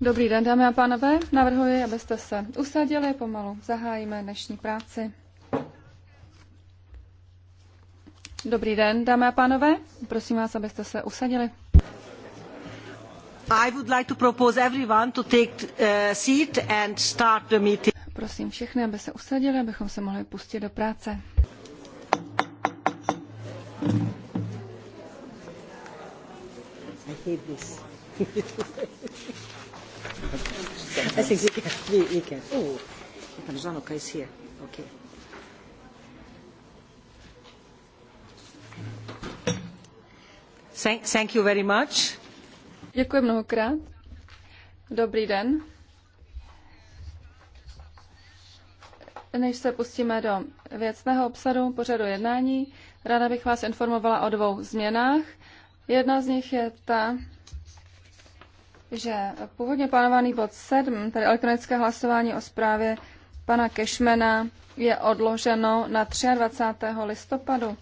Dobrý den, dámy a pánové. Navrhuji, abyste se usadili. Pomalu zahájíme dnešní práci. Dobrý den, dámy a pánové. Prosím vás, abyste se usadili. I would like to propose everyone to take uh, seat and start the meeting. Prosím všechny, aby se usadili, abychom se mohli pustit do práce. I hate this. I think we can. We, can. Oh, Panzano is here. Okay. Thank, thank you very much. Děkuji mnohokrát. Dobrý den. Než se pustíme do věcného obsadu pořadu jednání, ráda bych vás informovala o dvou změnách. Jedna z nich je ta, že původně plánovaný bod 7, tedy elektronické hlasování o zprávě pana Kešmena, je odloženo na 23. listopadu.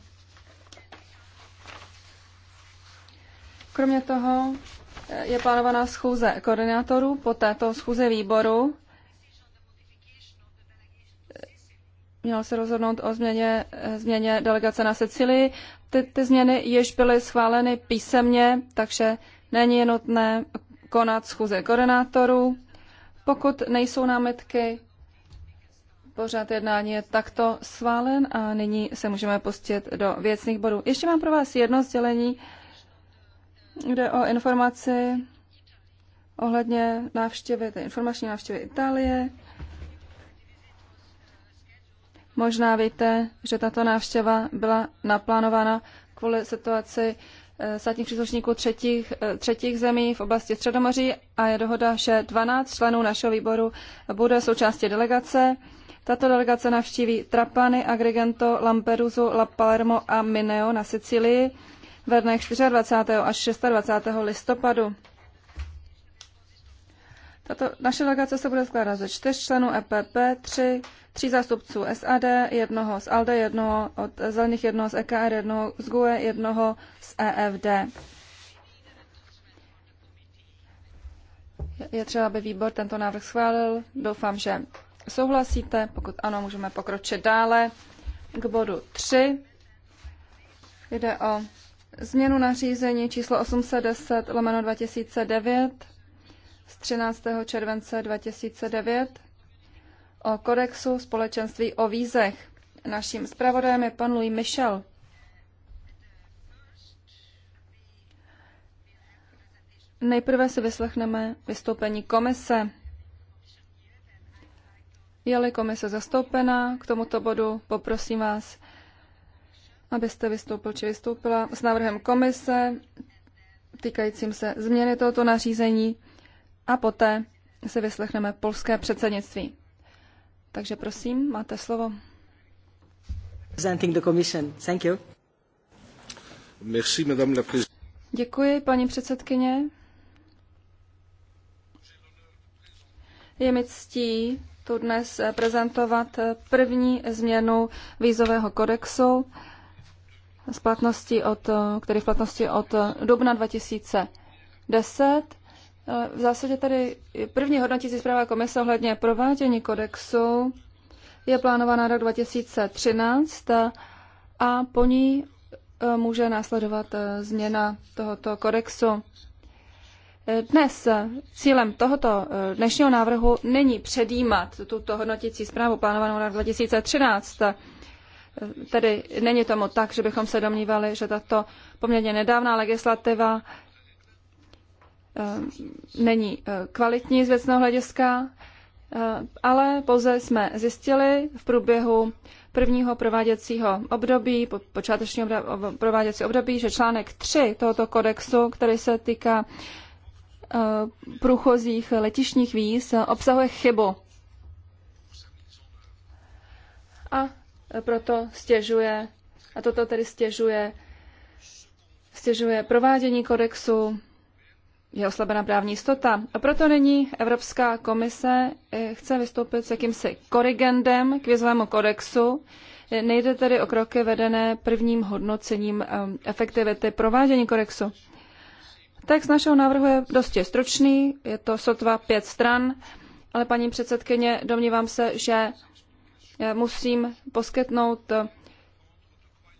Kromě toho eh, je plánovaná schůze koordinátorů po této schůze výboru. Mělo se rozhodnout o změně, eh, změně delegace na Sicílii. Ty, ty změny již byly schváleny písemně, takže není nutné konat schůze koordinátorů. Pokud nejsou námitky, pořád jednání je takto sválen a nyní se můžeme pustit do věcných bodů. Ještě mám pro vás jedno sdělení, kde o informaci ohledně návštěvy, té informační návštěvy Itálie. Možná víte, že tato návštěva byla naplánována kvůli situaci Eh, státních příslušníků třetích, eh, třetích zemí v oblasti Středomoří a je dohoda, že 12 členů našeho výboru bude součástí delegace. Tato delegace navštíví Trapany, Agrigento, Lampedusu, La Palermo a Mineo na Sicílii ve dnech 24. až 26. listopadu. Tato naše delegace se bude skládat ze čtyř členů EPP, tři tří zástupců SAD, jednoho z ALDE, jednoho od Zelených, jednoho z EKR, jednoho z GUE, jednoho z EFD. Je třeba, aby výbor tento návrh schválil. Doufám, že souhlasíte. Pokud ano, můžeme pokročit dále k bodu 3. Jde o změnu nařízení číslo 810 lomeno 2009 z 13. července 2009 o kodexu společenství o vízech. Naším zpravodajem je pan Louis Michel. Nejprve si vyslechneme vystoupení komise. Je-li komise zastoupená k tomuto bodu, poprosím vás, abyste vystoupil či vystoupila s návrhem komise týkajícím se změny tohoto nařízení a poté se vyslechneme polské předsednictví. Takže prosím, máte slovo. Děkuji, paní předsedkyně. Je mi ctí tu dnes prezentovat první změnu vízového kodexu z platnosti od, který v platnosti od dubna 2010. V zásadě tady první hodnotící zpráva komise ohledně provádění kodexu je plánovaná rok 2013 a po ní eh, může následovat eh, změna tohoto kodexu. Dnes cílem tohoto eh, dnešního návrhu není předjímat tuto hodnotící zprávu plánovanou na 2013. Tedy není tomu tak, že bychom se domnívali, že tato poměrně nedávná legislativa Eh, není eh, kvalitní z věcného hlediska, eh, ale pouze jsme zjistili v průběhu prvního prováděcího období, počátečního prováděcího období, že článek 3 tohoto kodexu, který se týká průchozích letišních víz, obsahuje chybu. A proto stěžuje, a toto tedy stěžuje, stěžuje provádění kodexu je oslabena právní jistota. A proto nyní Evropská komise eh, chce vystoupit s jakýmsi korigendem k vizovému kodexu. Eh, nejde tedy o kroky vedené prvním hodnocením eh, efektivity provádění kodexu. Text našeho návrhu je dosti stručný, je to sotva pět stran, ale paní předsedkyně, domnívám se, že musím poskytnout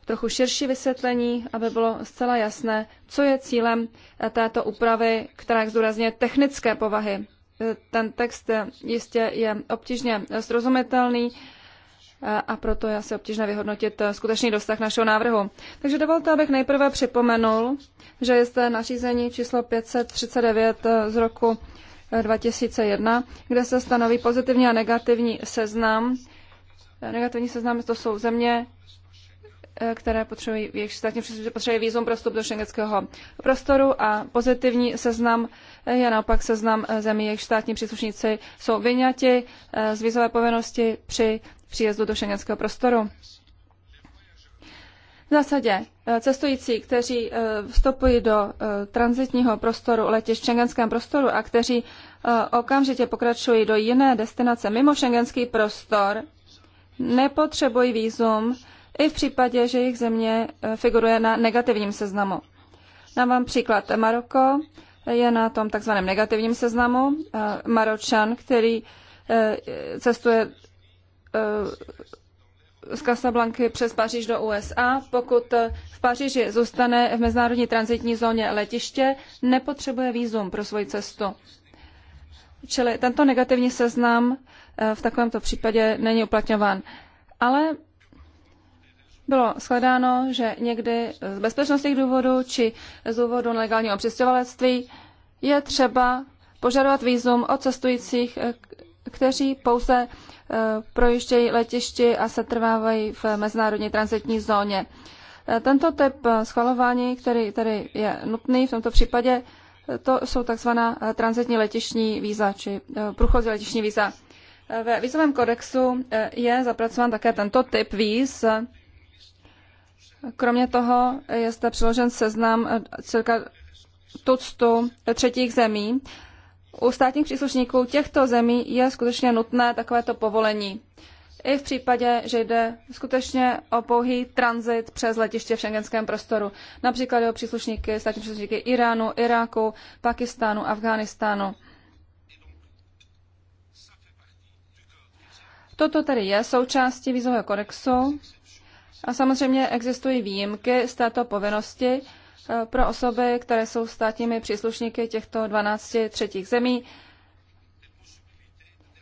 trochu širší vysvětlení, aby bylo zcela jasné, co je cílem eh, této úpravy, která je zdůrazně technické povahy. Eh, ten text eh, jistě je obtížně srozumitelný a proto je asi obtížné vyhodnotit skutečný dosah našeho návrhu. Takže dovolte, abych nejprve připomenul, že je zde nařízení číslo 539 z roku 2001, kde se stanoví pozitivní a negativní seznam. Negativní seznam to jsou země, Eh, které potřebují, jejich státní příslušníci potřebují výzum pro vstup do šengenského prostoru a pozitivní seznam eh, je naopak seznam eh, zemí, jejich státní příslušníci jsou vyňati z vízové povinnosti při příjezdu do šengenského prostoru. V zásadě cestující, kteří vstupují do transitního prostoru v šengenském prostoru a kteří okamžitě pokračují do jiné destinace mimo šengenský prostor, nepotřebují výzum i v případě, že jejich země eh, figuruje na negativním seznamu. Dám vám příklad. Maroko je na tom takzvaném negativním seznamu. Eh, Maročan, který eh, cestuje z Casablanky přes Paříž do USA. Pokud v Paříži zůstane v mezinárodní transitní zóně letiště, nepotřebuje výzum pro svoji cestu. Čili tento negativní seznam v takovémto případě není uplatňován. Ale bylo shledáno, že někdy z bezpečnostních důvodů či z důvodu nelegálního přistěhovalectví je třeba požadovat výzum od cestujících, eh, kteří pouze eh, projíždějí letišti a se trvávají v mezinárodní transitní zóně. Eh, tento typ schvalování, který tady je nutný v tomto případě, to jsou takzvaná transitní letišní víza, či průchozí letišní víza. Ve vízovém kodexu je zapracován také tento typ víz, Kromě toho je zde přiložen seznam eh, cirka tuctu třetích zemí. U státních příslušníků těchto zemí je skutečně nutné takovéto povolení. I v případě, že jde skutečně o pouhý tranzit přes letiště v šengenském prostoru. Například o příslušníky, státní příslušníky Iránu, Iráku, Pakistánu, Afghánistánu. Toto tedy je součástí vízového kodexu a samozřejmě existují výjimky z této povinnosti eh, pro osoby, které jsou státními příslušníky těchto 12 třetích zemí.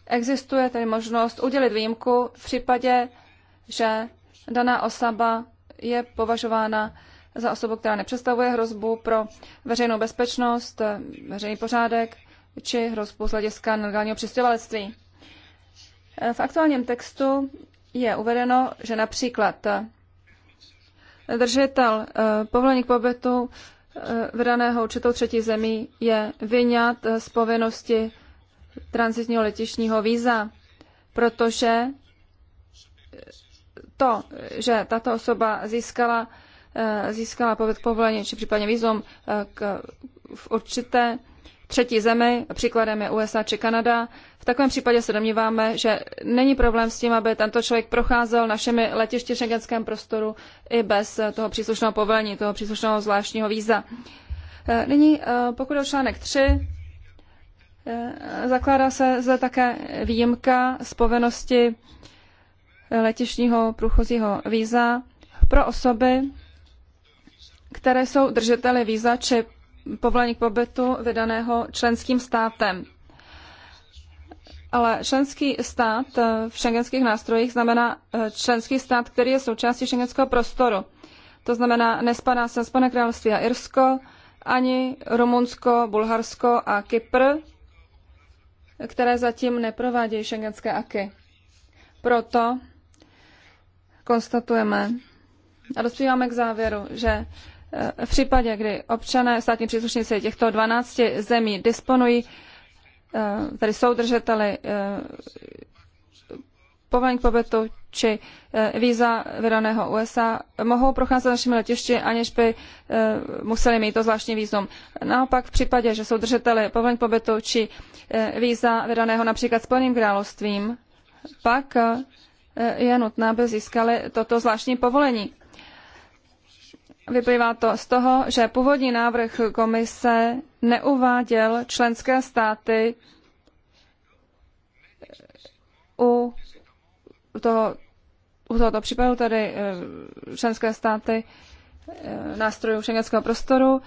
Existuje tedy možnost udělit výjimku v případě, že daná osoba je považována za osobu, která nepředstavuje hrozbu pro veřejnou bezpečnost, eh, veřejný pořádek či hrozbu z hlediska nelegálního přistěhovalectví. Eh, v aktuálním textu je uvedeno, že například eh, držitel eh, povolení k pobytu eh, vydaného určitou třetí zemí je vyňat z povinnosti transitního letišního víza, protože to, že tato osoba získala, získala pobyt povolení, či případně vízum k, v určité třetí zemi, příkladem je USA či Kanada. V takovém případě se domníváme, že není problém s tím, aby tento člověk procházel našimi letišti v šengenském prostoru i bez toho příslušného povolení, toho příslušného zvláštního víza. Eh, nyní, eh, pokud o článek 3, eh, zakládá se zde také výjimka z povinnosti letišního průchozího víza pro osoby, které jsou držiteli víza či povolení k pobytu vydaného členským státem. Ale členský stát v šengenských nástrojích znamená eh, členský stát, který je součástí šengenského prostoru. To znamená, nespadá se Spojené království a Irsko, ani Rumunsko, Bulharsko a Kypr, které zatím neprovádějí šengenské aky. Proto konstatujeme a dospíváme k závěru, že v případě, kdy občané, státní příslušníci těchto 12 zemí disponují, eh, tedy jsou držiteli eh, povolení k pobytu či eh, víza vydaného USA, mohou procházet našimi letišti, aniž by museli mít to zvláštní vízum. Naopak v případě, že jsou držiteli povolení k pobytu či víza vydaného například Spojeným královstvím, pak je nutné, aby získali toto zvláštní povolení. Vyplývá to z toho, že původní návrh komise neuváděl členské státy u, toho, u tohoto případu, tedy eh, členské státy eh, nástrojů šengenského prostoru,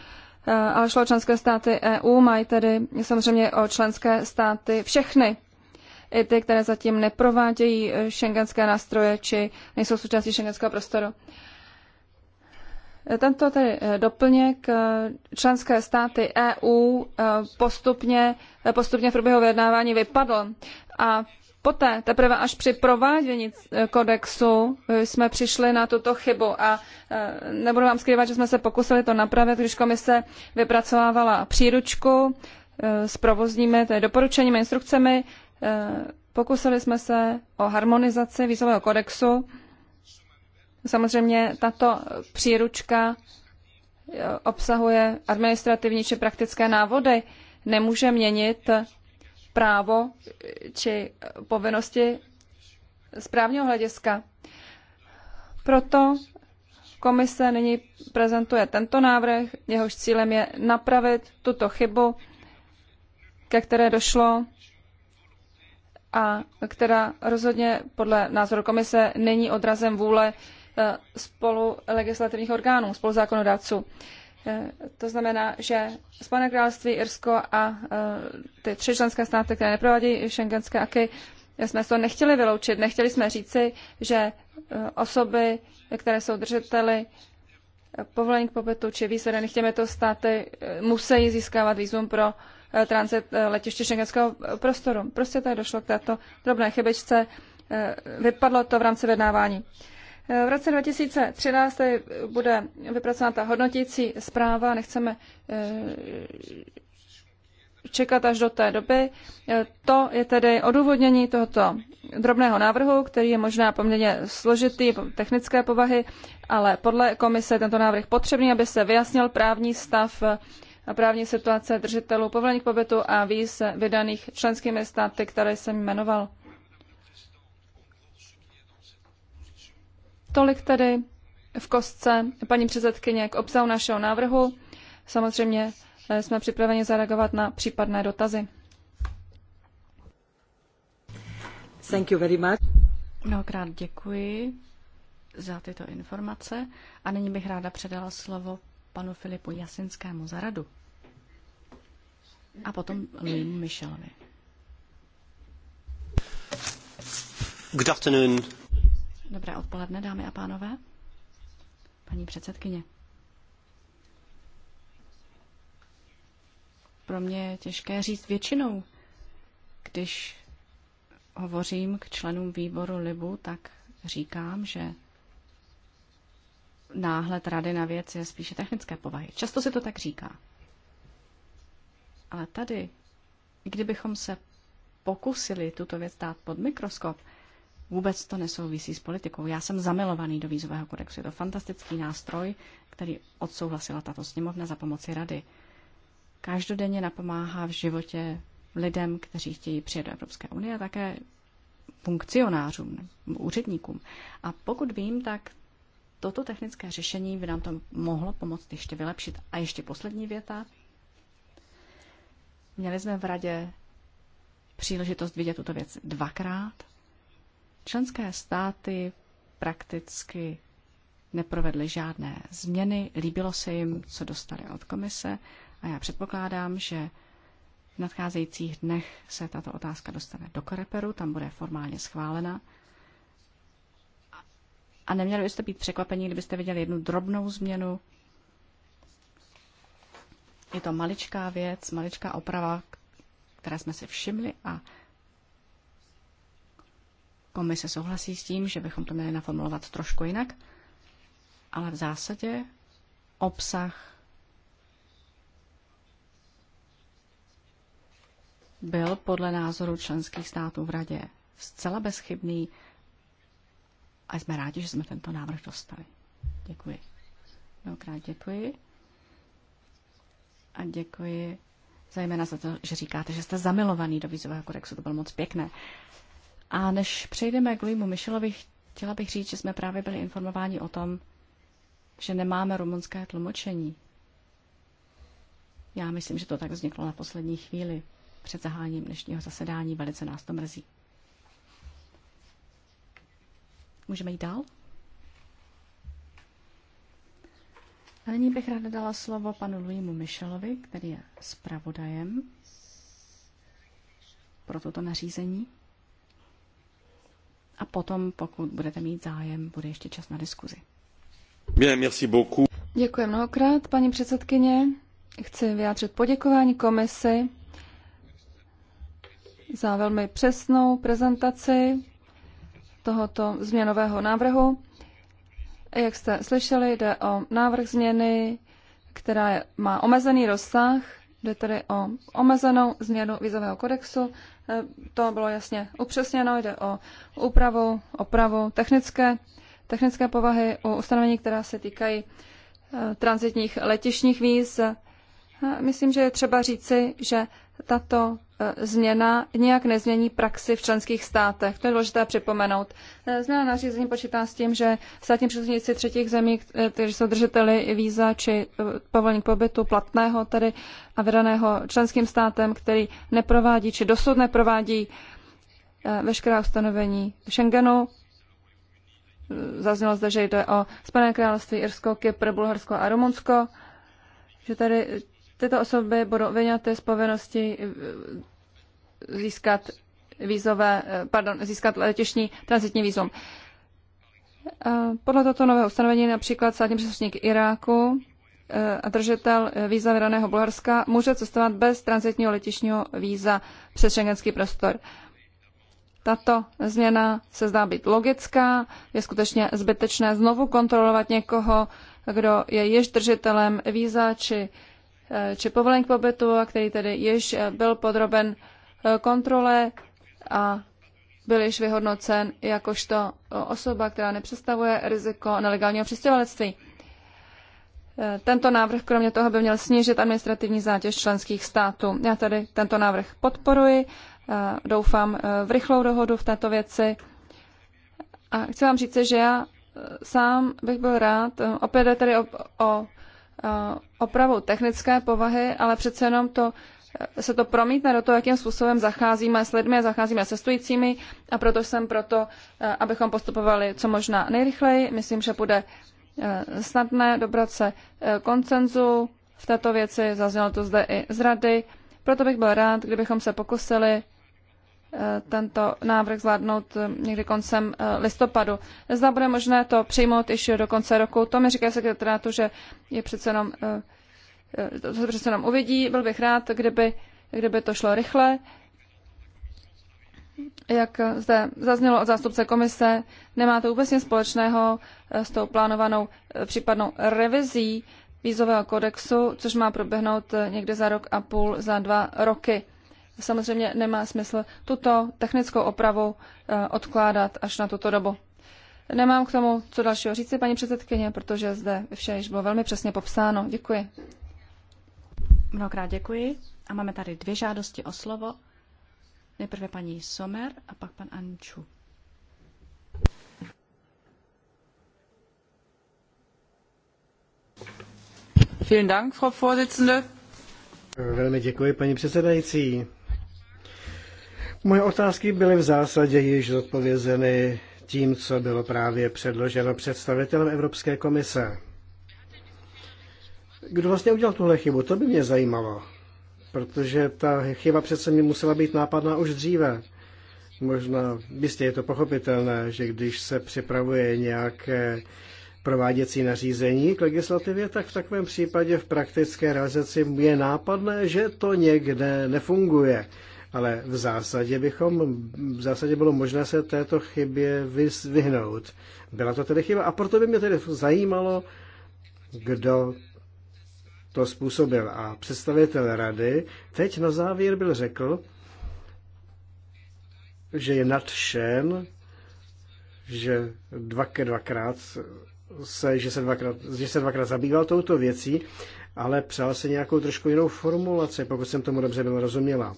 eh, ale šlo o členské státy EU, mají tedy samozřejmě o členské státy všechny, i ty, které zatím neprovádějí šengenské nástroje či nejsou součástí šengenského prostoru. Tento tedy eh, doplněk eh, členské státy EU eh, postupně, postupně v průběhu vyjednávání vypadl a poté, teprve až při provádění kodexu, jsme přišli na tuto chybu a nebudu vám skrývat, že jsme se pokusili to napravit, když komise vypracovávala příručku s provozními tedy doporučeními, instrukcemi. Pokusili jsme se o harmonizaci výzového kodexu Samozřejmě tato příručka eh, obsahuje administrativní či praktické návody, nemůže měnit právo či povinnosti správního hlediska. Proto komise nyní prezentuje tento návrh, jehož cílem je napravit tuto chybu, ke které došlo a která rozhodně podle názoru komise není odrazem vůle Eh, spolu legislativních orgánů, spolu zákonodárců. Eh, to znamená, že Spojené království, Irsko a eh, ty tři členské státy, které neprovádějí šengenské aky, jsme to nechtěli vyloučit. Nechtěli jsme říci, že osoby, které jsou držiteli povolení k pobytu či víz těmito státy, musí získávat výzum pro transit letiště šengenského prostoru. Prostě tady došlo k této drobné chybičce. Vypadlo to v rámci vyjednávání. V roce 2013 bude vypracována ta hodnotící zpráva, nechceme eh, čekat až do té doby. To je tedy odůvodnění tohoto drobného návrhu, který je možná poměrně složitý, technické povahy, ale podle komise tento návrh potřebný, aby se vyjasnil právní stav a právní situace držitelů povolení k pobytu a víz vydaných členskými státy, které jsem jmenoval. Tolik tedy v kostce paní předsedkyně k obsahu našeho návrhu. Samozřejmě eh, jsme připraveni zareagovat na případné dotazy. Thank you very much. Mnohokrát děkuji za tyto informace a nyní bych ráda předala slovo panu Filipu Jasinskému za radu a potom Louisu Michelovi. Good afternoon, Dobré odpoledne, dámy a pánové. Paní předsedkyně. Pro mě je těžké říct většinou, když hovořím k členům výboru Libu, tak říkám, že náhled rady na věc je spíše technické povahy. Často se to tak říká. Ale tady, kdybychom se pokusili tuto věc dát pod mikroskop, Vůbec to nesouvisí s politikou. Já jsem zamilovaný do vízového kodexu. Je to fantastický nástroj, který odsouhlasila tato sněmovna za pomoci rady. Každodenně napomáhá v životě lidem, kteří chtějí přijet do Evropské unie a také funkcionářům, úředníkům. A pokud vím, tak toto technické řešení by nám to mohlo pomoct ještě vylepšit. A ještě poslední věta. Měli jsme v radě příležitost vidět tuto věc dvakrát – Členské státy prakticky neprovedly žádné změny, líbilo se jim, co dostali od komise a já předpokládám, že v nadcházejících dnech se tato otázka dostane do Koreperu, tam bude formálně schválena. A neměli byste být překvapení, kdybyste viděli jednu drobnou změnu. Je to maličká věc, maličká oprava, které jsme si všimli a Komise souhlasí s tím, že bychom to měli naformulovat trošku jinak, ale v zásadě obsah byl podle názoru členských států v Radě zcela bezchybný a jsme rádi, že jsme tento návrh dostali. Děkuji. Mnohokrát děkuji. A děkuji zejména za to, že říkáte, že jste zamilovaný do vízového kodexu. To bylo moc pěkné. A než přejdeme k Louisu Michelovi, chtěla bych říct, že jsme právě byli informováni o tom, že nemáme rumunské tlumočení. Já myslím, že to tak vzniklo na poslední chvíli před zaháním dnešního zasedání. Velice nás to mrzí. Můžeme jít dál? A nyní bych ráda dala slovo panu Luimu Michelovi, který je zpravodajem pro toto nařízení. A potom, pokud budete mít zájem, bude ještě čas na diskuzi. Bien, merci beaucoup. Děkuji mnohokrát, paní předsedkyně. Chci vyjádřit poděkování komisi za velmi přesnou prezentaci tohoto změnového návrhu. Jak jste slyšeli, jde o návrh změny, která má omezený rozsah Jde tedy o omezenou změnu vizového kodexu. E, to bylo jasně upřesněno. Jde o úpravu, opravu technické, technické povahy o ustanovení, která se týkají e, transitních letišních víz. E, myslím, že je třeba říci, že tato Eh, změna nijak nezmění praxi v členských státech. To je důležité připomenout. Eh, změna nařízení počítá s tím, že státní příslušníci třetích zemí, eh, kteří jsou držiteli víza či povolení pobytu platného tedy a vydaného členským státem, který neprovádí či dosud neprovádí veškerá ustanovení Schengenu, Zaznělo zde, že jde o Spojené království, Irsko, Kypr, Bulharsko a Rumunsko, že tady Tyto osoby budou vyňaty z povinnosti eh, získat vízové, eh, pardon, získat letišní transitní vízum. Eh, podle toto nového ustanovení například státní příslušník Iráku a držitel víza vydaného Bulharska může cestovat bez transitního letišního víza přes šengenský prostor. Tato změna se zdá být logická, je skutečně zbytečné znovu kontrolovat někoho, kdo je již držitelem víza či Eh, či povolení k pobytu, který tedy již eh, byl podroben eh, kontrole a byl již vyhodnocen jakožto osoba, která nepředstavuje riziko nelegálního přistěhovalectví. Tento návrh kromě toho by měl snížit administrativní zátěž členských států. Já tady tento návrh podporuji, doufám v rychlou dohodu v této věci. A chci vám říct, že já sám bych byl rád, opět je tedy o, o Eh, opravou technické povahy, ale přece jenom to eh, se to promítne do toho, jakým způsobem zacházíme s lidmi, zacházíme s cestujícími a proto jsem proto, eh, abychom postupovali co možná nejrychleji. Myslím, že bude snadné dobrat se koncenzu v této věci, zaznělo to zde i z rady. Proto bych byl rád, kdybychom se pokusili Eh, tento návrh zvládnout eh, někdy koncem eh, listopadu. Zda bude možné to přijmout již do konce roku. To mi říká sekretariátu, že je přece jenom, to se přece jenom uvidí. Byl bych rád, kdyby, kdyby to šlo rychle. Jak zde zaznělo od zástupce komise, nemá to vůbec nic společného s tou plánovanou případnou revizí vízového kodexu, což má proběhnout někde za rok a půl, za dva roky samozřejmě nemá smysl tuto technickou opravu eh, odkládat až na tuto dobu. Nemám k tomu co dalšího říci, paní předsedkyně, protože zde vše již bylo velmi přesně popsáno. Děkuji. Mnohokrát děkuji. A máme tady dvě žádosti o slovo. Nejprve paní Somer a pak pan Anču. Vielen Dank, Frau Vorsitzende. Velmi děkuji, paní předsedající. Moje otázky byly v zásadě již zodpovězeny tím, co bylo právě předloženo představitelem Evropské komise. Kdo vlastně udělal tuhle chybu? To by mě zajímalo. Protože ta chyba přece mi musela být nápadná už dříve. Možná, byste je to pochopitelné, že když se připravuje nějaké prováděcí nařízení k legislativě, tak v takovém případě v praktické realizaci je nápadné, že to někde nefunguje ale v zásadě bychom, v zásadě bylo možné se této chybě vyhnout. Byla to tedy chyba a proto by mě tedy zajímalo, kdo to způsobil. A představitel rady teď na závěr byl řekl, že je nadšen, že dva, dvakrát se, že se dvakrát, že se dvakrát zabýval touto věcí, ale přál se nějakou trošku jinou formulaci, pokud jsem tomu dobře byl rozuměla.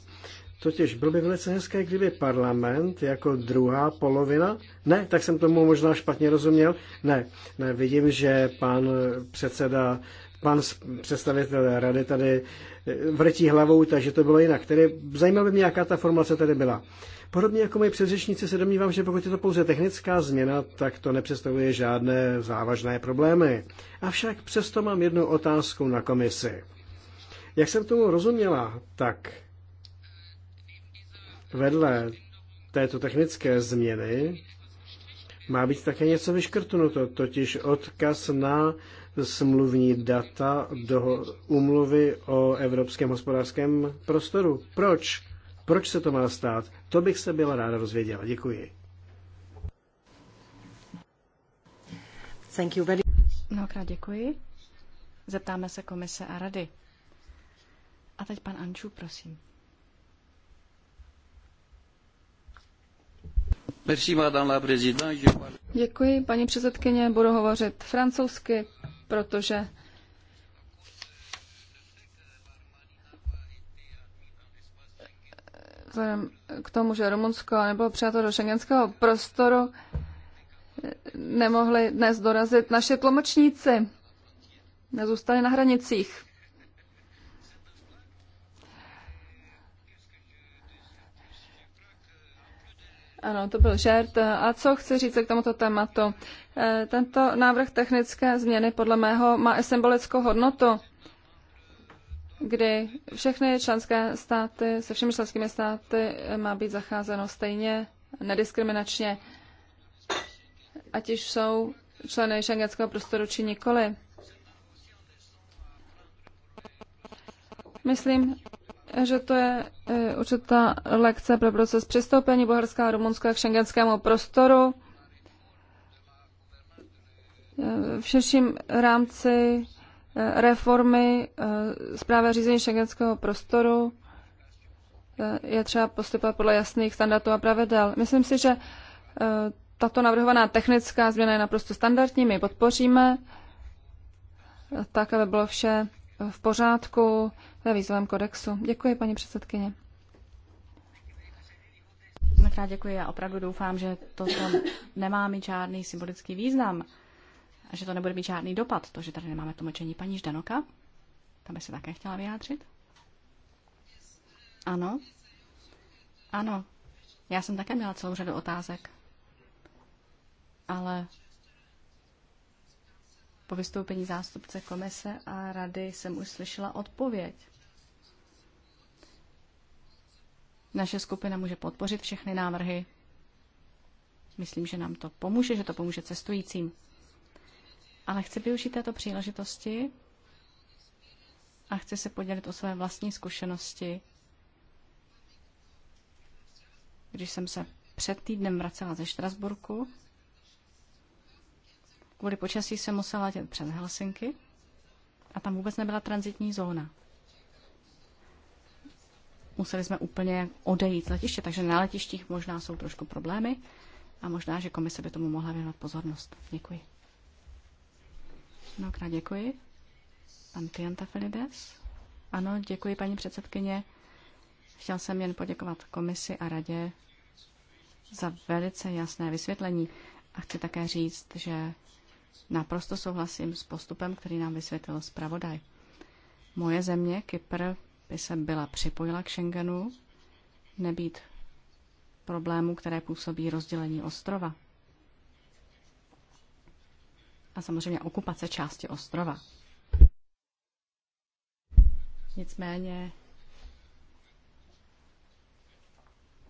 Totiž bylo by velice hezké, kdyby parlament jako druhá polovina, ne, tak jsem tomu možná špatně rozuměl, ne, ne, vidím, že pan předseda, pan představitel rady tady eh, vrtí hlavou, takže to bylo jinak. Tedy zajímalo by mě, jaká ta formace tady byla. Podobně jako moji předřečníci se domnívám, že pokud je to pouze technická změna, tak to nepředstavuje žádné závažné problémy. Avšak přesto mám jednu otázku na komisi. Jak jsem tomu rozuměla, tak vedle této technické změny má být také něco vyškrtnuto, totiž odkaz na smluvní data do umluvy o Evropském hospodářském prostoru. Proč? Proč se to má stát? To bych se byla ráda rozvěděla. Děkuji. Thank you very... Mnohokrát děkuji. Zeptáme se komise a rady. A teď pan Anču, prosím. Děkuji, paní předsedkyně. Budu hovořit francouzsky, protože vzhledem k tomu, že Rumunsko nebylo přijato do šengenského prostoru, nemohli dnes dorazit naše tlumočníci. Nezůstali na hranicích. Ano, to byl žert. A co chci říct k tomuto tématu? Eh, tento návrh technické změny podle mého má i symbolickou hodnotu, kdy všechny členské státy, se všemi členskými státy eh, má být zacházeno stejně, nediskriminačně, ať už jsou členy šengenského prostoru či nikoli. Myslím, že to je e, určitá lekce pro proces přistoupení Bulharska a Rumunska k šengenskému prostoru. E, v širším rámci e, reformy zprávy řízení šengenského prostoru je třeba postupovat podle jasných standardů a pravidel. Myslím si, že tato navrhovaná technická změna je naprosto standardní, my podpoříme, tak, aby bylo vše v pořádku, ve výzovém kodexu. Děkuji, paní předsedkyně. Mnohokrát děkuji. Já opravdu doufám, že to nemá mít žádný symbolický význam a že to nebude mít žádný dopad, to, že tady nemáme tlumočení paní Ždanoka. Tam by se také chtěla vyjádřit. Ano. Ano. Já jsem také měla celou řadu otázek. Ale po vystoupení zástupce komise a rady jsem už slyšela odpověď. Naše skupina může podpořit všechny návrhy. Myslím, že nám to pomůže, že to pomůže cestujícím. Ale chci využít této příležitosti a chci se podělit o své vlastní zkušenosti. Když jsem se před týdnem vracela ze Štrasburku, Kvůli počasí jsem musela dělat přes Helsinky a tam vůbec nebyla transitní zóna. Museli jsme úplně odejít z letiště, takže na letištích možná jsou trošku problémy a možná, že komise by tomu mohla věnovat pozornost. Děkuji. Mnohokrát děkuji. Pan Tianta Felides. Ano, děkuji, paní předsedkyně. Chtěl jsem jen poděkovat komisi a radě za velice jasné vysvětlení. A chci také říct, že Naprosto souhlasím s postupem, který nám vysvětlil zpravodaj. Moje země, Kypr, by se byla připojila k Schengenu, nebýt problémů, které působí rozdělení ostrova. A samozřejmě okupace části ostrova. Nicméně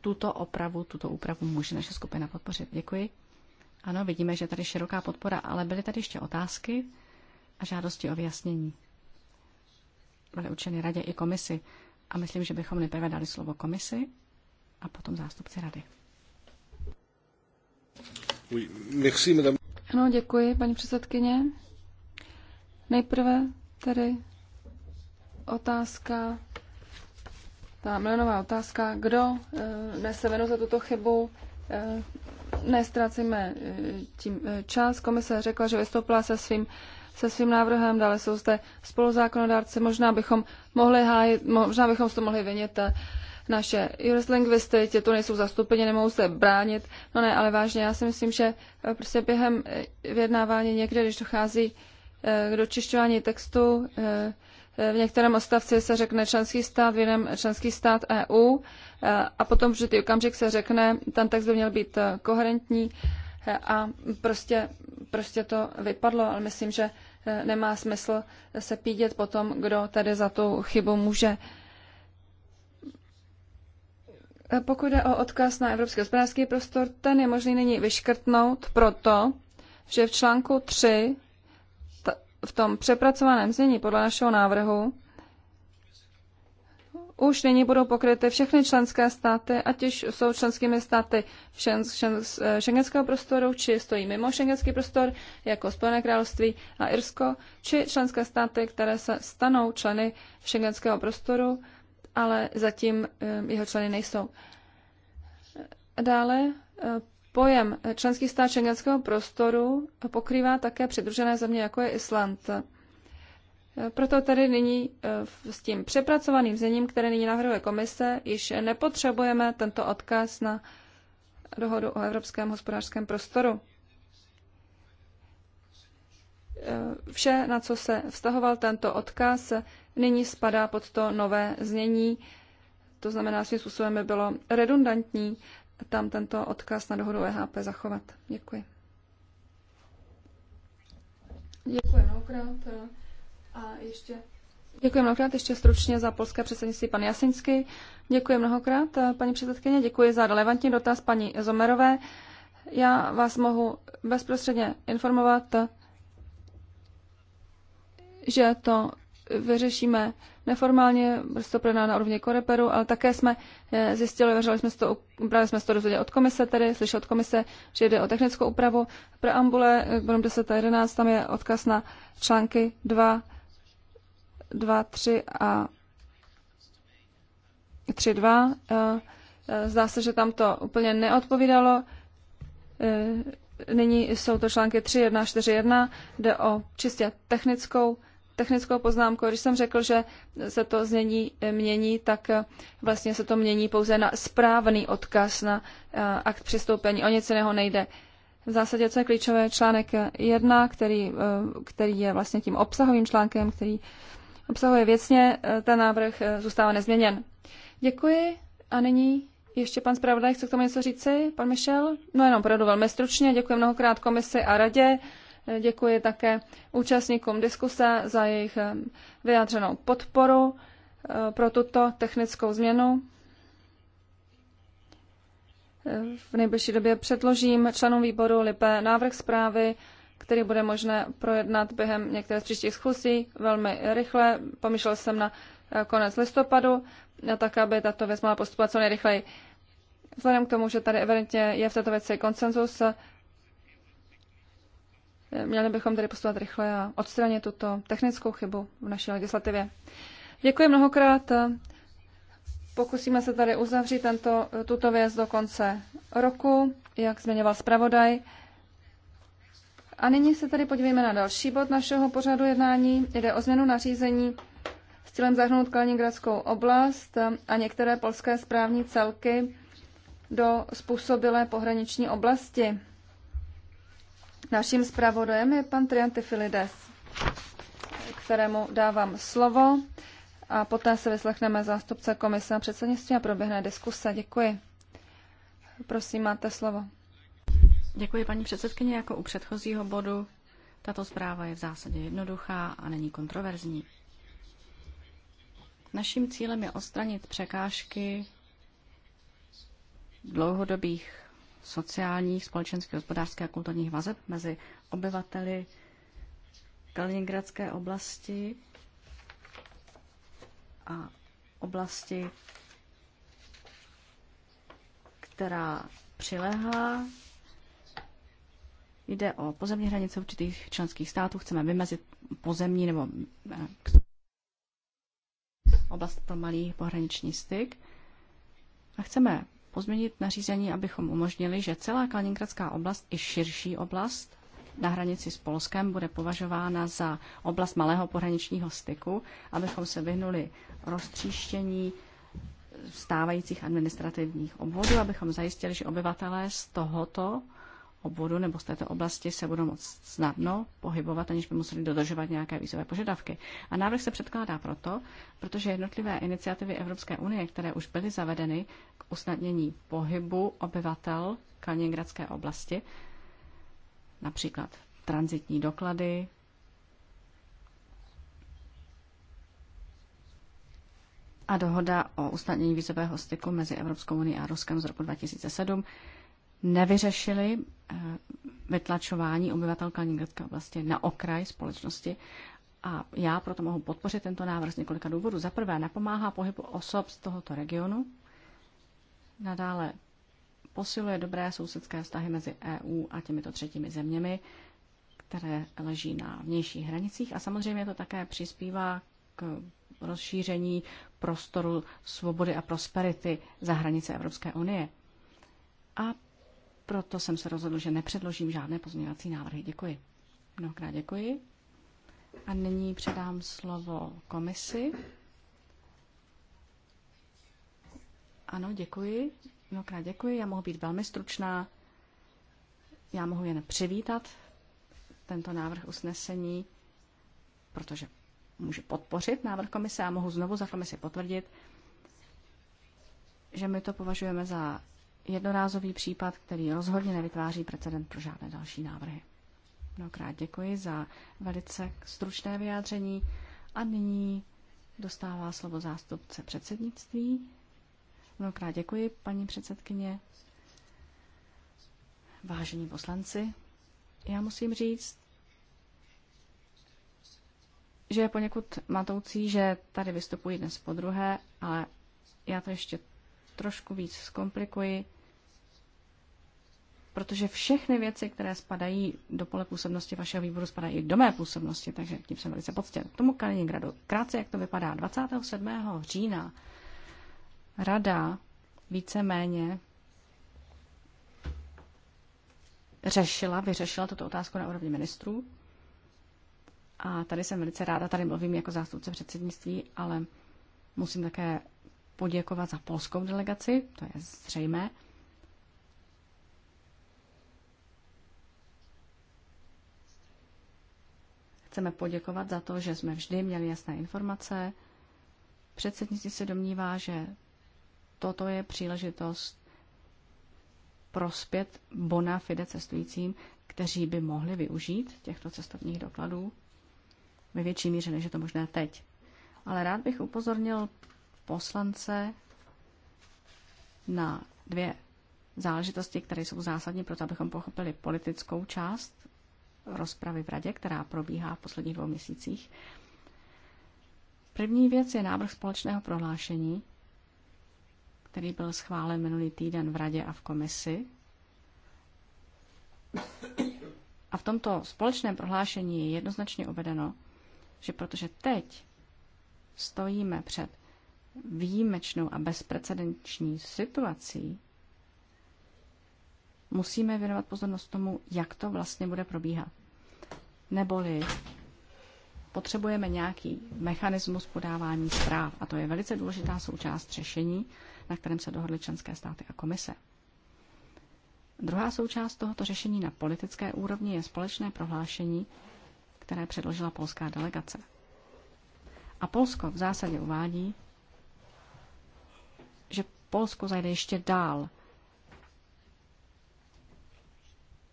tuto opravu, tuto úpravu může naše skupina podpořit. Děkuji. Ano, vidíme, že tady široká podpora, ale byly tady ještě otázky a žádosti o vyjasnění. Byly učeny radě i komisi a myslím, že bychom nejprve dali slovo komisi a potom zástupci rady. Ano, děkuji, paní předsedkyně. Nejprve tedy otázka, ta milionová otázka, kdo eh, nese venu za tuto chybu, eh, nestracíme eh, tím eh, čas. Komise řekla, že vystoupila se svým, se svým návrhem, dále jsou zde spoluzákonodárci. Možná bychom mohli hájit, možná bychom to mohli vynět eh, naše juristlingvisty, tě to nejsou zastoupeni, nemohou se bránit. No ne, ale vážně, já si myslím, že prostě během vyjednávání někde, když dochází k dočišťování textu, v některém odstavci se řekne členský stát, v jiném členský stát EU a potom že ty okamžik se řekne, ten text by měl být eh, koherentní eh, a prostě, prostě to vypadlo, ale myslím, že eh, nemá smysl se pídět potom, kdo tady za tu chybu může. Pokud jde o odkaz na Evropský hospodářský prostor, ten je možný nyní vyškrtnout proto, že v článku 3 v tom přepracovaném znění podle našeho návrhu už nyní budou pokryty všechny členské státy, ať už jsou členskými státy eh, šengenského prostoru, či stojí mimo šengenský prostor, jako Spojené království a Irsko, či členské státy, které se stanou členy šengenského prostoru, ale zatím eh, jeho členy nejsou. Dále eh, Pojem členský stát šengenského prostoru pokrývá také přidružené země, jako je Island. Proto tady nyní eh, s tím přepracovaným zněním, které nyní navrhuje komise, již nepotřebujeme tento odkaz na dohodu o evropském hospodářském prostoru. Eh, vše, na co se vztahoval tento odkaz, nyní spadá pod to nové znění, to znamená, svým způsobem by bylo redundantní tam tento odkaz na dohodu EHP zachovat. Děkuji. Děkuji mnohokrát. Eh, a ještě Děkuji mnohokrát ještě stručně za polské předsednictví pan Jasinsky. Děkuji mnohokrát, eh, paní předsedkyně, děkuji za relevantní dotaz paní Zomerové. Já vás mohu bezprostředně informovat, že to vyřešíme neformálně, prostě projedná na úrovni koreperu, ale také jsme eh, zjistili, věřili jsme to, právě jsme to dozvěděli od komise, tedy slyšeli od komise, že jde o technickou úpravu preambule, eh, bodem 10 a 11, tam je odkaz na články 2, 2, 3 a 3, 2. Eh, zdá se, že tam to úplně neodpovídalo. Nyní jsou to články 3, 1, 4, 1. jde o čistě technickou technickou poznámku. Když jsem řekl, že se to změní, eh, mění, tak eh, vlastně se to mění pouze na správný odkaz na eh, akt přistoupení. O nic jiného nejde. V zásadě, co je klíčové, článek 1, který, který je vlastně tím obsahovým článkem, který obsahuje věcně, ten návrh zůstává nezměněn. Děkuji a nyní ještě pan zpravodaj chce k tomu něco říci, pan Michel? No jenom opravdu velmi stručně, děkuji mnohokrát komisi a radě Děkuji také účastníkům diskuse za jejich eh, vyjádřenou podporu eh, pro tuto technickou změnu. Eh, v nejbližší době předložím členům výboru LIPE návrh zprávy, který bude možné projednat během některé z příštích schůzí velmi rychle. Pomyšlel jsem na konec listopadu, tak aby tato věc mohla postupovat co nejrychleji. Vzhledem k tomu, že tady evidentně je v této věci konsenzus, Měli bychom tedy postupovat rychle a odstranit tuto technickou chybu v naší legislativě. Děkuji mnohokrát. Pokusíme se tady uzavřít tento, tuto věc do konce roku, jak zmiňoval zpravodaj. A nyní se tady podívejme na další bod našeho pořadu jednání. Jde o změnu nařízení s cílem zahrnout Kaliningradskou oblast a některé polské správní celky do způsobilé pohraniční oblasti. Naším zpravodajem je pan Triantifilides, kterému dávám slovo a poté se vyslechneme zástupce komise a předsednictví a proběhne diskuse. Děkuji. Prosím, máte slovo. Děkuji, paní předsedkyně. Jako u předchozího bodu, tato zpráva je v zásadě jednoduchá a není kontroverzní. Naším cílem je odstranit překážky dlouhodobých sociálních, společenských, hospodářských a kulturních vazeb mezi obyvateli Kaliningradské oblasti a oblasti, která přilehlá. Jde o pozemní hranice určitých členských států. Chceme vymezit pozemní nebo eh, oblast pro malý pohraniční styk. A chceme pozměnit nařízení, abychom umožnili, že celá Kaliningradská oblast i širší oblast na hranici s Polskem bude považována za oblast malého pohraničního styku, abychom se vyhnuli roztříštění stávajících administrativních obvodů, abychom zajistili, že obyvatelé z tohoto obvodu nebo z této oblasti se budou moc snadno pohybovat, aniž by museli dodržovat nějaké vízové požadavky. A návrh se předkládá proto, protože jednotlivé iniciativy Evropské unie, které už byly zavedeny k usnadnění pohybu obyvatel Kaliningradské oblasti, například transitní doklady, a dohoda o usnadnění vízového styku mezi Evropskou unii a Ruskem z roku 2007 nevyřešili eh, vytlačování obyvatel Kaliningradské oblasti na okraj společnosti. A já proto mohu podpořit tento návrh z několika důvodů. Za prvé, napomáhá pohybu osob z tohoto regionu. Nadále posiluje dobré sousedské vztahy mezi EU a těmito třetími zeměmi, které leží na vnějších hranicích. A samozřejmě to také přispívá k rozšíření prostoru svobody a prosperity za hranice Evropské unie. A proto jsem se rozhodl, že nepředložím žádné pozměňovací návrhy. Děkuji. Mnohokrát děkuji. A nyní předám slovo komisi. Ano, děkuji. Mnohokrát děkuji. Já mohu být velmi stručná. Já mohu jen přivítat tento návrh usnesení, protože může podpořit návrh komise a mohu znovu za komisi potvrdit, že my to považujeme za jednorázový případ, který rozhodně nevytváří precedent pro žádné další návrhy. Mnohokrát děkuji za velice stručné vyjádření a nyní dostává slovo zástupce předsednictví. Mnohokrát děkuji, paní předsedkyně. Vážení poslanci, já musím říct, že je poněkud matoucí, že tady vystupuji dnes po druhé, ale já to ještě trošku víc zkomplikuji, protože všechny věci, které spadají do pole působnosti vašeho výboru, spadají i do mé působnosti, takže tím jsem velice poctěn. K tomu Kaliningradu. Krátce, jak to vypadá. 27. října rada víceméně řešila, vyřešila tuto otázku na úrovni ministrů. A tady jsem velice ráda, tady mluvím jako zástupce předsednictví, ale musím také poděkovat za polskou delegaci, to je zřejmé. Chceme poděkovat za to, že jsme vždy měli jasné informace. Předsednictví se domnívá, že toto je příležitost prospět bona fide cestujícím, kteří by mohli využít těchto cestovních dokladů ve větší míře, než je to možné teď. Ale rád bych upozornil poslance na dvě záležitosti, které jsou zásadní pro to, abychom pochopili politickou část rozpravy v radě, která probíhá v posledních dvou měsících. První věc je návrh společného prohlášení, který byl schválen minulý týden v radě a v komisi. A v tomto společném prohlášení je jednoznačně uvedeno, že protože teď stojíme před výjimečnou a bezprecedenční situací, musíme věnovat pozornost tomu, jak to vlastně bude probíhat. Neboli potřebujeme nějaký mechanismus podávání zpráv a to je velice důležitá součást řešení, na kterém se dohodly členské státy a komise. Druhá součást tohoto řešení na politické úrovni je společné prohlášení, které předložila polská delegace. A Polsko v zásadě uvádí, že Polsko zajde ještě dál,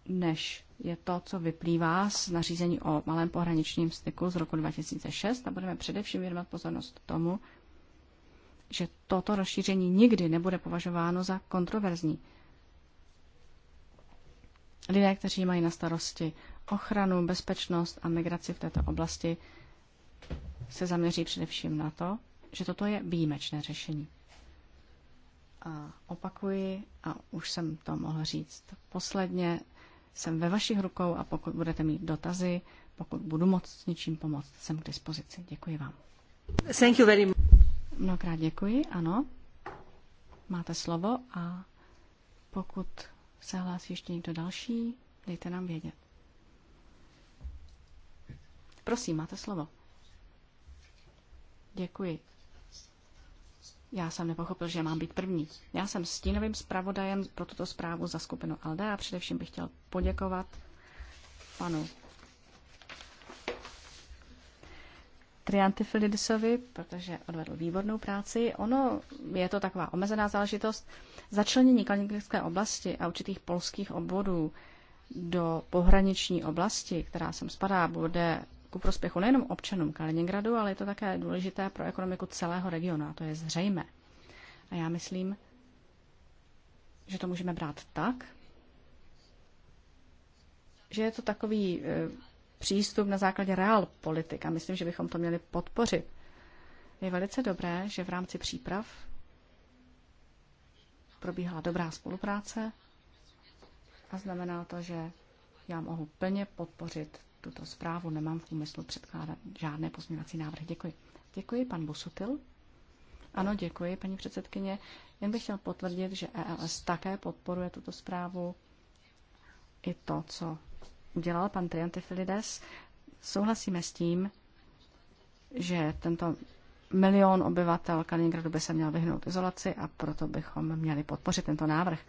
než je to, co vyplývá z nařízení o malém pohraničním styku z roku 2006 a budeme především věnovat pozornost tomu, že toto rozšíření nikdy nebude považováno za kontroverzní. Lidé, kteří mají na starosti ochranu, bezpečnost a migraci v této oblasti, se zaměří především na to, že toto je výjimečné řešení. A opakuji, a už jsem to mohl říct posledně, jsem ve vašich rukou a pokud budete mít dotazy, pokud budu moc s něčím pomoct, jsem k dispozici. Děkuji vám. Thank you very much. Mnohokrát děkuji, ano. Máte slovo a pokud se hlásí ještě někdo další, dejte nám vědět. Prosím, máte slovo. Děkuji. Já jsem nepochopil, že mám být první. Já jsem stínovým zpravodajem pro tuto zprávu za skupinu LD a především bych chtěl poděkovat panu Triantifilidisovi, protože odvedl výbornou práci. Ono je to taková omezená záležitost. Začlenění Kaliningracké oblasti a určitých polských obvodů do pohraniční oblasti, která sem spadá, bude ku prospěchu nejenom občanům Kaliningradu, ale je to také důležité pro ekonomiku celého regionu a to je zřejmé. A já myslím, že to můžeme brát tak, že je to takový e, přístup na základě real politik a myslím, že bychom to měli podpořit. Je velice dobré, že v rámci příprav probíhala dobrá spolupráce a znamená to, že já mohu plně podpořit tuto zprávu. Nemám v úmyslu předkládat žádné pozměňovací návrhy. Děkuji. Děkuji, pan Bosutil. Ano, děkuji, paní předsedkyně. Jen bych chtěl potvrdit, že ELS také podporuje tuto zprávu i to, co udělal pan Triantifilides. Souhlasíme s tím, že tento milion obyvatel Kaliningradu by se měl vyhnout izolaci a proto bychom měli podpořit tento návrh.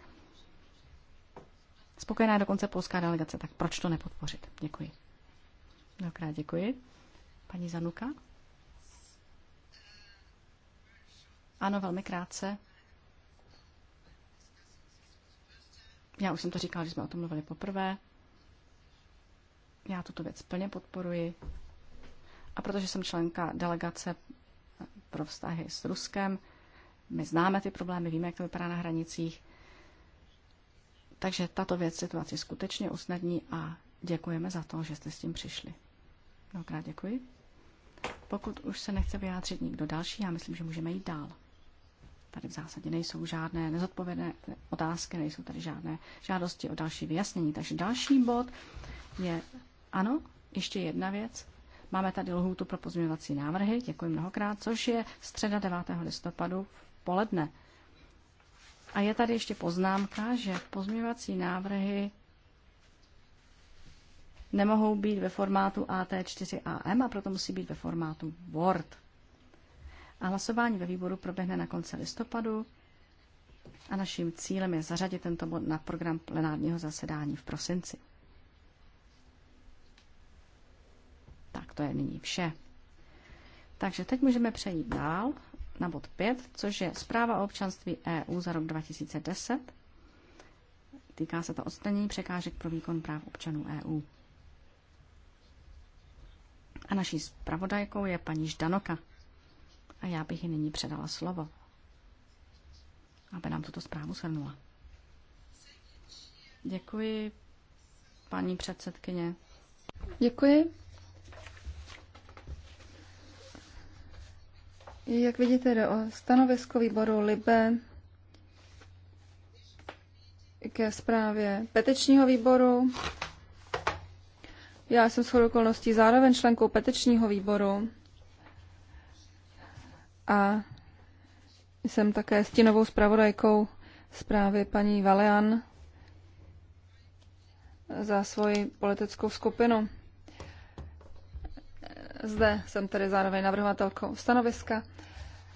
Spokojená je dokonce polská delegace, tak proč to nepodpořit? Děkuji. Dobrá, děkuji. Paní Zanuka? Ano, velmi krátce. Já už jsem to říkala, že jsme o tom mluvili poprvé. Já tuto věc plně podporuji. A protože jsem členka delegace pro vztahy s Ruskem, my známe ty problémy, víme, jak to vypadá na hranicích. Takže tato věc situaci skutečně usnadní a děkujeme za to, že jste s tím přišli. Mnohokrát děkuji. Pokud už se nechce vyjádřit nikdo další, já myslím, že můžeme jít dál. Tady v zásadě nejsou žádné nezodpovědné otázky, nejsou tady žádné žádosti o další vyjasnění. Takže další bod je, ano, ještě jedna věc. Máme tady lhůtu pro pozměňovací návrhy, děkuji mnohokrát, což je středa 9. listopadu v poledne. A je tady ještě poznámka, že pozměňovací návrhy nemohou být ve formátu AT4AM a proto musí být ve formátu Word. A hlasování ve výboru proběhne na konci listopadu a naším cílem je zařadit tento bod na program plenárního zasedání v prosinci. Tak to je nyní vše. Takže teď můžeme přejít dál na bod 5, což je zpráva o občanství EU za rok 2010. Týká se to odstranění překážek pro výkon práv občanů EU. A naší zpravodajkou je paní Ždanoka. A já bych ji nyní předala slovo, aby nám tuto zprávu shrnula. Děkuji, paní předsedkyně. Děkuji. Jak vidíte, jde o stanovisko výboru Libe ke zprávě petičního výboru já jsem s okolností zároveň členkou petičního výboru a jsem také stínovou zpravodajkou zprávy paní Valean za svoji politickou skupinu. Zde jsem tedy zároveň navrhovatelkou stanoviska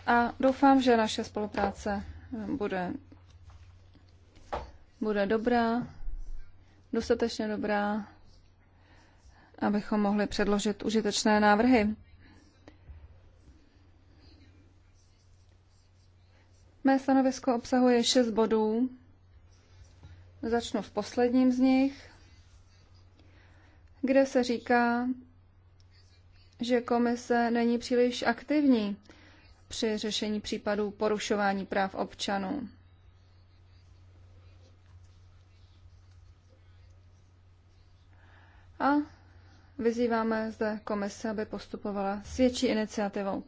a doufám, že naše spolupráce bude, bude dobrá, dostatečně dobrá abychom mohli předložit užitečné návrhy. Mé stanovisko obsahuje šest bodů. Začnu v posledním z nich, kde se říká, že komise není příliš aktivní při řešení případů porušování práv občanů. A Vyzýváme zde komise, aby postupovala s větší iniciativou.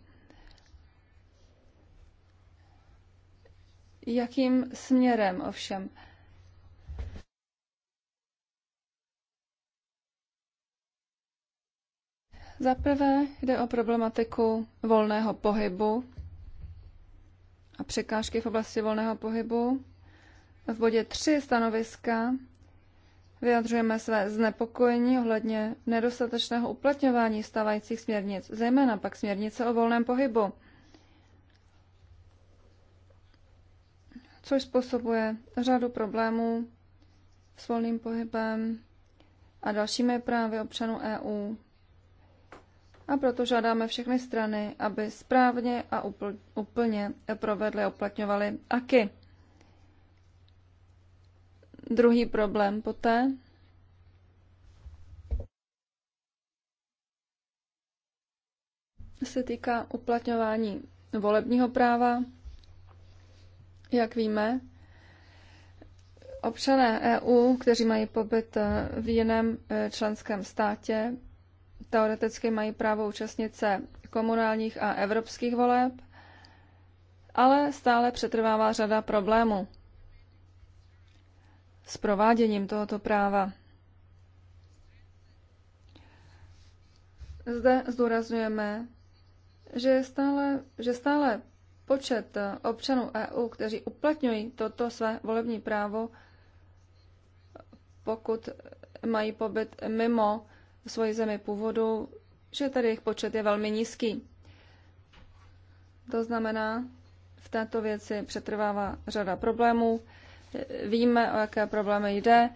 Jakým směrem ovšem? zaprvé jde o problematiku volného pohybu a překážky v oblasti volného pohybu. V bodě 3 stanoviska Vyjadřujeme své znepokojení ohledně nedostatečného uplatňování stávajících směrnic, zejména pak směrnice o volném pohybu, což způsobuje řadu problémů s volným pohybem a dalšími právy občanů EU. A proto žádáme všechny strany, aby správně a úplně provedly a uplatňovaly AKY druhý problém poté. se týká uplatňování volebního práva. Jak víme, občané EU, kteří mají pobyt eh, v jiném eh, členském státě, teoreticky mají právo účastnit se komunálních a evropských voleb, ale stále přetrvává řada problémů s prováděním tohoto práva. Zde zdůrazňujeme, že, stále, že stále počet občanů EU, kteří uplatňují toto své volební právo, pokud mají pobyt mimo svoji zemi původu, že tady jejich počet je velmi nízký. To znamená, v této věci přetrvává řada problémů víme, o jaké problémy jde.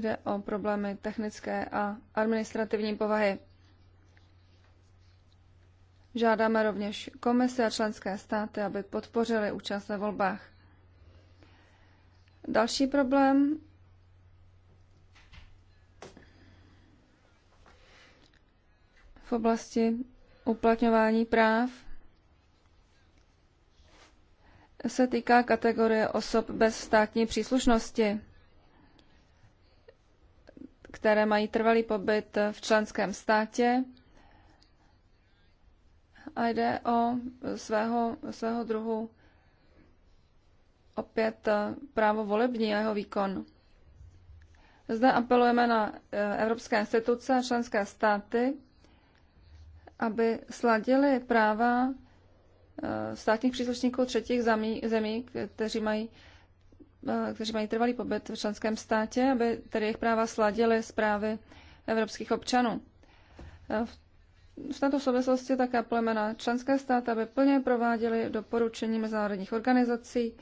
Jde o problémy technické a administrativní povahy. Žádáme rovněž komise a členské státy, aby podpořili účast ve volbách. Další problém v oblasti uplatňování práv se týká kategorie osob bez státní příslušnosti, které mají trvalý pobyt v členském státě a jde o svého, svého druhu opět eh, právo volební a jeho výkon. Zde apelujeme na eh, evropské instituce a členské státy, aby sladili práva eh, státních příslušníků třetích zemí, zemí kteří, mají, eh, kteří mají trvalý pobyt v členském státě, aby tedy jejich práva sladili s právy evropských občanů. Eh, v této souvislosti také apelujeme na členské státy, aby plně prováděly doporučení mezinárodních organizací,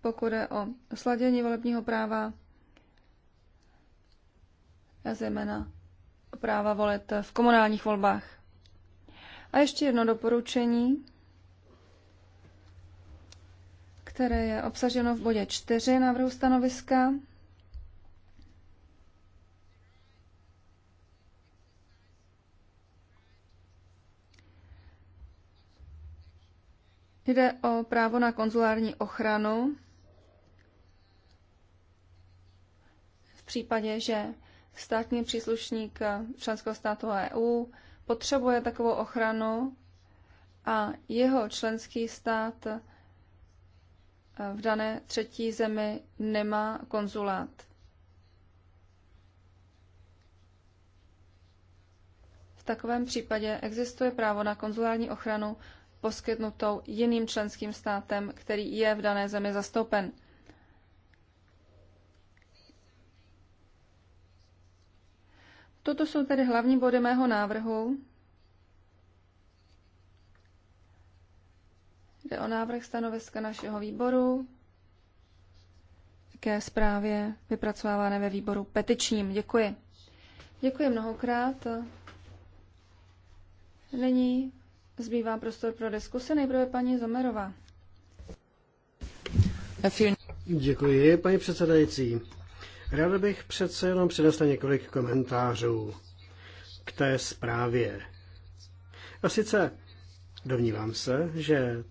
pokud je o sladění volebního práva zejména práva volet v komunálních volbách. A ještě jedno doporučení, které je obsaženo v bodě 4 návrhu stanoviska. Jde o právo na konzulární ochranu v případě, že státní příslušník členského státu EU potřebuje takovou ochranu a jeho členský stát eh, v dané třetí zemi nemá konzulát. V takovém případě existuje právo na konzulární ochranu poskytnutou jiným členským státem, který je v dané zemi zastoupen. Toto jsou tedy hlavní body mého návrhu. Jde o návrh stanoviska našeho výboru ke zprávě vypracovávané ve výboru petičním. Děkuji. Děkuji mnohokrát. Nyní zbývá prostor pro diskuse. Nejprve paní Zomerová. Děkuji, paní předsedající. Ráda bych přece jenom přinesla několik komentářů k té zprávě. A sice domnívám se, že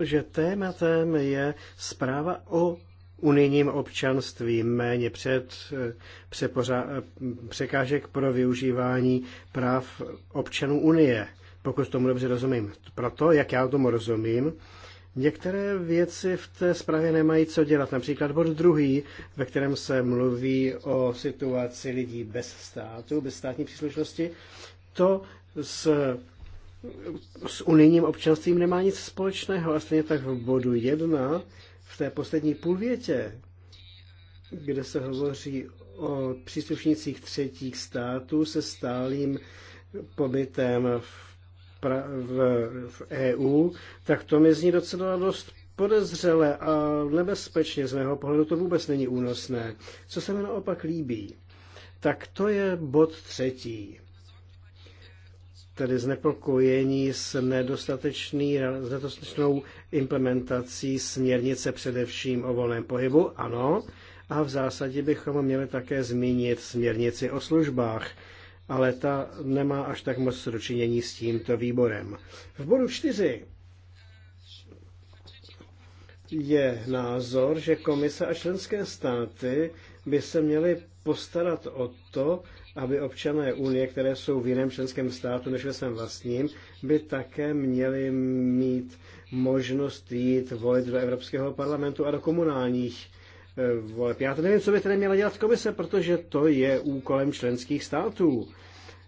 že tématem je zpráva o unijním občanství, méně před přepořa, překážek pro využívání práv občanů Unie, pokud tomu dobře rozumím. Proto, jak já tomu rozumím, Některé věci v té zprávě nemají co dělat. Například bod druhý, ve kterém se mluví o situaci lidí bez státu, bez státní příslušnosti, to s, s unijním občanstvím nemá nic společného. A stejně tak v bodu jedna, v té poslední půlvětě, kde se hovoří o příslušnících třetích států se stálým pobytem v v EU, tak to mi zní docela dost podezřele a nebezpečně. Z mého pohledu to vůbec není únosné. Co se mi naopak líbí, tak to je bod třetí tedy znepokojení s, nedostatečný, s nedostatečnou implementací směrnice především o volném pohybu, ano, a v zásadě bychom měli také zmínit směrnici o službách, ale ta nemá až tak moc dočinění s tímto výborem. V bodu 4 je názor, že komise a členské státy by se měly postarat o to, aby občané Unie, které jsou v jiném členském státu než ve svém vlastním, by také měli mít možnost jít volit do Evropského parlamentu a do komunálních eh, voleb. Já to nevím, co by tedy měla dělat komise, protože to je úkolem členských států.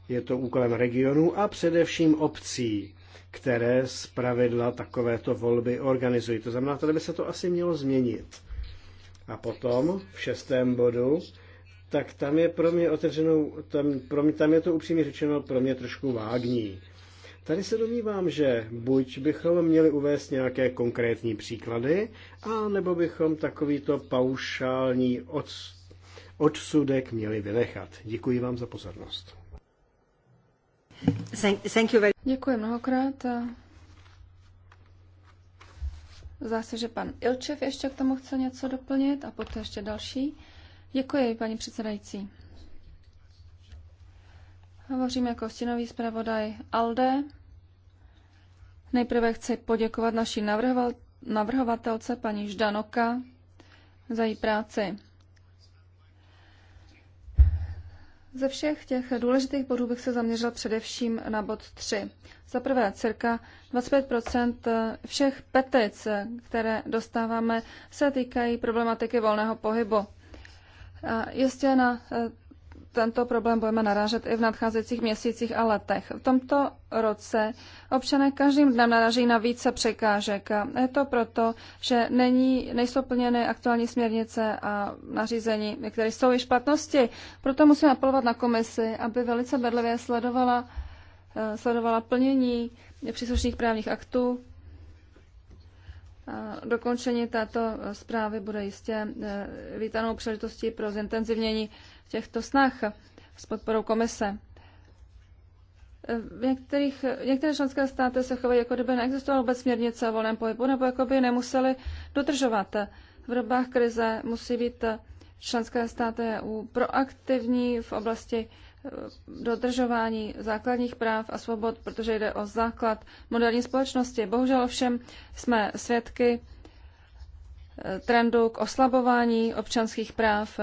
Je to úkolem regionů a především obcí, které z pravidla takovéto volby organizují. To znamená, tady by se to asi mělo změnit. A potom v šestém bodu, tak tam je pro mě otevřenou, tam, pro mě, tam je to upřímně řečeno pro mě trošku vágní. Tady se domnívám, že buď bychom měli uvést nějaké konkrétní příklady, a nebo bychom takovýto paušální od, odsudek měli vynechat. Děkuji vám za pozornost. Děkuji mnohokrát. Zdá se, že pan Ilčev ještě k tomu chce něco doplnit a poté ještě další. Děkuji, paní předsedající. Hovořím jako stinový zpravodaj Alde. Nejprve chci poděkovat naší navrhovatelce, paní Ždanoka, za její práci. Ze všech těch důležitých bodů bych se zaměřil především na bod 3. Za prvé, cirka 25 všech petic, které dostáváme, se týkají problematiky volného pohybu. Jistě na tento problém budeme narážet i v nadcházejících měsících a letech. V tomto roce občané každým dnem naraží na více překážek. Je to proto, že není, nejsou plněny aktuální směrnice a nařízení, které jsou již platnosti. Proto musíme apelovat na komisi, aby velice bedlivě sledovala, eh, sledovala plnění příslušných právních aktů. Dokončení této eh, zprávy bude jistě eh, vítanou příležitostí pro zintenzivnění těchto snah s podporou komise. V některých, některé členské státy se chovají, jako kdyby neexistovala vůbec směrnice o volném pohybu, nebo jako by nemuseli dodržovat. V dobách krize musí být členské státy EU proaktivní v oblasti eh, dodržování základních práv a svobod, protože jde o základ moderní společnosti. Bohužel ovšem jsme svědky eh, trendu k oslabování občanských práv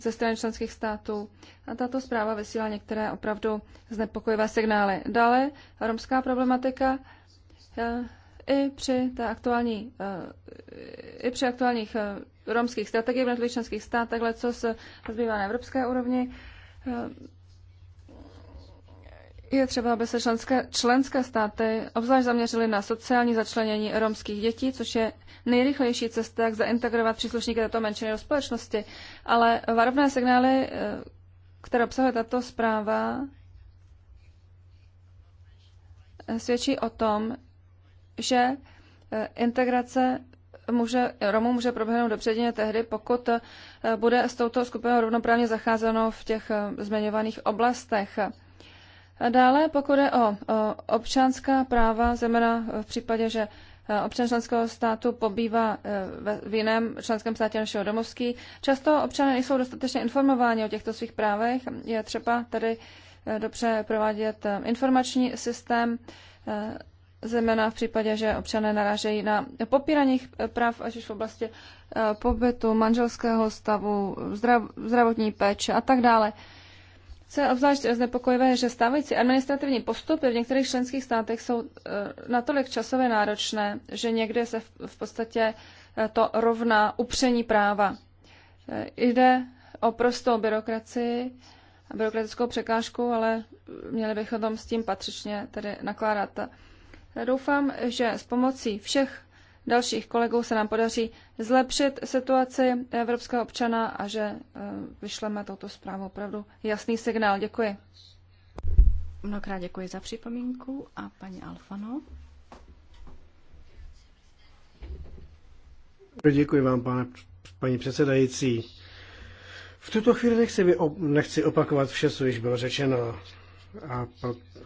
ze strany členských států. A tato zpráva vysílá některé opravdu znepokojivé signály. Dále romská problematika eh, i při, té aktuální, eh, i při aktuálních eh, romských strategií v jednotlivých členských státech, co se zbývá na evropské úrovni, je třeba, aby se členské, členské státy obzvlášť zaměřily na sociální začlenění romských dětí, což je nejrychlejší cesta, jak zaintegrovat příslušníky této menšiny do společnosti. Ale varovné signály, eh, které obsahuje tato zpráva, eh, svědčí o tom, že eh, integrace může, Romů může proběhnout dopředně tehdy, pokud bude s touto skupinou rovnoprávně zacházeno v těch zmiňovaných oblastech. Dále, pokud je o občanská práva, zejména v případě, že občan členského státu pobývá eh, v jiném členském státě našeho domovský. Často občané nejsou dostatečně informováni o těchto svých právech. Je třeba tady eh, dobře provádět eh, informační systém, zejména v případě, že občané narážejí na popíraní práv, až v oblasti pobytu, manželského stavu, zdrav, zdravotní péče a tak dále. Co je obzvlášť znepokojivé, že stávající administrativní postupy v některých členských státech jsou eh, natolik časově náročné, že někde se v podstatě eh, to rovná upření práva. Eh, jde o prostou byrokracii a byrokratickou překážku, ale měli bychom s tím patřičně tedy nakládat. Doufám, že s pomocí všech dalších kolegů se nám podaří zlepšit situaci evropského občana a že eh, vyšleme touto zprávu opravdu jasný signál. Děkuji. Mnohokrát děkuji za připomínku a paní Alfano. Děkuji vám, pane, paní předsedající. V tuto chvíli nechci, nechci opakovat vše, co již bylo řečeno a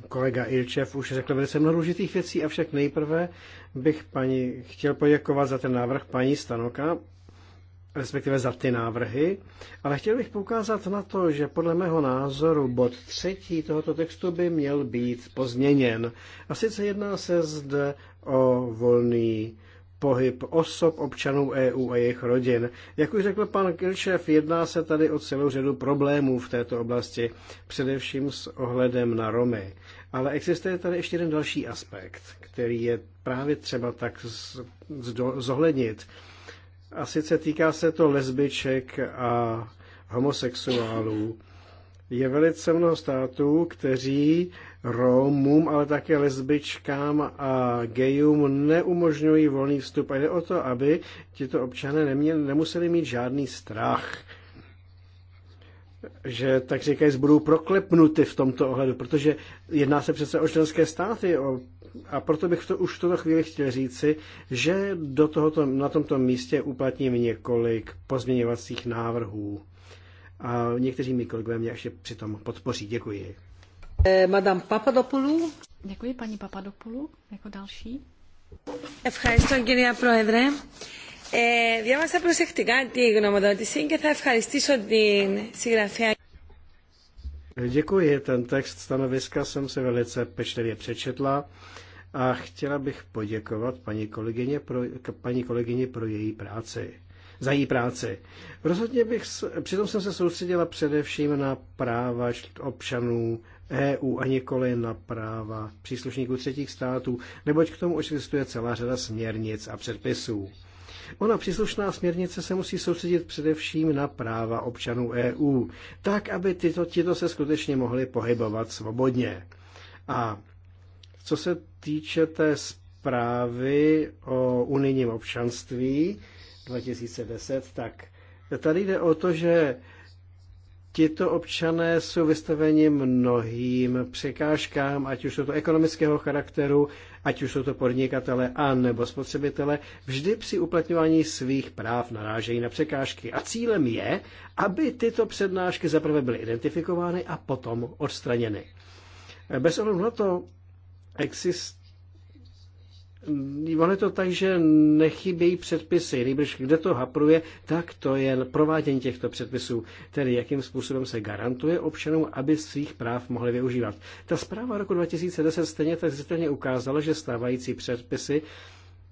kolega Ilčev už řekl velice mnoho důležitých věcí, avšak nejprve bych paní chtěl poděkovat za ten návrh paní Stanoka, respektive za ty návrhy, ale chtěl bych poukázat na to, že podle mého názoru bod třetí tohoto textu by měl být pozměněn. A sice jedná se zde o volný pohyb osob, občanů EU a jejich rodin. Jak už řekl pan Kirchev, jedná se tady o celou řadu problémů v této oblasti, především s ohledem na Romy. Ale existuje tady ještě jeden další aspekt, který je právě třeba tak zohlednit. A sice týká se to lesbiček a homosexuálů. Je velice mnoho států, kteří Romům, ale také lesbičkám a gejům neumožňují volný vstup. A jde o to, aby tito občané neměli, nemuseli mít žádný strach že tak říkají, budou proklepnuty v tomto ohledu, protože jedná se přece o členské státy o, a proto bych to už v tuto chvíli chtěl říci, že do tohoto, na tomto místě uplatním několik pozměňovacích návrhů. A někteří mi kolegové mě ještě přitom podpoří. Děkuji. Eh, Madame Papadopoulou. Děkuji paní Papadopoulou jako další. Ευχαριστώ κυρία Πρόεδρε. Ε, διάβασα προσεκτικά τη γνωμοδότηση και θα ευχαριστήσω την συγγραφέα. Děkuji, ten text stanoviska jsem se velice pečlivě přečetla a chtěla bych poděkovat paní kolegyně pro, paní kolegyně pro její práci za její práci. Rozhodně bych, přitom jsem se soustředila především na práva občanů EU a nikoli na práva příslušníků třetích států, neboť k tomu existuje celá řada směrnic a předpisů. Ona příslušná směrnice se musí soustředit především na práva občanů EU, tak, aby tyto, tyto se skutečně mohly pohybovat svobodně. A co se týče té zprávy o unijním občanství 2010, tak tady jde o to, že Tito občané jsou vystaveni mnohým překážkám, ať už jsou to ekonomického charakteru, ať už jsou to podnikatele a nebo spotřebitele, vždy při uplatňování svých práv narážejí na překážky. A cílem je, aby tyto přednášky zaprvé byly identifikovány a potom odstraněny. Bez ohledu na to exist, Ono je to tak, že nechybějí předpisy, nejbrž kde to hapruje, tak to je provádění těchto předpisů, tedy jakým způsobem se garantuje občanům, aby svých práv mohli využívat. Ta zpráva roku 2010 stejně tak zřetelně ukázala, že stávající předpisy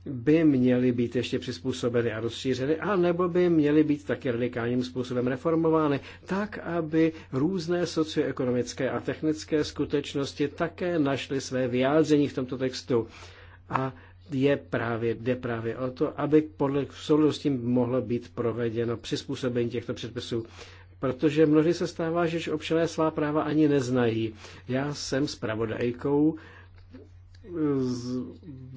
by měly být ještě přizpůsobeny a rozšířeny, a nebo by měly být také radikálním způsobem reformovány, tak, aby různé socioekonomické a technické skutečnosti také našly své vyjádření v tomto textu a je právě, jde právě o to, aby podle, v souladu s tím mohlo být provedeno přizpůsobení těchto předpisů protože mnohdy se stává, že občané svá práva ani neznají. Já jsem spravodajkou z,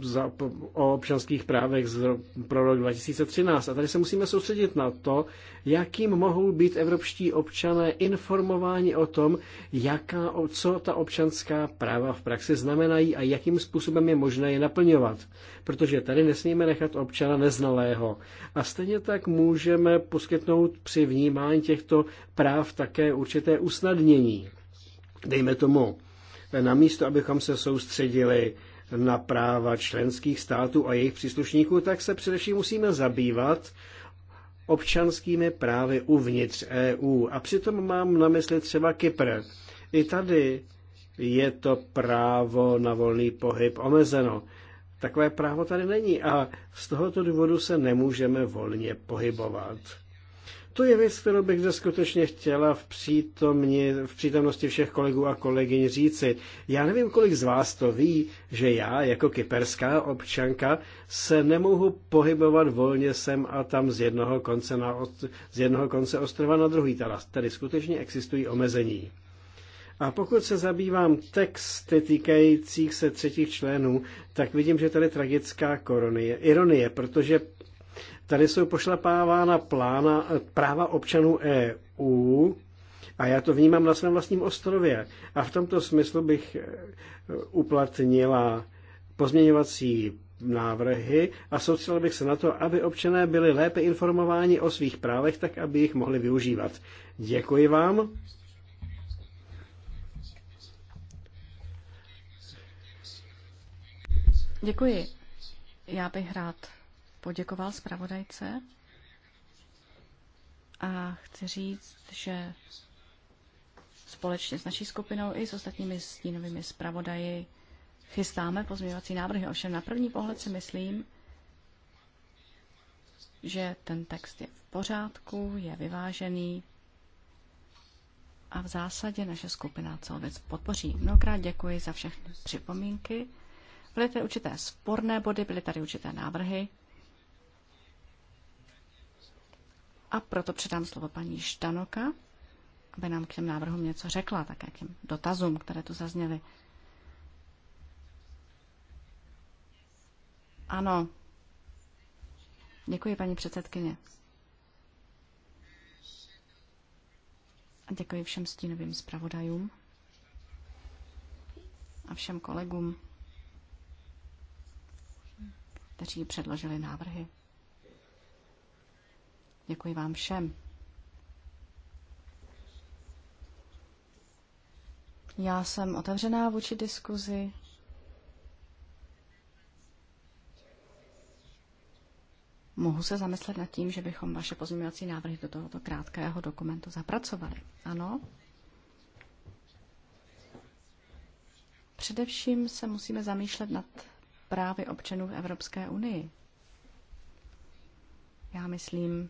za, o občanských právech z, pro rok 2013. A tady se musíme soustředit na to, jakým mohou být evropští občané informováni o tom, jaká, co ta občanská práva v praxi znamenají a jakým způsobem je možné je naplňovat. Protože tady nesmíme nechat občana neznalého. A stejně tak můžeme poskytnout při vnímání těchto práv také určité usnadnění. Dejme tomu, namísto abychom se soustředili na práva členských států a jejich příslušníků, tak se především musíme zabývat občanskými právy uvnitř EU. A přitom mám na mysli třeba Kypr. I tady je to právo na volný pohyb omezeno. Takové právo tady není a z tohoto důvodu se nemůžeme volně pohybovat. To je věc, kterou bych zde skutečně chtěla v, přítomni, v přítomnosti všech kolegů a kolegyň říci. Já nevím, kolik z vás to ví, že já jako kyperská občanka se nemohu pohybovat volně sem a tam z jednoho konce, na, z jednoho konce ostrova na druhý. Tady skutečně existují omezení. A pokud se zabývám texty týkajících se třetích členů, tak vidím, že tady tragická koronie, ironie, protože Tady jsou pošlapávána plána, eh, práva občanů EU a já to vnímám na svém vlastním ostrově. A v tomto smyslu bych eh, uplatnila pozměňovací návrhy a soustředil bych se na to, aby občané byli lépe informováni o svých právech, tak aby jich mohli využívat. Děkuji vám. Děkuji. Já bych rád poděkoval zpravodajce a chci říct, že společně s naší skupinou i s ostatními stínovými zpravodaji chystáme pozměňovací návrhy. Ovšem na první pohled si myslím, že ten text je v pořádku, je vyvážený a v zásadě naše skupina celou věc podpoří. Mnohokrát děkuji za všechny připomínky. Byly tady určité sporné body, byly tady určité návrhy, A proto předám slovo paní Štanoka, aby nám k těm návrhům něco řekla, tak jakým dotazům, které tu zazněly. Ano. Děkuji, paní předsedkyně. A děkuji všem stínovým zpravodajům a všem kolegům, kteří předložili návrhy. Děkuji vám všem. Já jsem otevřená vůči diskuzi. Mohu se zamyslet nad tím, že bychom vaše pozměňovací návrhy do tohoto krátkého dokumentu zapracovali. Ano? Především se musíme zamýšlet nad právy občanů v Evropské unii. Já myslím,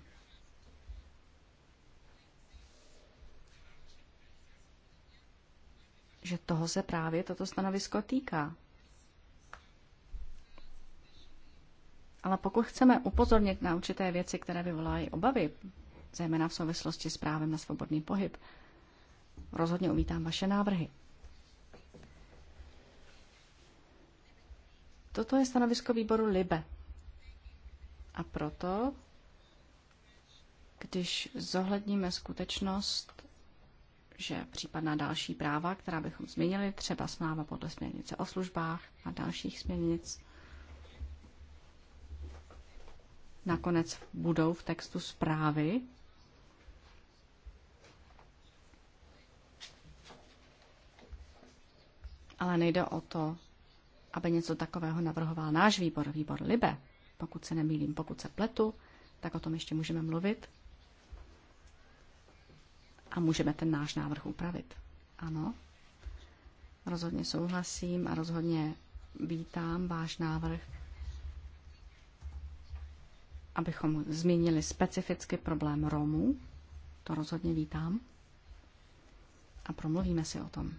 že toho se právě toto stanovisko týká. Ale pokud chceme upozornit na určité věci, které vyvolají obavy, zejména v souvislosti s právem na svobodný pohyb, rozhodně uvítám vaše návrhy. Toto je stanovisko výboru LIBE. A proto, když zohledníme skutečnost, že případná další práva, která bychom změnili, třeba smlouva podle směrnice o službách a dalších směrnic, nakonec budou v textu zprávy. Ale nejde o to, aby něco takového navrhoval náš výbor, výbor Libe. Pokud se nemýlím, pokud se pletu, tak o tom ještě můžeme mluvit a můžeme ten náš návrh upravit. Ano, rozhodně souhlasím a rozhodně vítám váš návrh, abychom zmínili specificky problém Romů. To rozhodně vítám. A promluvíme si o tom.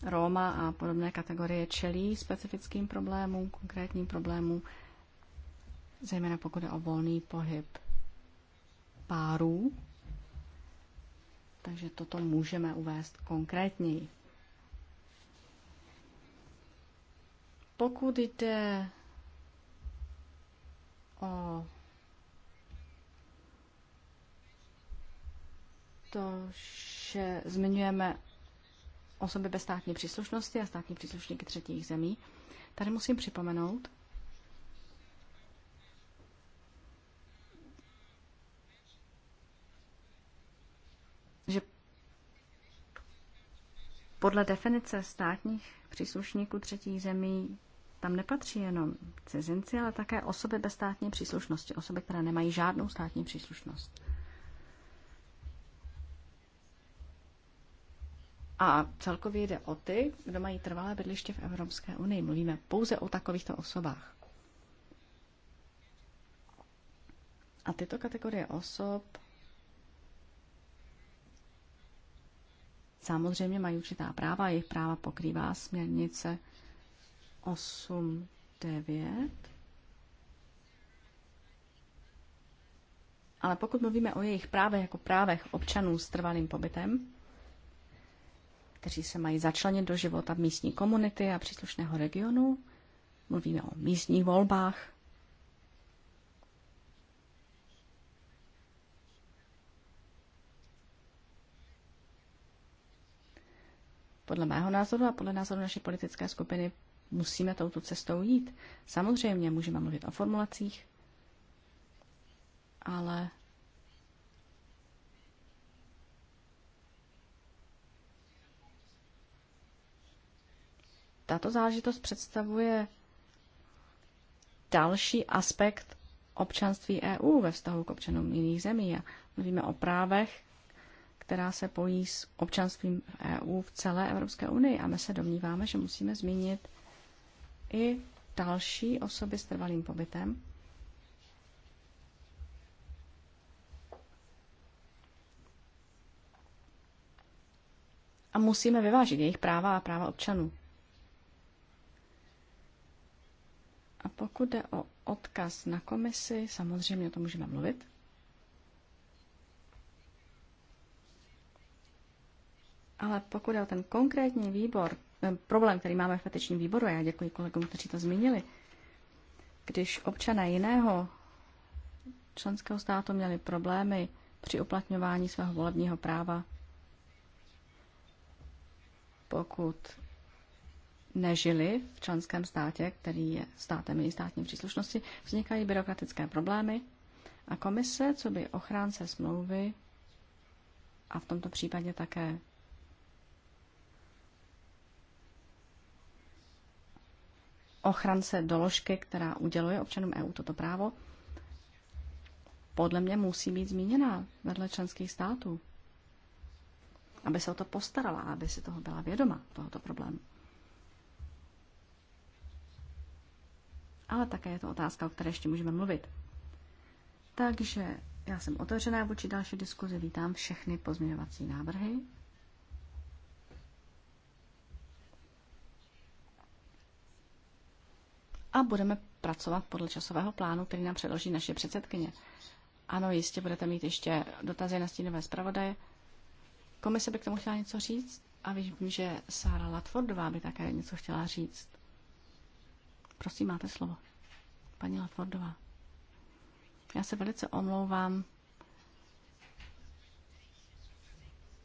Roma a podobné kategorie čelí specifickým problémům, konkrétním problémům, zejména pokud je o volný pohyb párů. Takže toto můžeme uvést konkrétněji. Pokud jde o to, že zmiňujeme osoby bez státní příslušnosti a státní příslušníky třetích zemí. Tady musím připomenout, že podle definice státních příslušníků třetích zemí tam nepatří jenom cizinci, ale také osoby bez státní příslušnosti, osoby, které nemají žádnou státní příslušnost. A celkově jde o ty, kdo mají trvalé bydliště v Evropské unii. Mluvíme pouze o takovýchto osobách. A tyto kategorie osob samozřejmě mají určitá práva, jejich práva pokrývá směrnice 8.9. Ale pokud mluvíme o jejich právech jako právech občanů s trvalým pobytem, kteří se mají začlenit do života místní komunity a příslušného regionu. Mluvíme o místních volbách. Podle mého názoru a podle názoru naší politické skupiny musíme touto cestou jít. Samozřejmě můžeme mluvit o formulacích, ale Tato záležitost představuje další aspekt občanství EU ve vztahu k občanům jiných zemí. A mluvíme o právech, která se pojí s občanstvím v EU v celé Evropské unii. A my se domníváme, že musíme zmínit i další osoby s trvalým pobytem, a musíme vyvážit jejich práva a práva občanů. A pokud jde o odkaz na komisi, samozřejmě o tom můžeme mluvit. Ale pokud je o ten konkrétní výbor, eh, problém, který máme v petičním výboru, a já děkuji kolegům, kteří to zmínili, když občané jiného členského státu měli problémy při uplatňování svého volebního práva, pokud nežili v členském státě, který je státem její státní příslušnosti, vznikají byrokratické problémy a komise, co by ochránce smlouvy a v tomto případě také ochránce doložky, která uděluje občanům EU toto právo, podle mě musí být zmíněna vedle členských států, aby se o to postarala, aby si toho byla vědoma, tohoto problému. ale také je to otázka, o které ještě můžeme mluvit. Takže já jsem otevřená vůči další diskuzi, vítám všechny pozměňovací návrhy. A budeme pracovat podle časového plánu, který nám předloží naše předsedkyně. Ano, jistě budete mít ještě dotazy na stínové zpravodaje. Komise by k tomu chtěla něco říct a vím, že Sára Latfordová by také něco chtěla říct. Prosím, máte slovo. Paní Latvordová. Já se velice omlouvám,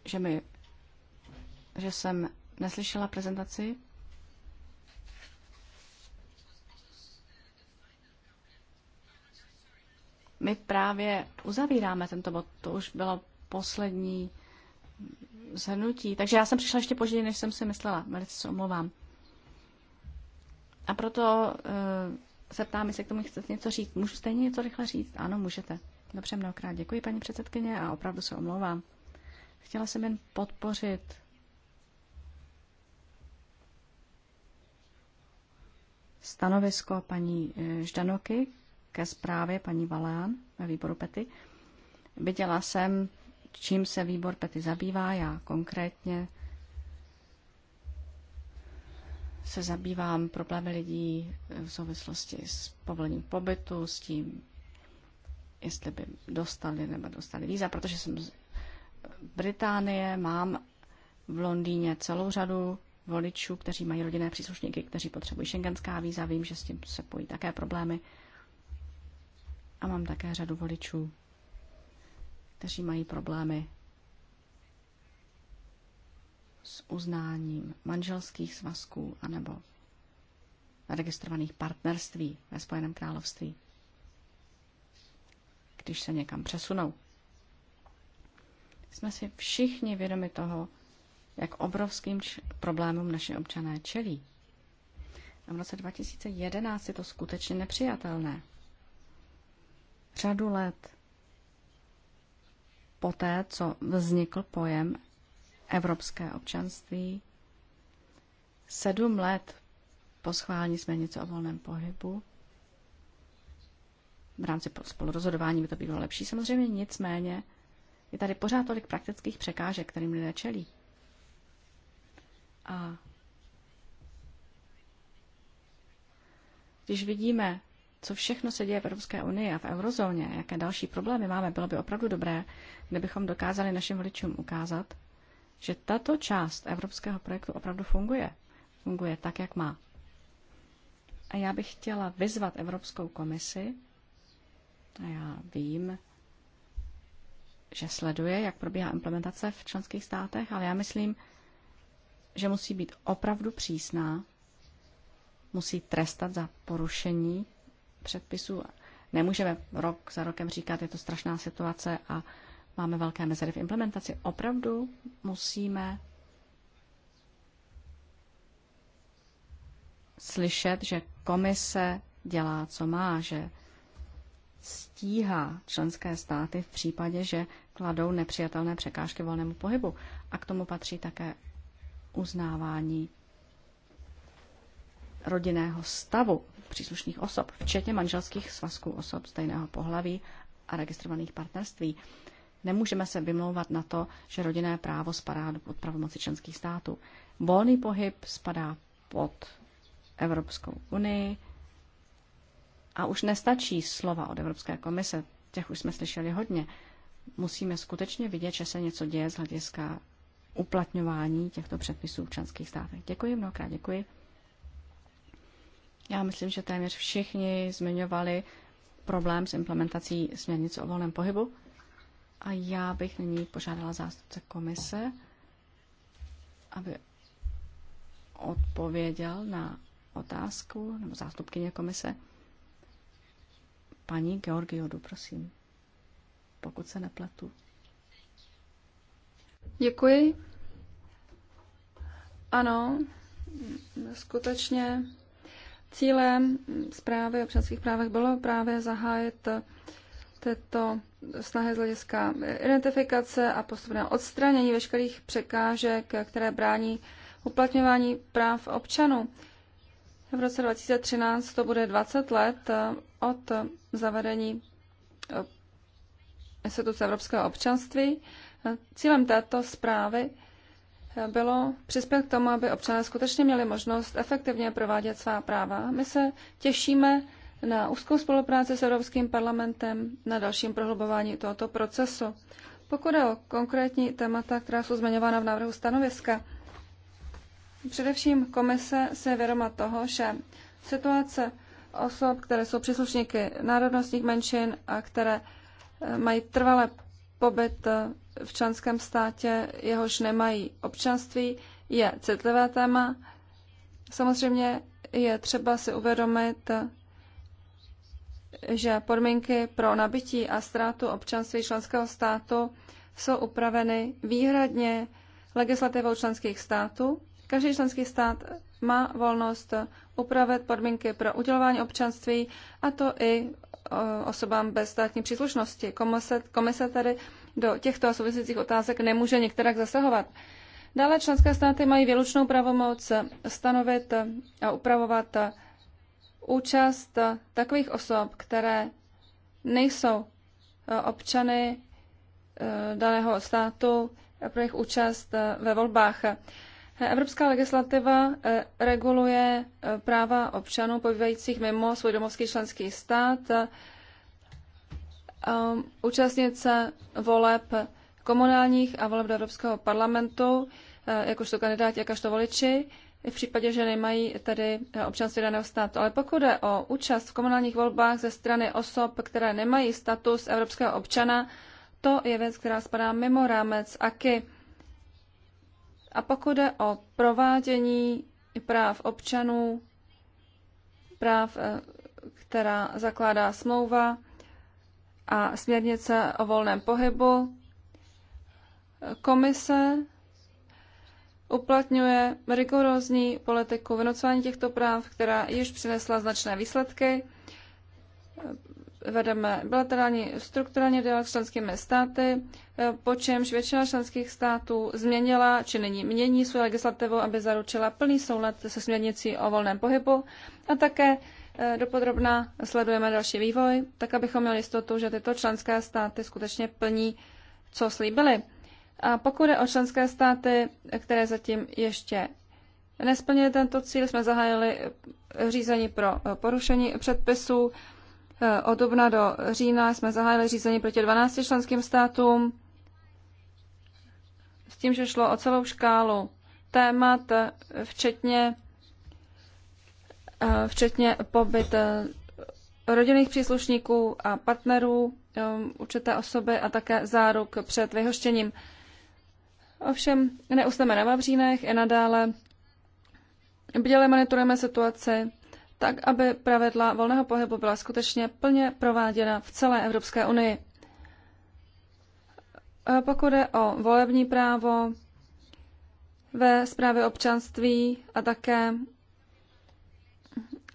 že, mi, že jsem neslyšela prezentaci. My právě uzavíráme tento bod. To už bylo poslední zhrnutí. Takže já jsem přišla ještě později, než jsem si myslela. Velice se omlouvám. A proto eh, se ptám, jestli k tomu chcete něco říct. Můžu stejně něco rychle říct? Ano, můžete. Dobře, mnohokrát děkuji, paní předsedkyně, a opravdu se omlouvám. Chtěla jsem jen podpořit stanovisko paní eh, Ždanoky ke zprávě paní Valán ve výboru Pety. Viděla jsem, čím se výbor Pety zabývá, já konkrétně se zabývám problémy lidí v souvislosti s povolením pobytu, s tím, jestli by dostali nebo dostali víza, protože jsem z Británie, mám v Londýně celou řadu voličů, kteří mají rodinné příslušníky, kteří potřebují šengenská víza, vím, že s tím se pojí také problémy. A mám také řadu voličů, kteří mají problémy s uznáním manželských svazků anebo registrovaných partnerství ve Spojeném království, když se někam přesunou. Jsme si všichni vědomi toho, jak obrovským problémům naše občané čelí. A v roce 2011 je to skutečně nepřijatelné. Řadu let poté, co vznikl pojem evropské občanství. Sedm let po schválení něco o volném pohybu. V rámci spolurozhodování by to bylo lepší. Samozřejmě nicméně je tady pořád tolik praktických překážek, kterým lidé čelí. A když vidíme, co všechno se děje v Evropské unii a v eurozóně, jaké další problémy máme, bylo by opravdu dobré, kdybychom dokázali našim voličům ukázat, že tato část evropského projektu opravdu funguje. Funguje tak, jak má. A já bych chtěla vyzvat Evropskou komisi, a já vím, že sleduje, jak probíhá implementace v členských státech, ale já myslím, že musí být opravdu přísná, musí trestat za porušení předpisů. Nemůžeme rok za rokem říkat, je to strašná situace a Máme velké mezery v implementaci. Opravdu musíme slyšet, že komise dělá, co má, že stíhá členské státy v případě, že kladou nepřijatelné překážky volnému pohybu. A k tomu patří také uznávání rodinného stavu příslušných osob, včetně manželských svazků osob stejného pohlaví a registrovaných partnerství. Nemůžeme se vymlouvat na to, že rodinné právo spadá pod pravomoci členských států. Volný pohyb spadá pod Evropskou unii a už nestačí slova od Evropské komise, těch už jsme slyšeli hodně. Musíme skutečně vidět, že se něco děje z hlediska uplatňování těchto předpisů v členských státech. Děkuji mnohokrát, děkuji. Já myslím, že téměř všichni zmiňovali problém s implementací směrnice o volném pohybu. A já bych nyní požádala zástupce komise, aby odpověděl na otázku, nebo zástupkyně komise. Paní Georgiodu, prosím, pokud se nepletu. Děkuji. Ano, skutečně cílem zprávy o občanských právech bylo právě zahájit této snahy z hlediska identifikace a postupného odstranění veškerých překážek, které brání uplatňování práv občanů. V roce 2013 to bude 20 let eh, od zavedení eh, instituce evropského občanství. Eh, cílem této zprávy bylo přispět k tomu, aby občané skutečně měli možnost efektivně provádět svá práva. My se těšíme na úzkou spolupráci s Evropským parlamentem na dalším prohlubování tohoto procesu. Pokud je o konkrétní témata, která jsou zmiňována v návrhu stanoviska, především komise se je vědoma toho, že situace osob, které jsou příslušníky národnostních menšin a které eh, mají trvalé pobyt eh, v členském státě, jehož nemají občanství, je citlivé téma. Samozřejmě je třeba si uvědomit, že podmínky pro nabití a ztrátu občanství členského státu jsou upraveny výhradně legislativou členských států. Každý členský stát má volnost upravit podmínky pro udělování občanství, a to i e, osobám bez státní příslušnosti. Komise, komise tedy do těchto souvisejících otázek nemůže některak zasahovat. Dále členské státy mají výlučnou pravomoc stanovit a upravovat účast takových osob, které nejsou eh, občany eh, daného státu, pro jejich účast eh, ve volbách. Evropská legislativa reguluje práva občanů pobývajících mimo svůj domovský členský stát um, účastnit se voleb komunálních a voleb do Evropského parlamentu, jakožto kandidáti, jakožto voliči, v případě, že nemají tedy eh, občanství daného státu. Ale pokud je o účast v komunálních volbách ze strany osob, které nemají status evropského občana, to je věc, která spadá mimo rámec AKY. A pokud je o provádění práv občanů, práv, eh, která zakládá smlouva a směrnice o volném pohybu, eh, komise uplatňuje rigorózní politiku vynocování těchto práv, která již přinesla značné výsledky. Vedeme bilaterální strukturálně dialog s členskými státy, po čemž většina členských států změnila či nyní mění svou legislativu, aby zaručila plný soulad se směrnicí o volném pohybu a také eh, dopodrobná sledujeme další vývoj, tak abychom měli jistotu, že tyto členské státy skutečně plní, co slíbily. A pokud je o členské státy, které zatím ještě nesplnili tento cíl, jsme zahájili řízení pro eh, porušení předpisů. Eh, od dubna do října jsme zahájili řízení proti 12 členským státům s tím, že šlo o celou škálu témat, eh, včetně, včetně pobyt rodinných příslušníků a partnerů určité osoby a také záruk před vyhoštěním. Ovšem neustáme na Vavřínech i nadále. Bděle monitorujeme situaci tak, aby pravidla volného pohybu byla skutečně plně prováděna v celé Evropské unii. Pokud je o volební právo, ve zprávě občanství a také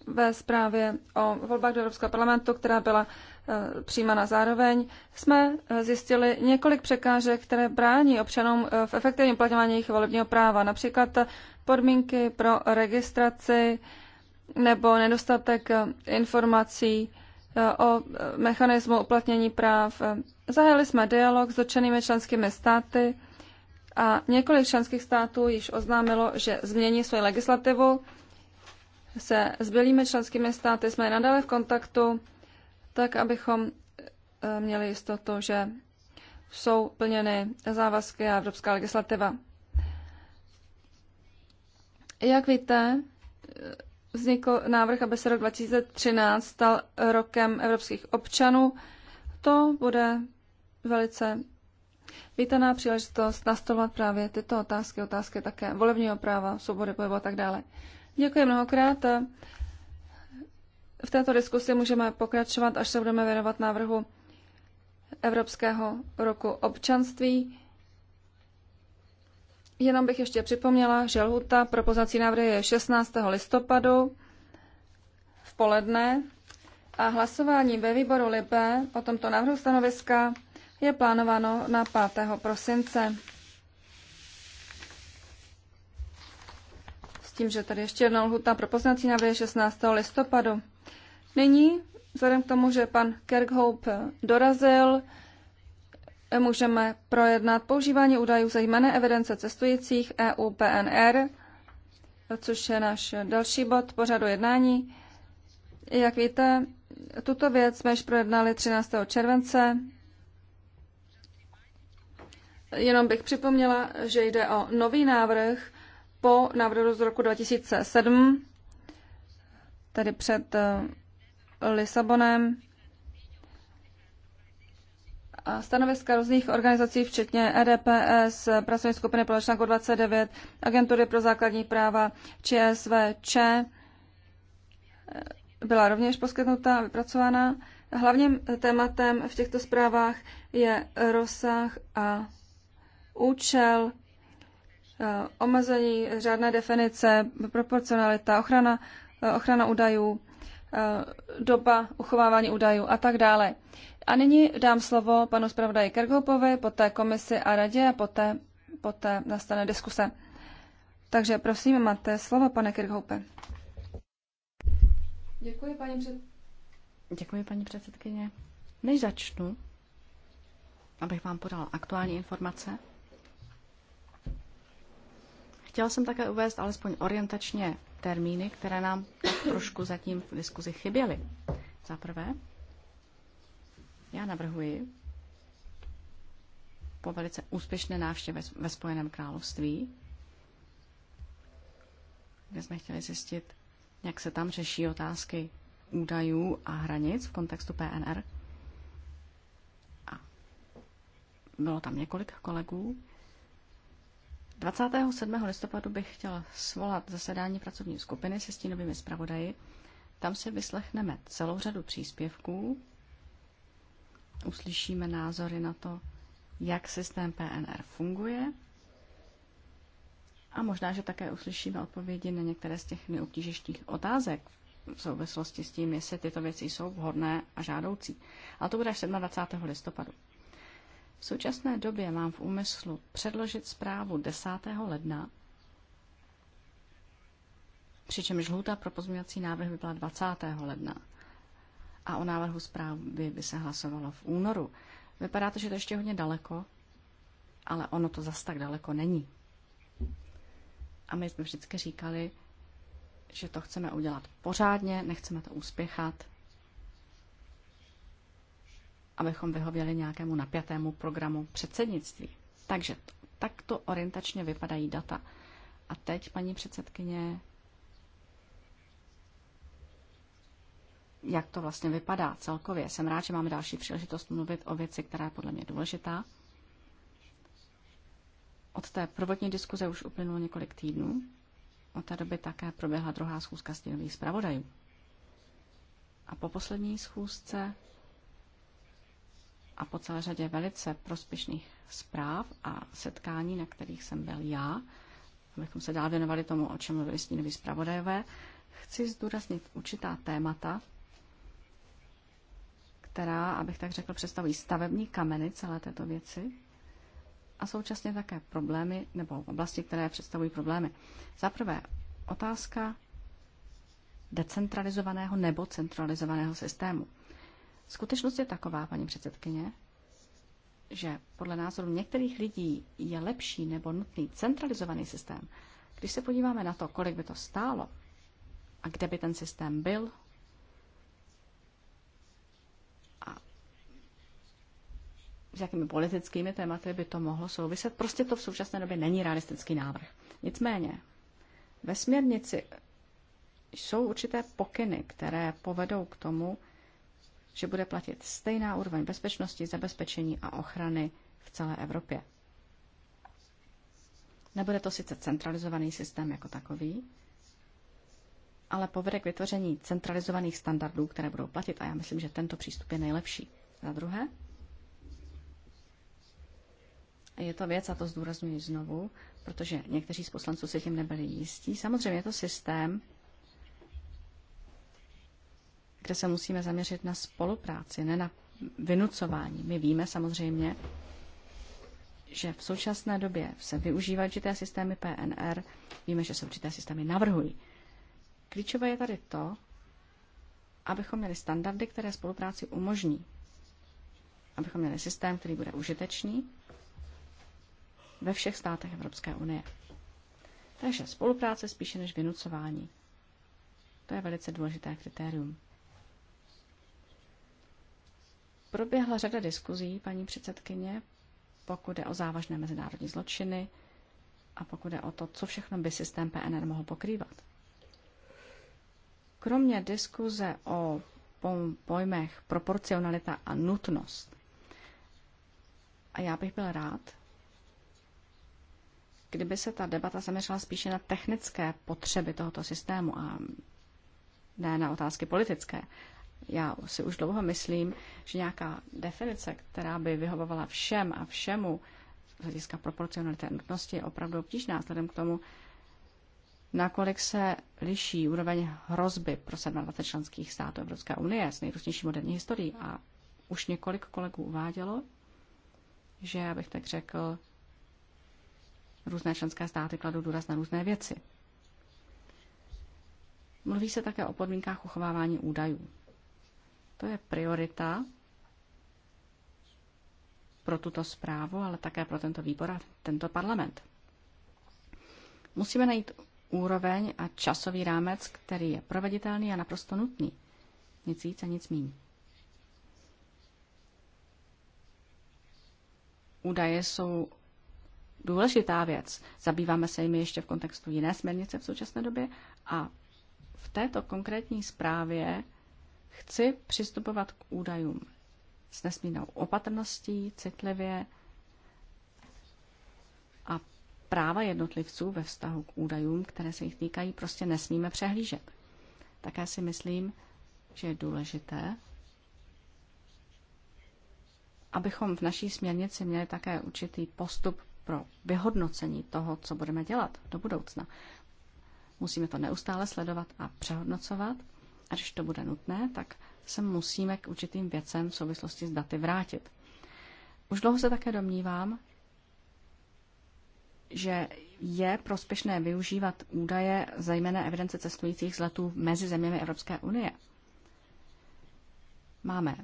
ve zprávě o volbách do Evropského parlamentu, která byla Eh, přijímána zároveň, jsme eh, zjistili několik překážek, které brání občanům eh, v efektivním uplatňování jejich volebního práva, například podmínky pro registraci nebo nedostatek informací o mechanismu uplatnění práv. Zahájili jsme dialog s dotčenými členskými státy a několik členských států již oznámilo, že změní svoji legislativu. Se zbylými členskými státy jsme nadále v kontaktu tak abychom eh, měli jistotu, že jsou plněny závazky a evropská legislativa. Jak víte, eh, vznikl návrh, aby se rok 2013 stal rokem evropských občanů. To bude velice vítaná příležitost nastolovat právě tyto otázky, otázky také volebního práva, svobody pohybu a tak dále. Děkuji mnohokrát v této diskusi můžeme pokračovat, až se budeme věnovat návrhu Evropského roku občanství. Jenom bych ještě připomněla, že lhuta pro poznací návrhy je 16. listopadu v poledne a hlasování ve výboru LIBE o tomto návrhu stanoviska je plánováno na 5. prosince. S tím, že tady ještě jednou lhuta pro poznací návrhy 16. listopadu. Nyní, vzhledem k tomu, že pan Kerkhope dorazil, můžeme projednat používání údajů ze jména evidence cestujících EU PNR, což je náš další bod pořadu jednání. Jak víte, tuto věc jsme již projednali 13. července. Jenom bych připomněla, že jde o nový návrh po návrhu z roku 2007, tedy před eh, Lisabonem a stanoviska různých organizací, včetně EDPS, pracovní skupiny pro 29, agentury pro základní práva, ČSVČ, byla rovněž poskytnuta a vypracována. Hlavním tématem v těchto zprávách je rozsah a účel, eh, omezení řádné definice, proporcionalita, ochrana, eh, ochrana údajů, Eh, doba uchovávání údajů a tak dále. A nyní dám slovo panu zpravodaji Kerghopovi, poté komisi a radě a poté, poté nastane diskuse. Takže prosím, máte slovo, pane Kirchhope. Děkuji, paní před... Děkuji, paní předsedkyně. Než začnu, abych vám podal aktuální informace, Chtěla jsem také uvést alespoň orientačně termíny, které nám tak trošku zatím v diskuzi chyběly. Za prvé, já navrhuji po velice úspěšné návštěvě ve Spojeném království, kde jsme chtěli zjistit, jak se tam řeší otázky údajů a hranic v kontextu PNR. A bylo tam několik kolegů 27. listopadu bych chtěla svolat zasedání pracovní skupiny se stínovými zpravodaji. Tam si vyslechneme celou řadu příspěvků, uslyšíme názory na to, jak systém PNR funguje a možná, že také uslyšíme odpovědi na některé z těch nejobtížnějších otázek v souvislosti s tím, jestli tyto věci jsou vhodné a žádoucí. A to bude až 27. listopadu. V současné době mám v úmyslu předložit zprávu 10. ledna, přičemž lhůta pro pozměňovací návrh by byla 20. ledna a o návrhu zprávy by se hlasovalo v únoru. Vypadá to, že to ještě hodně daleko, ale ono to zas tak daleko není. A my jsme vždycky říkali, že to chceme udělat pořádně, nechceme to uspěchat abychom vyhověli nějakému napjatému programu předsednictví. Takže takto orientačně vypadají data. A teď, paní předsedkyně, jak to vlastně vypadá celkově. Jsem rád, že máme další příležitost mluvit o věci, která je podle mě důležitá. Od té prvotní diskuze už uplynulo několik týdnů. Od té doby také proběhla druhá schůzka stínových zpravodajů. A po poslední schůzce a po celé řadě velice prospěšných zpráv a setkání, na kterých jsem byl já, abychom se dál věnovali tomu, o čem mluvili stínoví zpravodajové, chci zdůraznit určitá témata, která, abych tak řekl, představují stavební kameny celé této věci a současně také problémy nebo oblasti, které představují problémy. Za prvé, otázka decentralizovaného nebo centralizovaného systému. Skutečnost je taková, paní předsedkyně, že podle názoru některých lidí je lepší nebo nutný centralizovaný systém. Když se podíváme na to, kolik by to stálo a kde by ten systém byl, a s jakými politickými tématy by to mohlo souviset, prostě to v současné době není realistický návrh. Nicméně, ve směrnici jsou určité pokyny, které povedou k tomu, že bude platit stejná úroveň bezpečnosti, zabezpečení a ochrany v celé Evropě. Nebude to sice centralizovaný systém jako takový, ale povede k vytvoření centralizovaných standardů, které budou platit a já myslím, že tento přístup je nejlepší. Za druhé, je to věc, a to zdůraznuju znovu, protože někteří z poslanců si tím nebyli jistí. Samozřejmě je to systém, kde se musíme zaměřit na spolupráci, ne na vynucování. My víme samozřejmě, že v současné době se využívají určité systémy PNR, víme, že se určité systémy navrhují. Klíčové je tady to, abychom měli standardy, které spolupráci umožní. Abychom měli systém, který bude užitečný ve všech státech Evropské unie. Takže spolupráce spíše než vynucování. To je velice důležité kritérium. Proběhla řada diskuzí, paní předsedkyně, pokud je o závažné mezinárodní zločiny a pokud je o to, co všechno by systém PNR mohl pokrývat. Kromě diskuze o pojmech proporcionalita a nutnost, a já bych byl rád, kdyby se ta debata zaměřila spíše na technické potřeby tohoto systému a ne na otázky politické. Já si už dlouho myslím, že nějaká definice, která by vyhovovala všem a všemu z hlediska proporcionality a nutnosti, je opravdu obtížná, vzhledem k tomu, nakolik se liší úroveň hrozby pro 27 členských států Evropské unie s nejrůznější moderní historií. A už několik kolegů uvádělo, že, abych tak řekl, různé členské státy kladou důraz na různé věci. Mluví se také o podmínkách uchovávání údajů. To je priorita pro tuto zprávu, ale také pro tento výbor a tento parlament. Musíme najít úroveň a časový rámec, který je proveditelný a naprosto nutný. Nic víc a nic míň. Údaje jsou důležitá věc. Zabýváme se jimi ještě v kontextu jiné směrnice v současné době a v této konkrétní zprávě Chci přistupovat k údajům s nesmírnou opatrností, citlivě a práva jednotlivců ve vztahu k údajům, které se jich týkají, prostě nesmíme přehlížet. Také si myslím, že je důležité, abychom v naší směrnici měli také určitý postup pro vyhodnocení toho, co budeme dělat do budoucna. Musíme to neustále sledovat a přehodnocovat a když to bude nutné, tak se musíme k určitým věcem v souvislosti s daty vrátit. Už dlouho se také domnívám, že je prospěšné využívat údaje zejména evidence cestujících z letů mezi zeměmi Evropské unie. Máme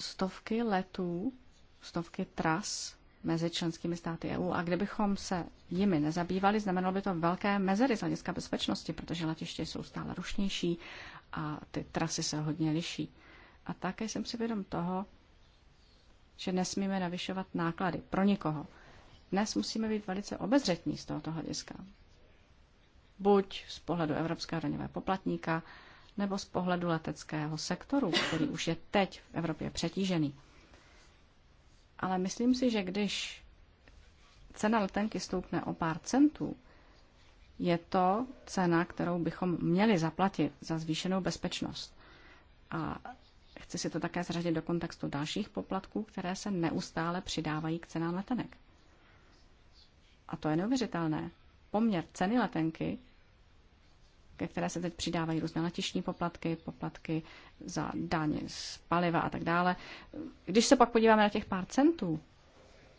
stovky letů, stovky tras mezi členskými státy EU a kdybychom se jimi nezabývali, znamenalo by to velké mezery z hlediska bezpečnosti, protože letiště jsou stále rušnější a ty trasy se hodně liší. A také jsem si vědom toho, že nesmíme navyšovat náklady pro nikoho. Dnes musíme být velice obezřetní z tohoto hlediska. Buď z pohledu Evropského daňového poplatníka, nebo z pohledu leteckého sektoru, který už je teď v Evropě přetížený. Ale myslím si, že když cena letenky stoupne o pár centů, je to cena, kterou bychom měli zaplatit za zvýšenou bezpečnost. A chci si to také zřadit do kontextu dalších poplatků, které se neustále přidávají k cenám letenek. A to je neuvěřitelné. Poměr ceny letenky, ke které se teď přidávají různé letišní poplatky, poplatky za daně z paliva a tak dále. Když se pak podíváme na těch pár centů,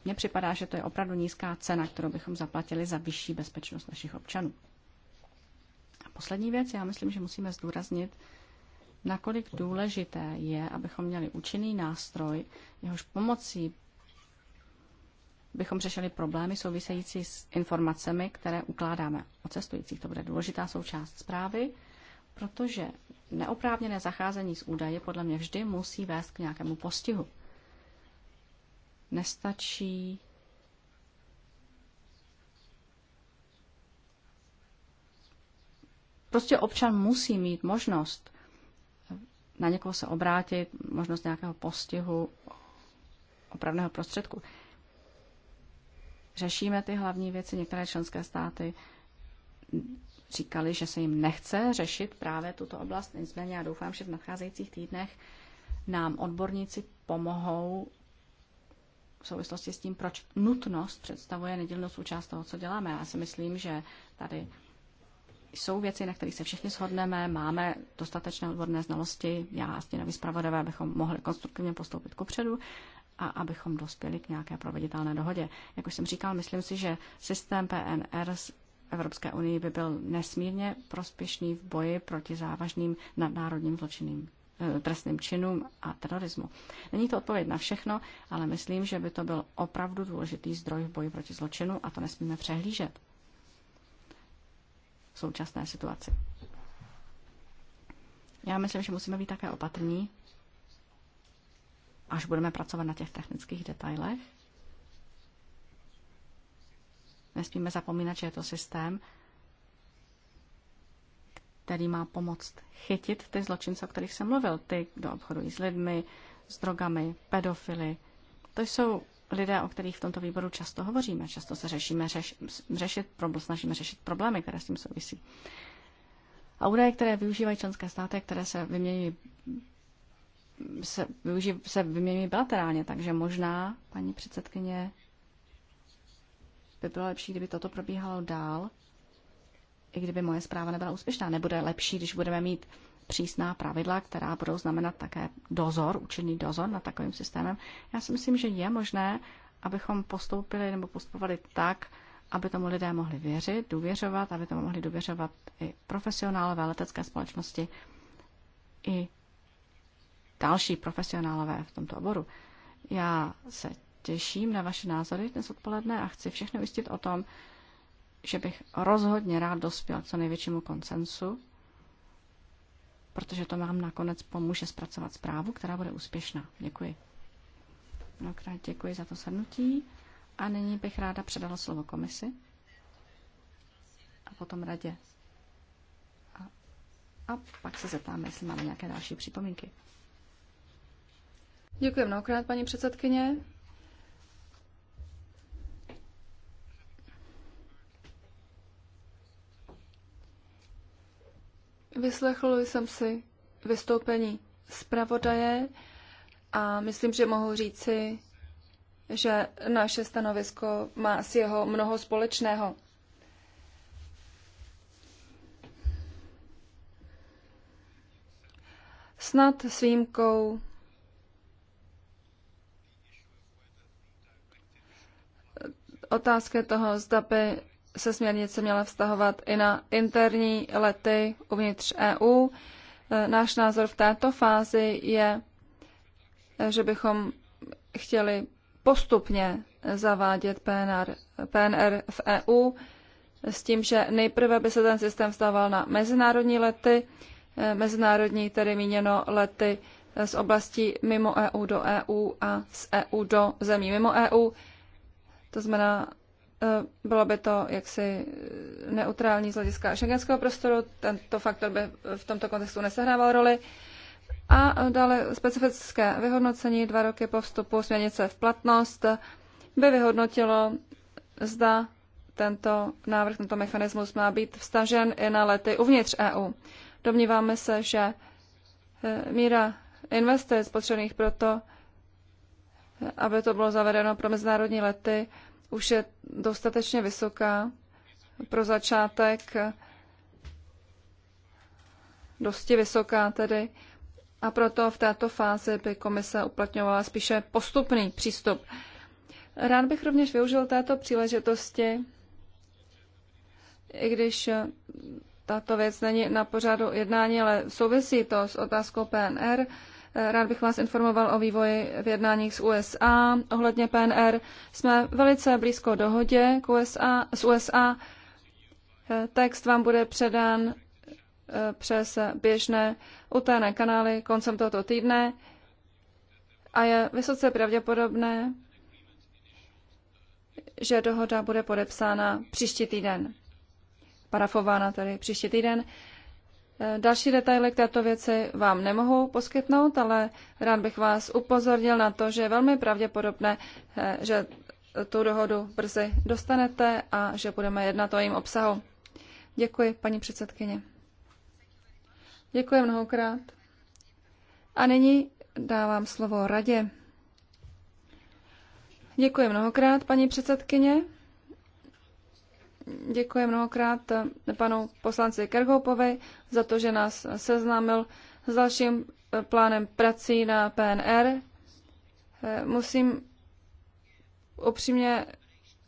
mně připadá, že to je opravdu nízká cena, kterou bychom zaplatili za vyšší bezpečnost našich občanů. A poslední věc, já myslím, že musíme zdůraznit, nakolik důležité je, abychom měli účinný nástroj, jehož pomocí bychom řešili problémy související s informacemi, které ukládáme o cestujících. To bude důležitá součást zprávy, protože neoprávněné zacházení s údaje podle mě vždy musí vést k nějakému postihu nestačí Prostě občan musí mít možnost na někoho se obrátit, možnost nějakého postihu, opravného prostředku. Řešíme ty hlavní věci. Některé členské státy říkali, že se jim nechce řešit právě tuto oblast. Nicméně já doufám, že v nadcházejících týdnech nám odborníci pomohou v souvislosti s tím, proč nutnost představuje nedělnou součást toho, co děláme. Já si myslím, že tady jsou věci, na kterých se všichni shodneme, máme dostatečné odborné znalosti, já a stěnový zpravodajové, abychom mohli konstruktivně postoupit kupředu a abychom dospěli k nějaké proveditelné dohodě. Jak už jsem říkal, myslím si, že systém PNR z Evropské unii by byl nesmírně prospěšný v boji proti závažným nadnárodním zločinům. Eh, trestným činům a terorismu. Není to odpověď na všechno, ale myslím, že by to byl opravdu důležitý zdroj v boji proti zločinu a to nesmíme přehlížet v současné situaci. Já myslím, že musíme být také opatrní, až budeme pracovat na těch technických detailech. Nesmíme zapomínat, že je to systém, který má pomoct chytit ty zločince, o kterých jsem mluvil. Ty, kdo obchodují s lidmi, s drogami, pedofily. To jsou lidé, o kterých v tomto výboru často hovoříme. Často se řešíme, řeš, řešit, problém, snažíme řešit problémy, které s tím souvisí. A údaje, které využívají členské státy, které se vyměňují se, využí, se vyměňují bilaterálně, takže možná, paní předsedkyně, by bylo lepší, kdyby toto probíhalo dál, i kdyby moje zpráva nebyla úspěšná. Nebude lepší, když budeme mít přísná pravidla, která budou znamenat také dozor, účinný dozor nad takovým systémem. Já si myslím, že je možné, abychom postoupili nebo postupovali tak, aby tomu lidé mohli věřit, důvěřovat, aby tomu mohli důvěřovat i profesionálové letecké společnosti, i další profesionálové v tomto oboru. Já se těším na vaše názory dnes odpoledne a chci všechny ujistit o tom, že bych rozhodně rád dospěl co největšímu konsensu, protože to vám nakonec pomůže zpracovat zprávu, která bude úspěšná. Děkuji. Mnohokrát děkuji za to shrnutí a nyní bych ráda předala slovo komisi a potom radě. A, a pak se zeptáme, jestli máme nějaké další připomínky. Děkuji mnohokrát, paní předsedkyně. Vyslechl jsem si vystoupení zpravodaje a myslím, že mohu říci, že naše stanovisko má s jeho mnoho společného. Snad s výjimkou otázky toho, zda by se směrnice měla vztahovat i na interní lety uvnitř EU. E, náš názor v této fázi je, e, že bychom chtěli postupně zavádět PNR, PNR v EU s tím, že nejprve by se ten systém vztahoval na mezinárodní lety, e, mezinárodní tedy míněno lety z oblastí mimo EU do EU a z EU do zemí mimo EU. To znamená Eh, bylo by to jaksi eh, neutrální z hlediska šengenského prostoru, tento faktor by v tomto kontextu nesehrával roli. A dále specifické vyhodnocení dva roky po vstupu směrnice v platnost by vyhodnotilo, zda tento návrh, tento mechanismus má být vstažen i na lety uvnitř EU. Domníváme se, že eh, míra investic potřebných proto, aby to bylo zavedeno pro mezinárodní lety, už je dostatečně vysoká pro začátek, dosti vysoká tedy, a proto v této fázi by komise uplatňovala spíše postupný přístup. Rád bych rovněž využil této příležitosti, i když tato věc není na pořadu jednání, ale souvisí to s otázkou PNR, Rád bych vás informoval o vývoji v jednáních s USA. Ohledně PNR jsme velice blízko dohodě k USA, s USA. Text vám bude předán e, přes běžné utajené kanály koncem tohoto týdne a je vysoce pravděpodobné, že dohoda bude podepsána příští týden. Parafována tedy příští týden. Eh, další detaily k této věci vám nemohu poskytnout, ale rád bych vás upozornil na to, že je velmi pravděpodobné, eh, že tu dohodu brzy dostanete a že budeme jednat o jejím obsahu. Děkuji, paní předsedkyně. Děkuji mnohokrát. A nyní dávám slovo radě. Děkuji mnohokrát, paní předsedkyně. Děkuji mnohokrát panu poslanci Kergoupovi za to, že nás seznámil s dalším eh, plánem prací na PNR. Eh, musím upřímně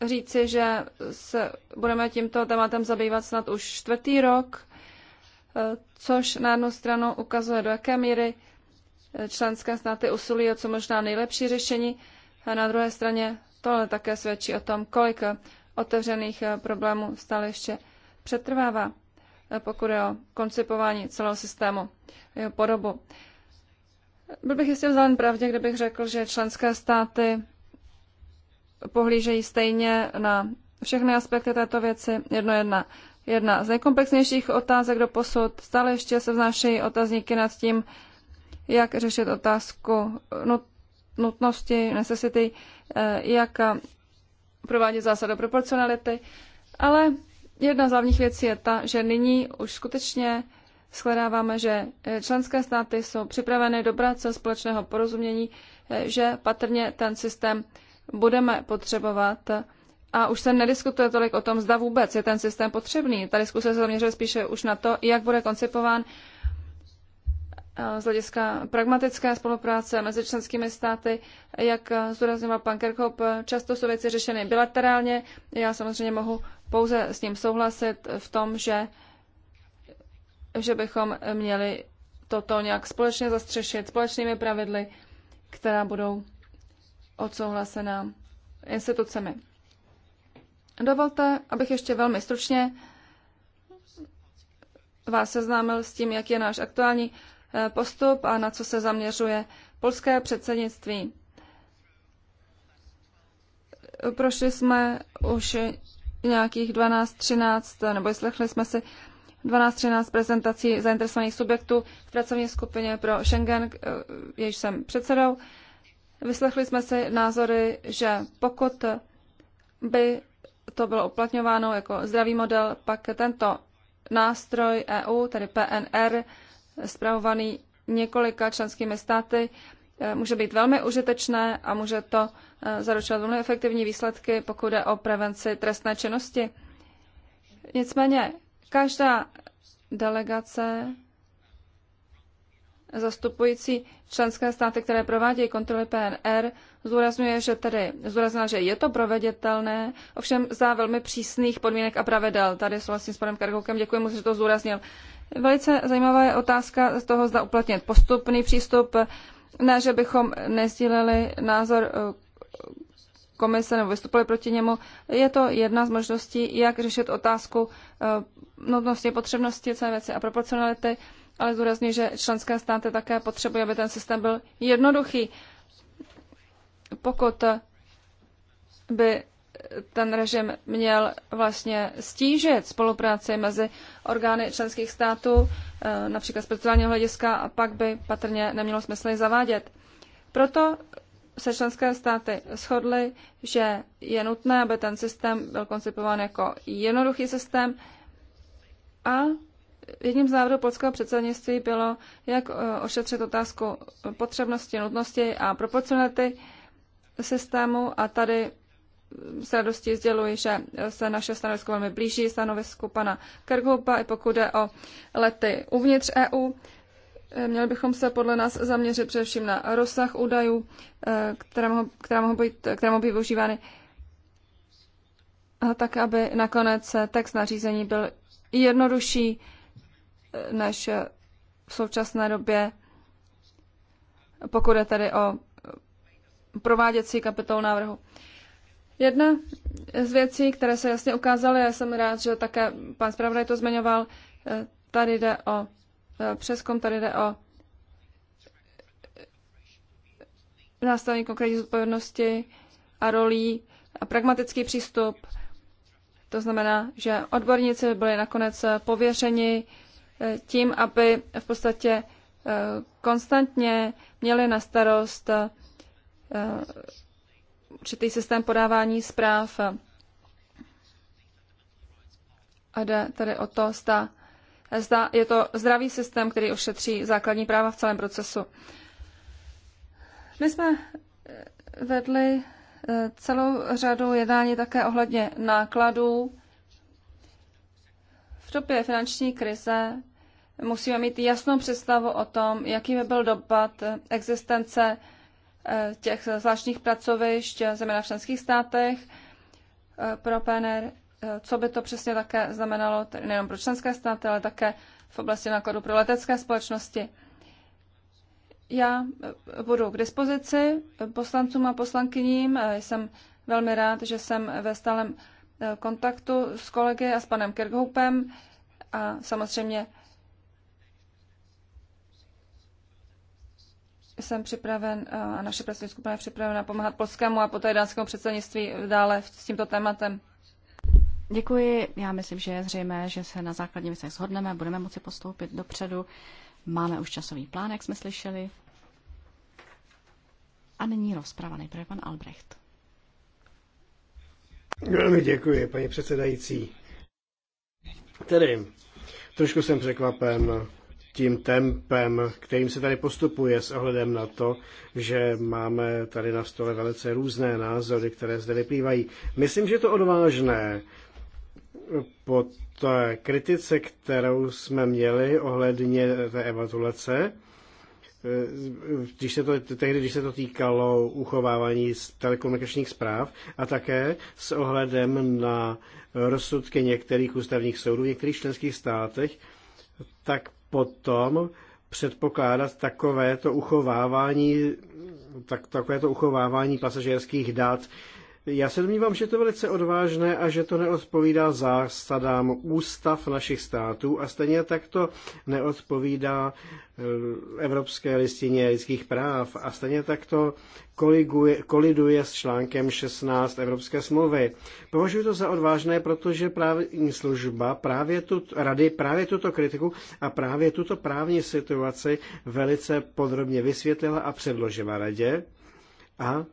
říci, že se budeme tímto tématem zabývat snad už čtvrtý rok, eh, což na jednu stranu ukazuje, do jaké míry členské státy usilují o co možná nejlepší řešení, a na druhé straně tohle také svědčí o tom, kolik otevřených eh, problémů stále ještě přetrvává, eh, pokud je o koncipování celého systému, jeho podobu. Byl bych jistě vzalen pravdě, kdybych řekl, že členské státy pohlížejí stejně na všechny aspekty této věci. Jedno jedna. Jedna z nejkomplexnějších otázek do posud. Stále ještě se vznášejí otazníky nad tím, jak řešit otázku nutnosti, necessity, eh, jak provádět zásada proporcionality, ale jedna z hlavních věcí je ta, že nyní už skutečně shledáváme, že eh, členské státy jsou připraveny dobrat se společného porozumění, eh, že patrně ten systém budeme potřebovat a už se nediskutuje tolik o tom, zda vůbec je ten systém potřebný. Ta diskuse se zaměřuje spíše už na to, jak bude koncipován z hlediska pragmatické spolupráce mezi členskými státy, jak zdůrazňoval pan Kerkhop, často jsou věci řešeny bilaterálně. Já samozřejmě mohu pouze s ním souhlasit v tom, že, že bychom měli toto nějak společně zastřešit společnými pravidly, která budou odsouhlasená institucemi. Dovolte, abych ještě velmi stručně vás seznámil s tím, jak je náš aktuální Eh, postup a na co se zaměřuje polské předsednictví. Prošli jsme už nějakých 12-13, eh, nebo slechli jsme si 12-13 prezentací zainteresovaných subjektů v pracovní skupině pro Schengen, eh, jejíž jsem předsedou. Vyslechli jsme si názory, že pokud by to bylo uplatňováno jako zdravý model, pak tento nástroj EU, tedy PNR, spravovaný několika členskými státy, eh, může být velmi užitečné a může to eh, zaručovat velmi efektivní výsledky, pokud jde o prevenci trestné činnosti. Nicméně každá delegace zastupující členské státy, které provádějí kontroly PNR, zdůrazňuje, že tedy zdůraznila, že je to proveditelné, ovšem za velmi přísných podmínek a pravidel. Tady souhlasím s panem Kargoukem, děkuji mu, že to zdůraznil. Velice zajímavá je otázka z toho, zda uplatnit postupný přístup. Ne, že bychom nezdíleli názor eh, komise nebo vystupovali proti němu. Je to jedna z možností, jak řešit otázku eh, nutnosti, potřebnosti celé věci a proporcionality, ale zdůrazně, že členské státy také potřebují, aby ten systém byl jednoduchý. Pokud by ten režim měl vlastně stížit spolupráci mezi orgány členských států, eh, například speciálního hlediska, a pak by patrně nemělo smysl zavádět. Proto se členské státy shodly, že je nutné, aby ten systém byl koncipován jako jednoduchý systém a jedním z návrhů polského předsednictví bylo, jak eh, ošetřit otázku potřebnosti, nutnosti a proporcionality systému a tady s radostí sděluji, že se naše stanovisko velmi blíží stanovisku pana Kergoupa i pokud jde o lety uvnitř EU. Měli bychom se podle nás zaměřit především na rozsah údajů, eh, které mohou, které mohou, být, které mohou být využívány, a tak aby nakonec text nařízení byl jednodušší eh, než v současné době, pokud je tedy o prováděcí kapitol návrhu. Jedna z věcí, které se jasně ukázaly, já jsem rád, že také pan zpravodaj to zmiňoval, eh, tady jde o eh, přeskum, tady jde o eh, nastavení konkrétní zodpovědnosti a rolí a pragmatický přístup. To znamená, že odborníci byli nakonec pověřeni tím, aby v podstatě konstantně měli na starost určitý systém podávání zpráv. A jde tedy o to, zda, zda je to zdravý systém, který ošetří základní práva v celém procesu. My jsme eh, vedli eh, celou řadu jednání také ohledně nákladů. V době finanční krize musíme mít jasnou představu o tom, jaký by byl dopad eh, existence Eh, těch zvláštních pracovišť, eh, zejména v členských státech eh, pro PNR, co by to přesně také znamenalo nejen pro členské státy, ale také v oblasti nákladů pro letecké společnosti. Já budu k dispozici poslancům a poslankyním. Jsem velmi rád, že jsem ve stálem kontaktu s kolegy a s panem Kirkhoupem a samozřejmě jsem připraven a naše pracovní skupina je připravena pomáhat polskému a poté dánskému předsednictví dále s tímto tématem. Děkuji. Já myslím, že je zřejmé, že se na základní věcech shodneme, budeme moci postoupit dopředu. Máme už časový plán, jak jsme slyšeli. A nyní rozprava. Nejprve pan Albrecht. Velmi děkuji, paní předsedající. Tedy, trošku jsem překvapen tím tempem, kterým se tady postupuje s ohledem na to, že máme tady na stole velice různé názory, které zde vyplývají. Myslím, že je to odvážné po té kritice, kterou jsme měli ohledně té evaluace, když se to, tehdy, když se to týkalo uchovávání telekomunikačních zpráv a také s ohledem na rozsudky některých ústavních soudů v některých členských státech, tak potom předpokládat takovéto uchovávání, tak, takovéto uchovávání pasažérských dat já se domnívám, že je to velice odvážné a že to neodpovídá zásadám ústav našich států a stejně tak to neodpovídá eh, Evropské listině lidských práv a stejně tak to koliguje, koliduje s článkem 16 Evropské smlouvy. Považuji to za odvážné, protože právní služba právě tu, rady právě tuto kritiku a právě tuto právní situaci velice podrobně vysvětlila a předložila radě. A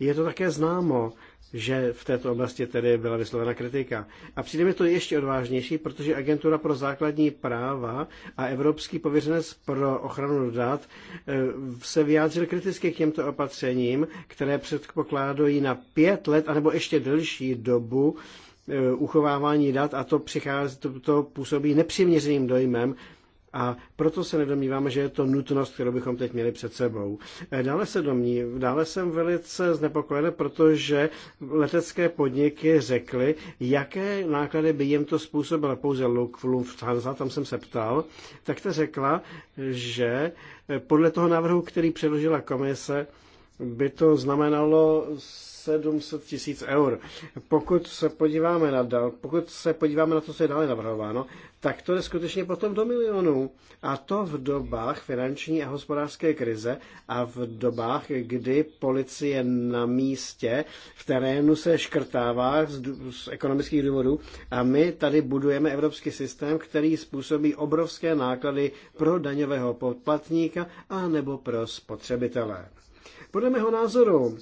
je to také známo že v této oblasti tedy byla vyslovena kritika. A přijde mi to ještě odvážnější, protože Agentura pro základní práva a Evropský pověřenec pro ochranu dat eh, se vyjádřil kriticky k těmto opatřením, které předpokládají na pět let anebo ještě delší dobu eh, uchovávání dat a to, přichází, to, to působí nepřiměřeným dojmem a proto se nedomníváme, že je to nutnost, kterou bychom teď měli před sebou. E, dále, se domní, dále jsem velice znepokojen, protože letecké podniky řekly, jaké náklady by jim to způsobilo pouze Lufthansa, tam jsem se ptal, tak ta řekla, že e, podle toho návrhu, který předložila komise, by to znamenalo 700 tisíc eur. Pokud se podíváme na dal, pokud se podíváme na to, co je dále navrhováno, tak to je skutečně potom do milionů. A to v dobách finanční a hospodářské krize a v dobách, kdy policie na místě v terénu se škrtává z, z ekonomických důvodů a my tady budujeme evropský systém, který způsobí obrovské náklady pro daňového poplatníka a nebo pro spotřebitele. Podle mého názoru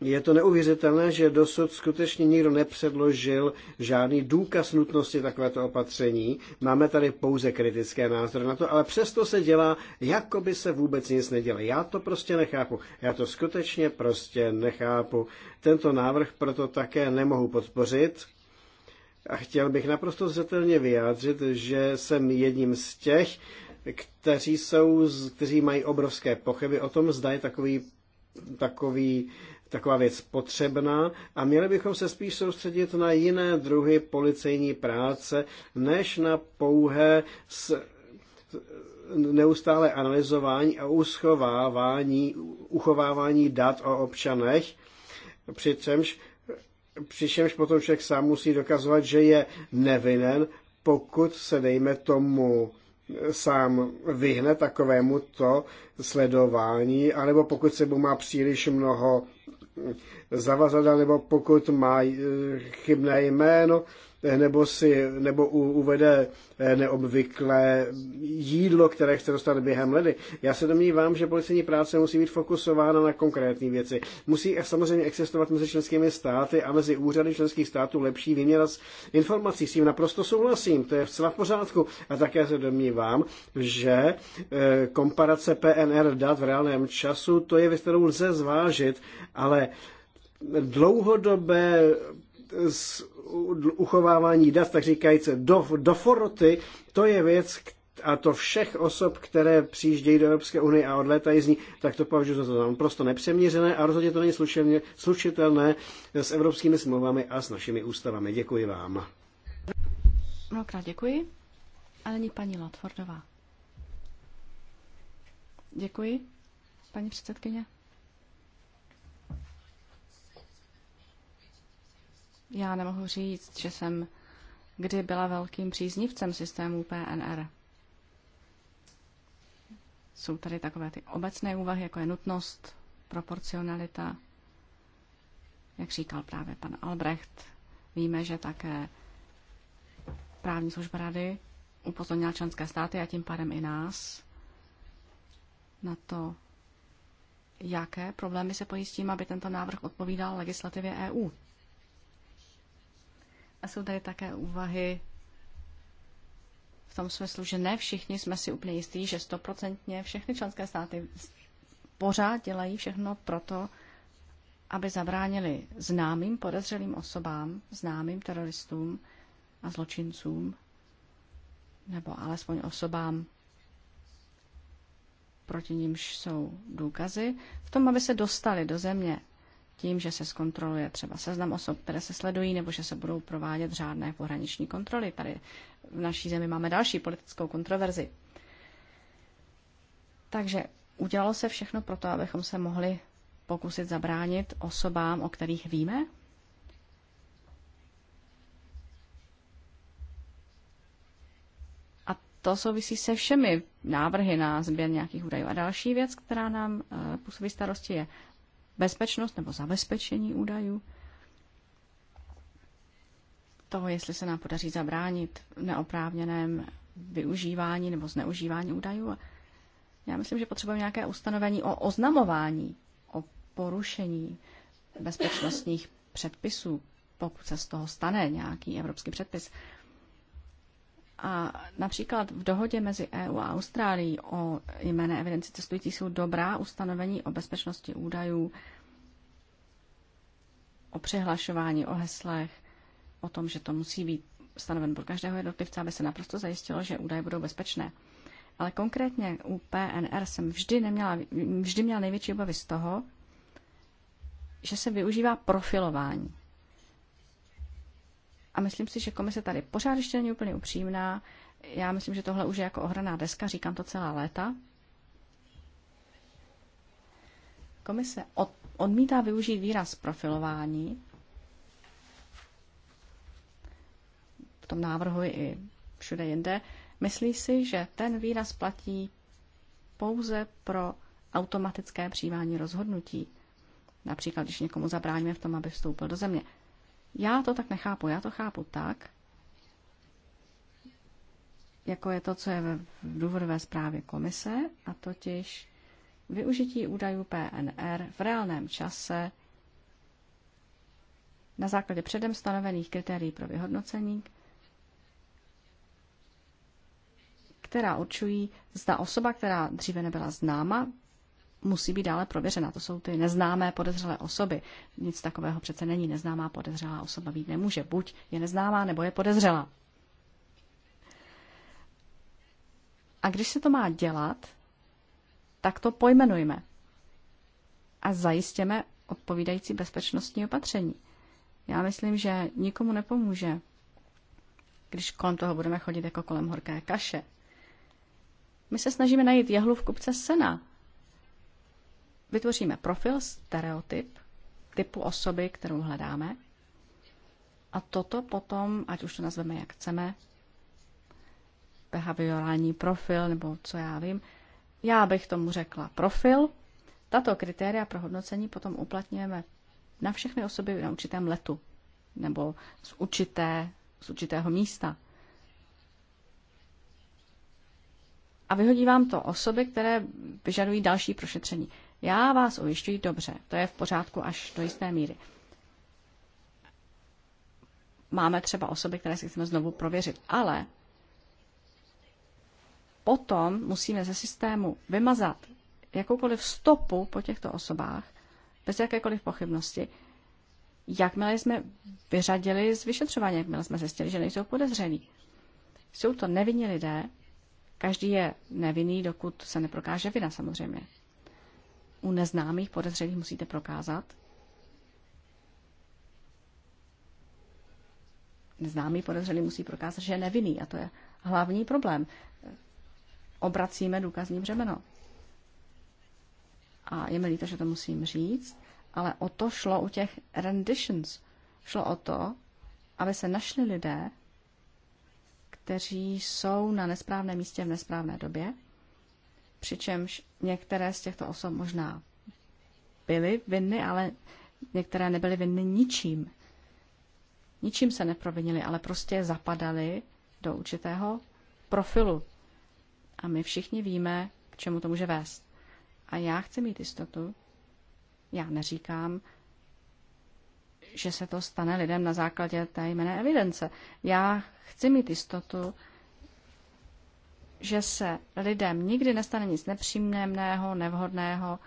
je to neuvěřitelné, že dosud skutečně nikdo nepředložil žádný důkaz nutnosti takovéto opatření. Máme tady pouze kritické názory na to, ale přesto se dělá, jako by se vůbec nic nedělo. Já to prostě nechápu. Já to skutečně prostě nechápu. Tento návrh proto také nemohu podpořit. A chtěl bych naprosto zřetelně vyjádřit, že jsem jedním z těch, kteří, jsou, kteří mají obrovské pochyby o tom, zda je takový, takový taková věc potřebná a měli bychom se spíš soustředit na jiné druhy policejní práce, než na pouhé s, neustále analyzování a uschovávání, uchovávání dat o občanech, přičemž, přičemž potom člověk sám musí dokazovat, že je nevinen, pokud se dejme tomu sám vyhne takovému to sledování, anebo pokud se mu má příliš mnoho zavazadla, nebo pokud má eh, chybné jméno, Eh, nebo, si, nebo u, uvede eh, neobvyklé jídlo, které chce dostat během ledy. Já se domnívám, že policejní práce musí být fokusována na konkrétní věci. Musí eh, samozřejmě existovat mezi členskými státy a mezi úřady členských států lepší výměna informací. S tím naprosto souhlasím, to je vcela v pořádku. A také se domnívám, že komparace PNR dat v reálném času, to je věc, kterou lze zvážit, ale dlouhodobé z uchovávání dat, tak říkajíce, do, do foroty, to je věc, a to všech osob, které přijíždějí do Evropské unie a odlétají z ní, tak to považuji za naprosto nepřeměřené a rozhodně to není slušelně, slušitelné s evropskými smlouvami a s našimi ústavami. Děkuji vám. Mnohokrát děkuji. A není paní Latfordová. Děkuji, paní předsedkyně. Já nemohu říct, že jsem kdy byla velkým příznivcem systému PNR. Jsou tady takové ty obecné úvahy, jako je nutnost, proporcionalita. Jak říkal právě pan Albrecht, víme, že také právní služba rady upozornila členské státy a tím pádem i nás na to, jaké problémy se pojistím, aby tento návrh odpovídal legislativě EU. A jsou tady také úvahy v tom smyslu, že ne všichni jsme si úplně jistí, že stoprocentně všechny členské státy pořád dělají všechno proto, aby zabránili známým podezřelým osobám, známým teroristům a zločincům, nebo alespoň osobám, proti nímž jsou důkazy, v tom, aby se dostali do země tím, že se zkontroluje třeba seznam osob, které se sledují, nebo že se budou provádět řádné pohraniční kontroly. Tady v naší zemi máme další politickou kontroverzi. Takže udělalo se všechno pro to, abychom se mohli pokusit zabránit osobám, o kterých víme? A to souvisí se všemi návrhy na sběr nějakých údajů. A další věc, která nám eh, působí starosti, je bezpečnost nebo zabezpečení údajů, to, jestli se nám podaří zabránit neoprávněném využívání nebo zneužívání údajů. Já myslím, že potřebujeme nějaké ustanovení o oznamování, o porušení bezpečnostních předpisů, pokud se z toho stane nějaký evropský předpis. A například v dohodě mezi EU a Austrálií o jméne evidenci cestující jsou dobrá ustanovení o bezpečnosti údajů, o přihlašování, o heslech, o tom, že to musí být stanoven pro každého jednotlivce, aby se naprosto zajistilo, že údaje budou bezpečné. Ale konkrétně u PNR jsem vždy, neměla, vždy měla největší obavy z toho, že se využívá profilování. A myslím si, že komise tady pořád ještě není úplně upřímná. Já myslím, že tohle už je jako ohraná deska, říkám to celá léta. Komise od, odmítá využít výraz profilování. V tom návrhu i všude jinde. Myslí si, že ten výraz platí pouze pro automatické přijímání rozhodnutí. Například, když někomu zabráníme v tom, aby vstoupil do země. Já to tak nechápu. Já to chápu tak, jako je to, co je v důvodové zprávě komise, a totiž využití údajů PNR v reálném čase na základě předem stanovených kritérií pro vyhodnocení, která určují, zda osoba, která dříve nebyla známa, musí být dále prověřena. To jsou ty neznámé podezřelé osoby. Nic takového přece není. Neznámá podezřelá osoba být nemůže. Buď je neznámá, nebo je podezřelá. A když se to má dělat, tak to pojmenujme a zajistěme odpovídající bezpečnostní opatření. Já myslím, že nikomu nepomůže, když kolem toho budeme chodit jako kolem horké kaše. My se snažíme najít jehlu v kupce sena, vytvoříme profil, stereotyp, typu osoby, kterou hledáme. A toto potom, ať už to nazveme jak chceme, behaviorální profil nebo co já vím, já bych tomu řekla profil. Tato kritéria pro hodnocení potom uplatňujeme na všechny osoby na určitém letu nebo z, určité, z určitého místa. A vyhodí vám to osoby, které vyžadují další prošetření. Já vás ujišťuji dobře, to je v pořádku až do jisté míry. Máme třeba osoby, které si chceme znovu prověřit, ale potom musíme ze systému vymazat jakoukoliv stopu po těchto osobách, bez jakékoliv pochybnosti, jakmile jsme vyřadili z vyšetřování, jakmile jsme zjistili, že nejsou podezřelí. Jsou to nevinní lidé, každý je nevinný, dokud se neprokáže vina samozřejmě u neznámých podezřelých musíte prokázat. Neznámý podezřelý musí prokázat, že je nevinný a to je hlavní problém. Obracíme důkazní břemeno. A je mi líto, že to musím říct, ale o to šlo u těch renditions. Šlo o to, aby se našli lidé, kteří jsou na nesprávném místě v nesprávné době, přičemž některé z těchto osob možná byly vinny, ale některé nebyly vinny ničím. Ničím se neprovinili, ale prostě zapadali do určitého profilu. A my všichni víme, k čemu to může vést. A já chci mít jistotu, já neříkám, že se to stane lidem na základě té jmené evidence. Já chci mít jistotu, že se lidem nikdy nestane nic nepříjemného, nevhodného,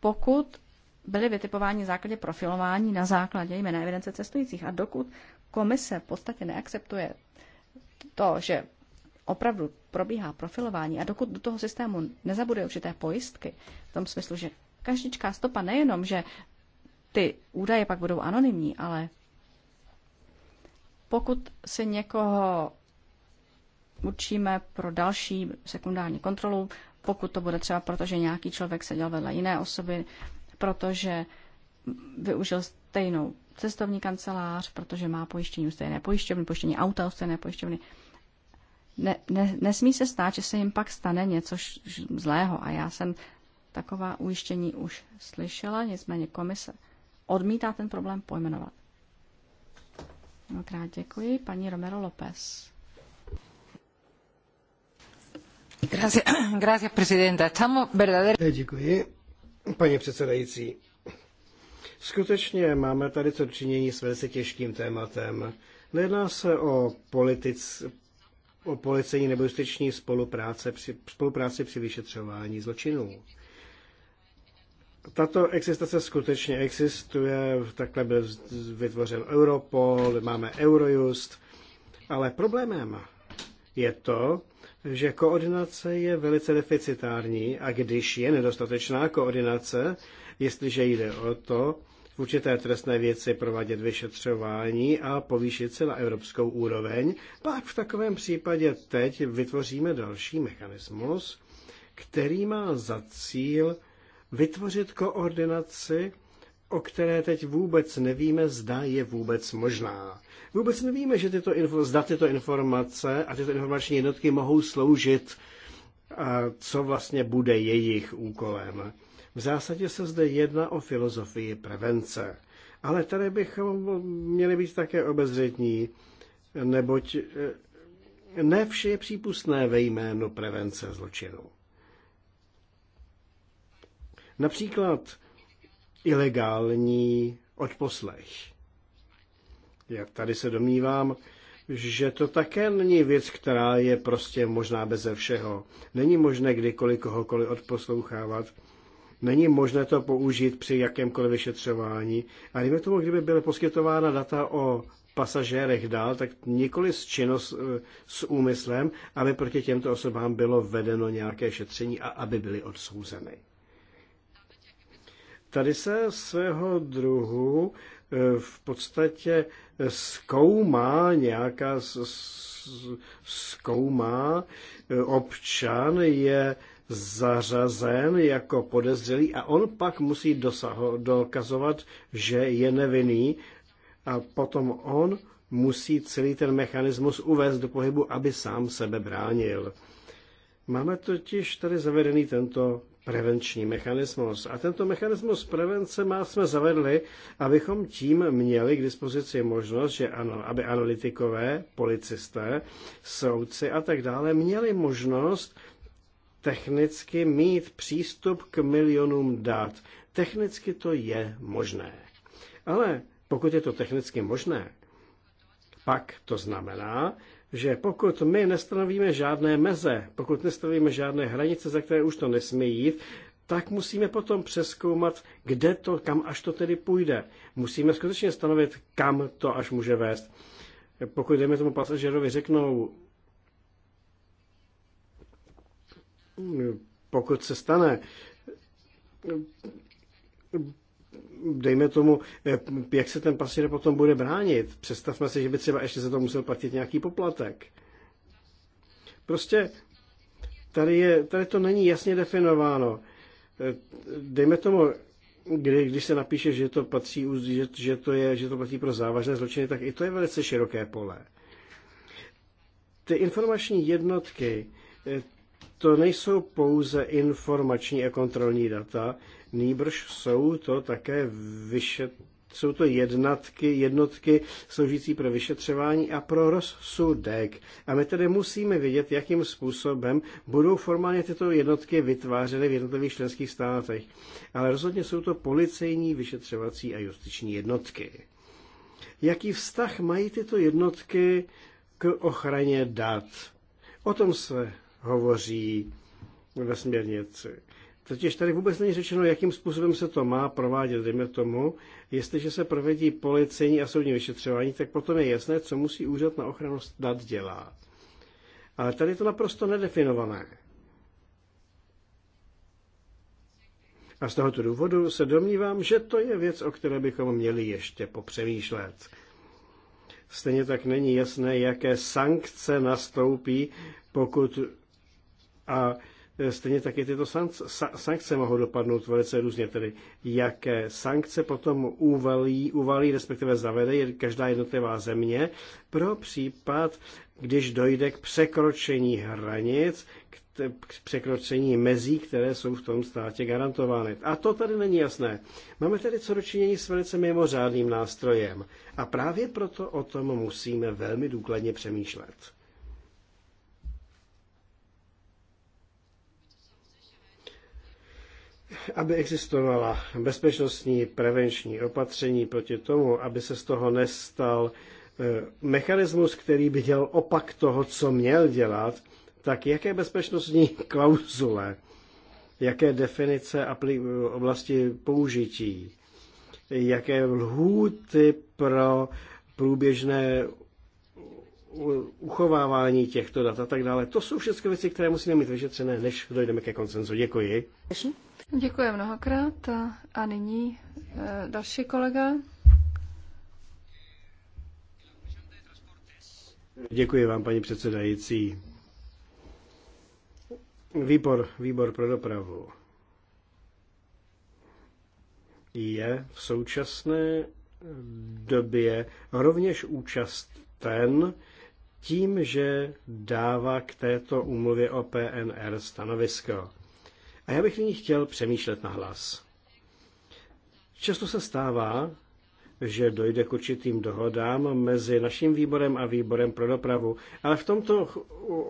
pokud byli vytipováni základě profilování na základě jména evidence cestujících. A dokud komise v podstatě neakceptuje to, že opravdu probíhá profilování a dokud do toho systému nezabude určité pojistky, v tom smyslu, že každičká stopa nejenom, že ty údaje pak budou anonymní, ale pokud si někoho určíme pro další sekundární kontrolu, pokud to bude třeba proto, že nějaký člověk seděl vedle jiné osoby, protože využil stejnou cestovní kancelář, protože má pojištění u stejné pojišťovny, pojištění auta u stejné pojišťovny. Ne, ne, nesmí se stát, že se jim pak stane něco š, š, zlého. A já jsem taková ujištění už slyšela, nicméně komise odmítá ten problém pojmenovat. Mnohokrát děkuji. Paní Romero López. Eh, paní předsedající. Skutečně máme tady co činění s velice těžkým tématem. Nejedná se o, politic, o policejní nebo justiční spolupráce při, spolupráci při vyšetřování zločinů. Tato existence skutečně existuje, takhle byl vytvořen Europol, máme Eurojust, ale problémem je to, že koordinace je velice deficitární a když je nedostatečná koordinace, jestliže jde o to, v určité trestné věci provádět vyšetřování a povýšit se na evropskou úroveň, pak v takovém případě teď vytvoříme další mechanismus, který má za cíl vytvořit koordinaci, o které teď vůbec nevíme, zda je vůbec možná. Vůbec nevíme, že tyto, zda tyto informace a tyto informační jednotky mohou sloužit, a co vlastně bude jejich úkolem. V zásadě se zde jedná o filozofii prevence. Ale tady bychom měli být také obezřetní, neboť e, ne vše je přípustné ve jménu prevence zločinu. Například ilegální odposlech já tady se domnívám, že to také není věc, která je prostě možná beze všeho. Není možné kdykoliv kohokoliv odposlouchávat. Není možné to použít při jakémkoliv vyšetřování. A kdyby tomu, kdyby byla poskytována data o pasažérech dál, tak nikoli s činnost e, s úmyslem, aby proti těmto osobám bylo vedeno nějaké šetření a aby byly odsouzeny. Tady se svého druhu v podstatě zkoumá nějaká zkoumá občan je zařazen jako podezřelý a on pak musí dosaho, dokazovat, že je nevinný a potom on musí celý ten mechanismus uvést do pohybu, aby sám sebe bránil. Máme totiž tady zavedený tento prevenční mechanismus. A tento mechanismus prevence má, jsme zavedli, abychom tím měli k dispozici možnost, že ano, aby analytikové, policisté, soudci a tak dále měli možnost technicky mít přístup k milionům dat. Technicky to je možné. Ale pokud je to technicky možné, pak to znamená, že pokud my nestanovíme žádné meze, pokud nestanovíme žádné hranice, za které už to nesmí jít, tak musíme potom přeskoumat, kde to, kam až to tedy půjde. Musíme skutečně stanovit, kam to až může vést. Pokud, jdeme tomu pasažerovi, řeknou, pokud se stane, dejme tomu, eh, jak se ten pasír potom bude bránit. Představme si, že by třeba ještě za to musel platit nějaký poplatek. Prostě tady, je, tady to není jasně definováno. Eh, dejme tomu, kdy, když se napíše, že to, patří, že, že, to je, že to platí pro závažné zločiny, tak i to je velice široké pole. Ty informační jednotky, eh, to nejsou pouze informační a kontrolní data, nýbrž jsou to také vyšet, jsou to jednotky, jednotky sloužící pro vyšetřování a pro rozsudek. A my tedy musíme vědět, jakým způsobem budou formálně tyto jednotky vytvářeny v jednotlivých členských státech. Ale rozhodně jsou to policejní, vyšetřovací a justiční jednotky. Jaký vztah mají tyto jednotky k ochraně dat? O tom se hovoří ve směrnici. Totiž tady vůbec není řečeno, jakým způsobem se to má provádět, dejme tomu. Jestliže se provedí policejní a soudní vyšetřování, tak potom je jasné, co musí úřad na ochranu dat dělat. Ale tady je to naprosto nedefinované. A z tohoto důvodu se domnívám, že to je věc, o které bychom měli ještě popřemýšlet. Stejně tak není jasné, jaké sankce nastoupí, pokud a E, stejně tak i tyto sankce mohou dopadnout velice různě, tedy jaké sankce potom uvalí, uvalí respektive zavede každá jednotlivá země pro případ, když dojde k překročení hranic, k, k překročení mezí, které jsou v tom státě garantovány. A to tady není jasné. Máme tedy co dočinění s velice mimořádným nástrojem. A právě proto o tom musíme velmi důkladně přemýšlet. aby existovala bezpečnostní prevenční opatření proti tomu, aby se z toho nestal e, mechanismus, který by dělal opak toho, co měl dělat, tak jaké bezpečnostní klauzule, jaké definice apli- oblasti použití, jaké lhůty pro průběžné uchovávání těchto dat a tak dále. To jsou všechny věci, které musíme mít vyšetřené, než dojdeme ke koncenzu. Děkuji. Děkuji mnohokrát a, a nyní e, další kolega. Děkuji vám, paní předsedající. Výbor, výbor pro dopravu je v současné době rovněž účasten tím, že dává k této úmluvě o PNR stanovisko. A já bych nyní chtěl přemýšlet na hlas. Často se stává, že dojde k určitým dohodám mezi naším výborem a výborem pro dopravu. Ale v tomto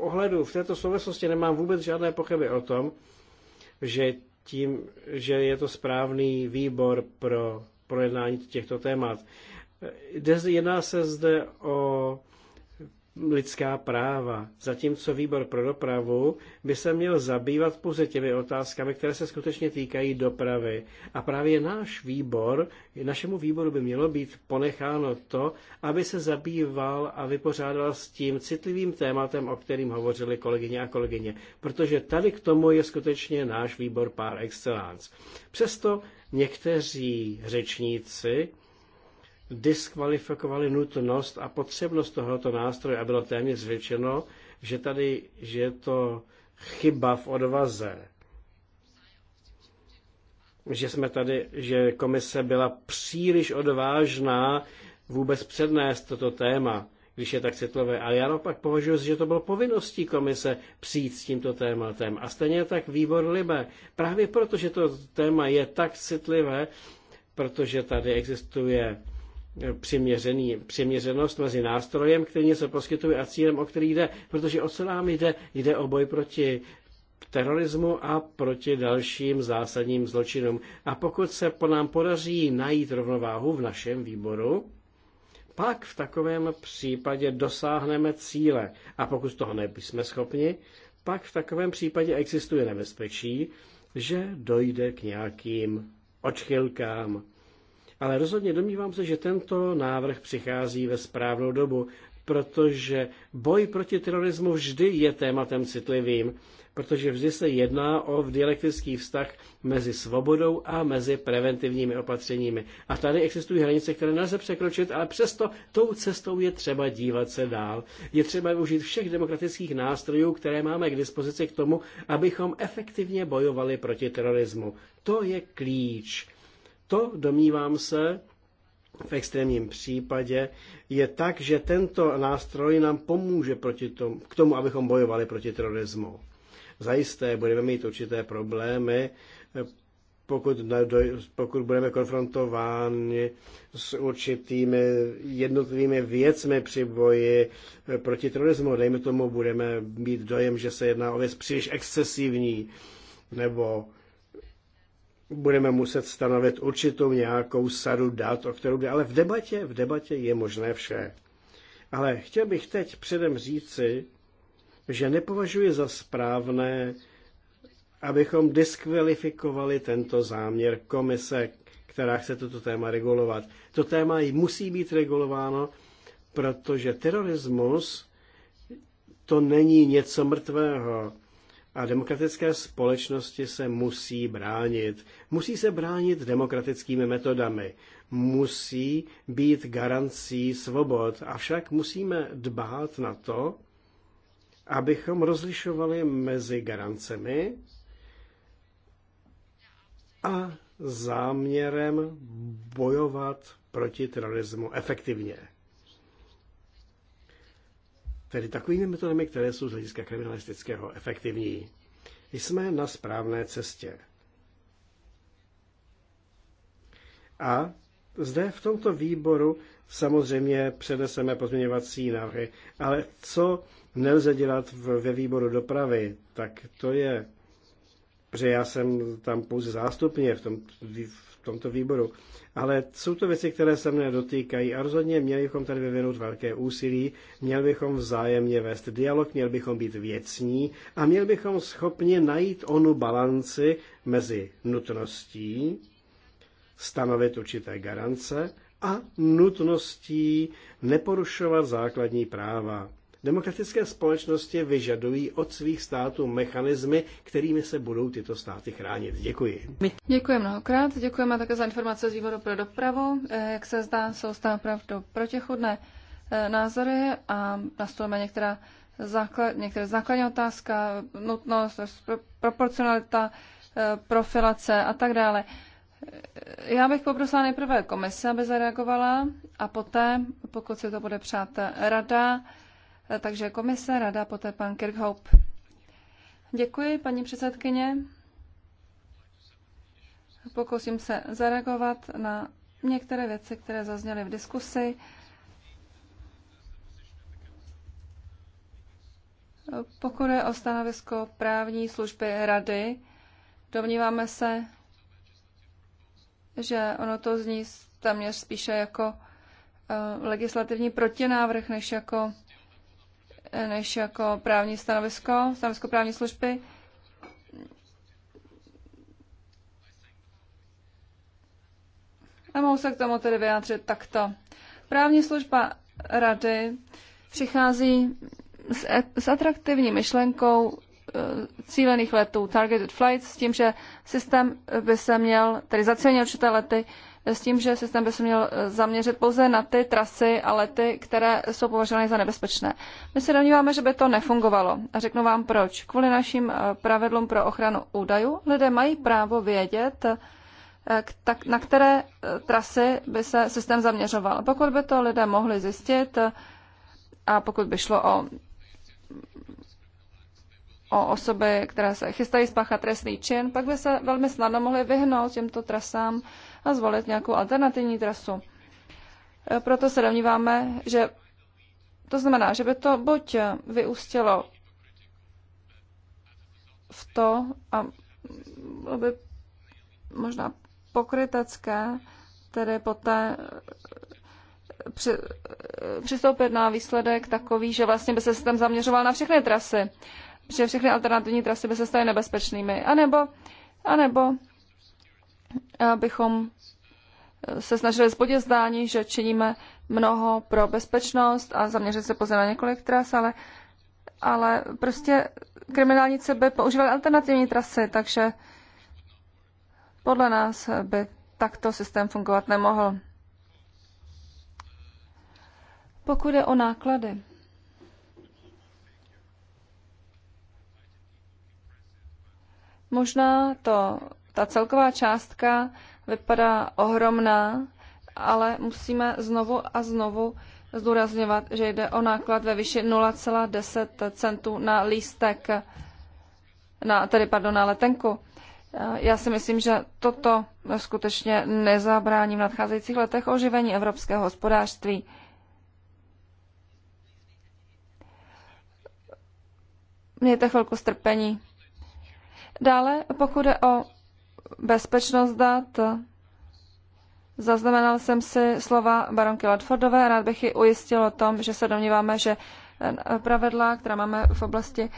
ohledu, v této souvislosti nemám vůbec žádné pochyby o tom, že tím, že je to správný výbor pro projednání těchto témat. Jedná se zde o lidská práva, zatímco výbor pro dopravu by se měl zabývat pouze těmi otázkami, které se skutečně týkají dopravy. A právě náš výbor, našemu výboru by mělo být ponecháno to, aby se zabýval a vypořádal s tím citlivým tématem, o kterým hovořili kolegyně a kolegyně, protože tady k tomu je skutečně náš výbor par excellence. Přesto někteří řečníci, diskvalifikovali nutnost a potřebnost tohoto nástroje a bylo téměř řečeno, že tady že je to chyba v odvaze. Že jsme tady, že komise byla příliš odvážná vůbec přednést toto téma, když je tak citlivé. Ale já naopak považuji, že to bylo povinností komise přijít s tímto tématem. A stejně tak výbor Libe. Právě proto, že to téma je tak citlivé, protože tady existuje Eh, přiměřený, přiměřenost mezi nástrojem, který něco poskytuje a cílem, o který jde, protože o co nám jde, jde o boj proti terorismu a proti dalším zásadním zločinům. A pokud se po nám podaří najít rovnováhu v našem výboru, pak v takovém případě dosáhneme cíle. A pokud toho nejsme schopni, pak v takovém případě existuje nebezpečí, že dojde k nějakým odchylkám. Ale rozhodně domnívám se, že tento návrh přichází ve správnou dobu, protože boj proti terorismu vždy je tématem citlivým, protože vždy se jedná o dialektický vztah mezi svobodou a mezi preventivními opatřeními. A tady existují hranice, které nelze překročit, ale přesto tou cestou je třeba dívat se dál. Je třeba využít všech demokratických nástrojů, které máme k dispozici k tomu, abychom efektivně bojovali proti terorismu. To je klíč to, domnívám se, v extrémním případě je tak, že tento nástroj nám pomůže proti tomu, k tomu, abychom bojovali proti terorismu. Zajisté budeme mít určité problémy, pokud, pokud budeme konfrontováni s určitými jednotlivými věcmi při boji eh, proti terorismu. Dejme tomu, budeme mít dojem, že se jedná o věc příliš excesivní, nebo budeme muset stanovit určitou nějakou sadu dat, o kterou jde, ale v debatě, v debatě je možné vše. Ale chtěl bych teď předem říci, že nepovažuji za správné, abychom diskvalifikovali tento záměr komise, která chce toto téma regulovat. To téma musí být regulováno, protože terorismus to není něco mrtvého a demokratické společnosti se musí bránit. Musí se bránit demokratickými metodami. Musí být garancí svobod. Avšak musíme dbát na to, abychom rozlišovali mezi garancemi a záměrem bojovat proti terorismu efektivně tedy takovými metodami, které jsou z hlediska kriminalistického efektivní. Jsme na správné cestě. A zde v tomto výboru samozřejmě předeseme pozměňovací návrhy, ale co nelze dělat ve výboru dopravy, tak to je Protože já jsem tam pouze zástupně v, tom, v tomto výboru. Ale jsou to věci, které se mne dotýkají a rozhodně měli bychom tady vyvinout velké úsilí, měli bychom vzájemně vést dialog, měli bychom být věcní a měli bychom schopni najít onu balanci mezi nutností stanovit určité garance a nutností neporušovat základní práva. Demokratické společnosti vyžadují od svých států mechanismy, kterými se budou tyto státy chránit. Děkuji. Děkuji mnohokrát. Děkujeme také za informace z výboru pro dopravu. Eh, jak se zdá, jsou stále opravdu protichudné eh, názory a nastolíme některá základ, některé základní otázka, nutnost, proporcionalita, eh, profilace a tak dále. Já bych poprosila nejprve komise, aby zareagovala a poté, pokud si to bude přát rada, takže komise, rada, poté pan Kirkhope. Děkuji, paní předsedkyně. Pokusím se zareagovat na některé věci, které zazněly v diskusi. Pokud je o stanovisko právní služby rady, domníváme se, že ono to zní téměř spíše jako eh, legislativní protinávrh, než jako než jako právní stanovisko, stanovisko právní služby. A mohu se k tomu tedy vyjádřit takto. Právní služba rady přichází s, e- s atraktivní myšlenkou eh, cílených letů, targeted flights, s tím, že systém by se měl, tedy zacílení určité lety, s tím, že systém by se měl eh, zaměřit pouze na ty trasy a lety, které jsou považovány za nebezpečné. My se domníváme, že by to nefungovalo. A řeknu vám proč. Kvůli našim eh, pravidlům pro ochranu údajů lidé mají právo vědět, eh, na které trasy by se systém zaměřoval. Pokud by to lidé mohli zjistit a pokud by šlo o o osoby, které se chystají spáchat trestný čin, pak by se velmi snadno mohly vyhnout těmto trasám a zvolit nějakou alternativní trasu. E, proto se domníváme, že to znamená, že by to buď vyústilo v to a bylo by možná pokrytecké, tedy poté e, při, e, přistoupit na výsledek takový, že vlastně by se tam zaměřoval na všechny trasy, že všechny alternativní trasy by se staly nebezpečnými, anebo, anebo bychom eh, se snažili zbudit zdání, že činíme mnoho pro bezpečnost a zaměřit se pouze na několik tras, ale, ale prostě kriminálníci by používali alternativní trasy, takže podle nás by takto systém fungovat nemohl. Pokud je o náklady, možná to ta celková částka vypadá ohromná, ale musíme znovu a znovu zdůrazňovat, že jde o náklad ve výši 0,10 centů na lístek, na, tedy pardon, na letenku. Já si myslím, že toto skutečně nezabrání v nadcházejících letech oživení evropského hospodářství. Mějte chvilku strpení. Dále, pokud je o bezpečnost dat. Zaznamenal jsem si slova baronky Ladfordové, rád bych ji ujistil o tom, že se domníváme, že pravidla, která máme v oblasti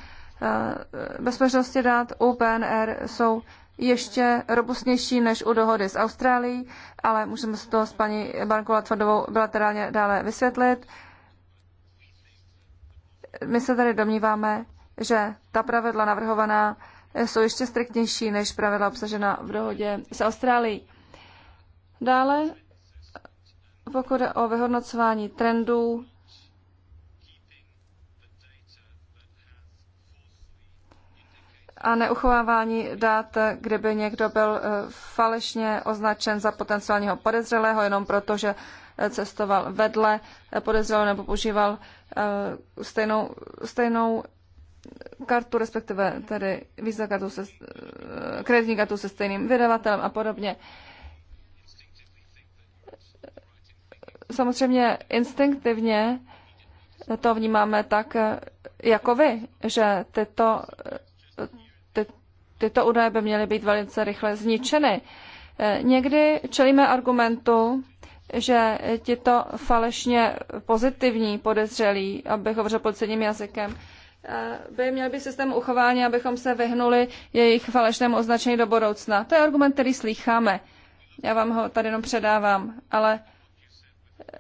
eh, bezpečnosti dat u PNR, jsou ještě robustnější než u dohody s Austrálií, ale můžeme si to s paní Baronkou Latvodovou bilaterálně dále vysvětlit. My se tady domníváme, že ta pravidla navrhovaná Eh, jsou ještě striktnější než pravidla obsažena v dohodě s Austrálií. Dále, pokud jde o vyhodnocování trendů, a neuchovávání dat, kdyby někdo byl eh, falešně označen za potenciálního podezřelého jenom proto, že eh, cestoval vedle podezřelého nebo používal stejnou, stejnou kartu, respektive tedy Visa kartu se, eh, kreditní kartu se stejným vydavatelem a podobně. Samozřejmě instinktivně to vnímáme tak, eh, jako vy, že tyto, eh, ty, tyto údaje by měly být velice rychle zničeny. Někdy čelíme argumentu, že tito falešně pozitivní podezřelí, abych hovořil policejním jazykem, by měl být systém uchování, abychom se vyhnuli jejich falešnému označení do budoucna. To je argument, který slýcháme. Já vám ho tady jenom předávám, ale eh,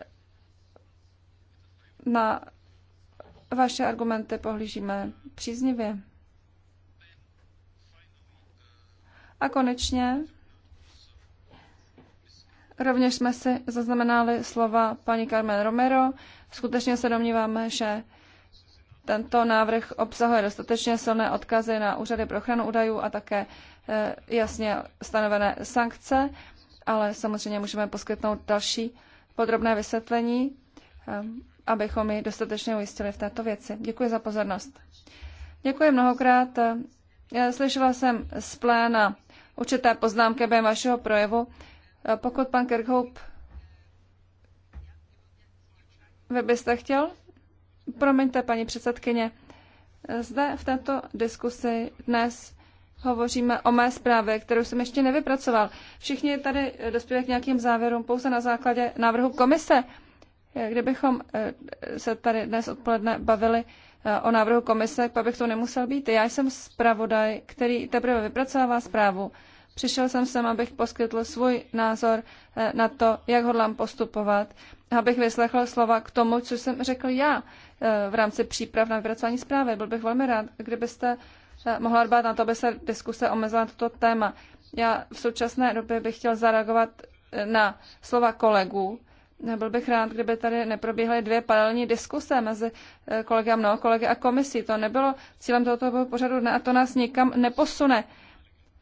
na vaše argumenty pohlížíme příznivě. A konečně rovněž jsme si zaznamenali slova paní Carmen Romero. Skutečně se domníváme, že tento návrh obsahuje dostatečně silné odkazy na úřady pro ochranu údajů a také eh, jasně stanovené sankce, ale samozřejmě můžeme poskytnout další podrobné vysvětlení, eh, abychom ji dostatečně ujistili v této věci. Děkuji za pozornost. Děkuji mnohokrát. Já eh, slyšela jsem z pléna určité poznámky během vašeho projevu. Pokud pan Kirkhope, vy byste chtěl? Promiňte, paní předsedkyně, zde v této diskusi dnes hovoříme o mé zprávě, kterou jsem ještě nevypracoval. Všichni tady dospěli k nějakým závěrům pouze na základě návrhu komise. Kdybychom eh, se tady dnes odpoledne bavili eh, o návrhu komise, pak bych to nemusel být. Já jsem zpravodaj, který teprve vypracovává zprávu. Přišel jsem sem, abych poskytl svůj názor eh, na to, jak hodlám postupovat, abych vyslechl slova k tomu, co jsem řekl já v rámci příprav na vypracování zprávy. Byl bych velmi rád, kdybyste eh, mohla dbát na to, aby se diskuse omezila na toto téma. Já v současné době bych chtěl zareagovat eh, na slova kolegů. Byl bych rád, kdyby tady neprobíhaly dvě paralelní diskuse mezi eh, kolegy a mnoho kolegy a komisí. To nebylo cílem tohoto pořadu dne a to nás nikam neposune.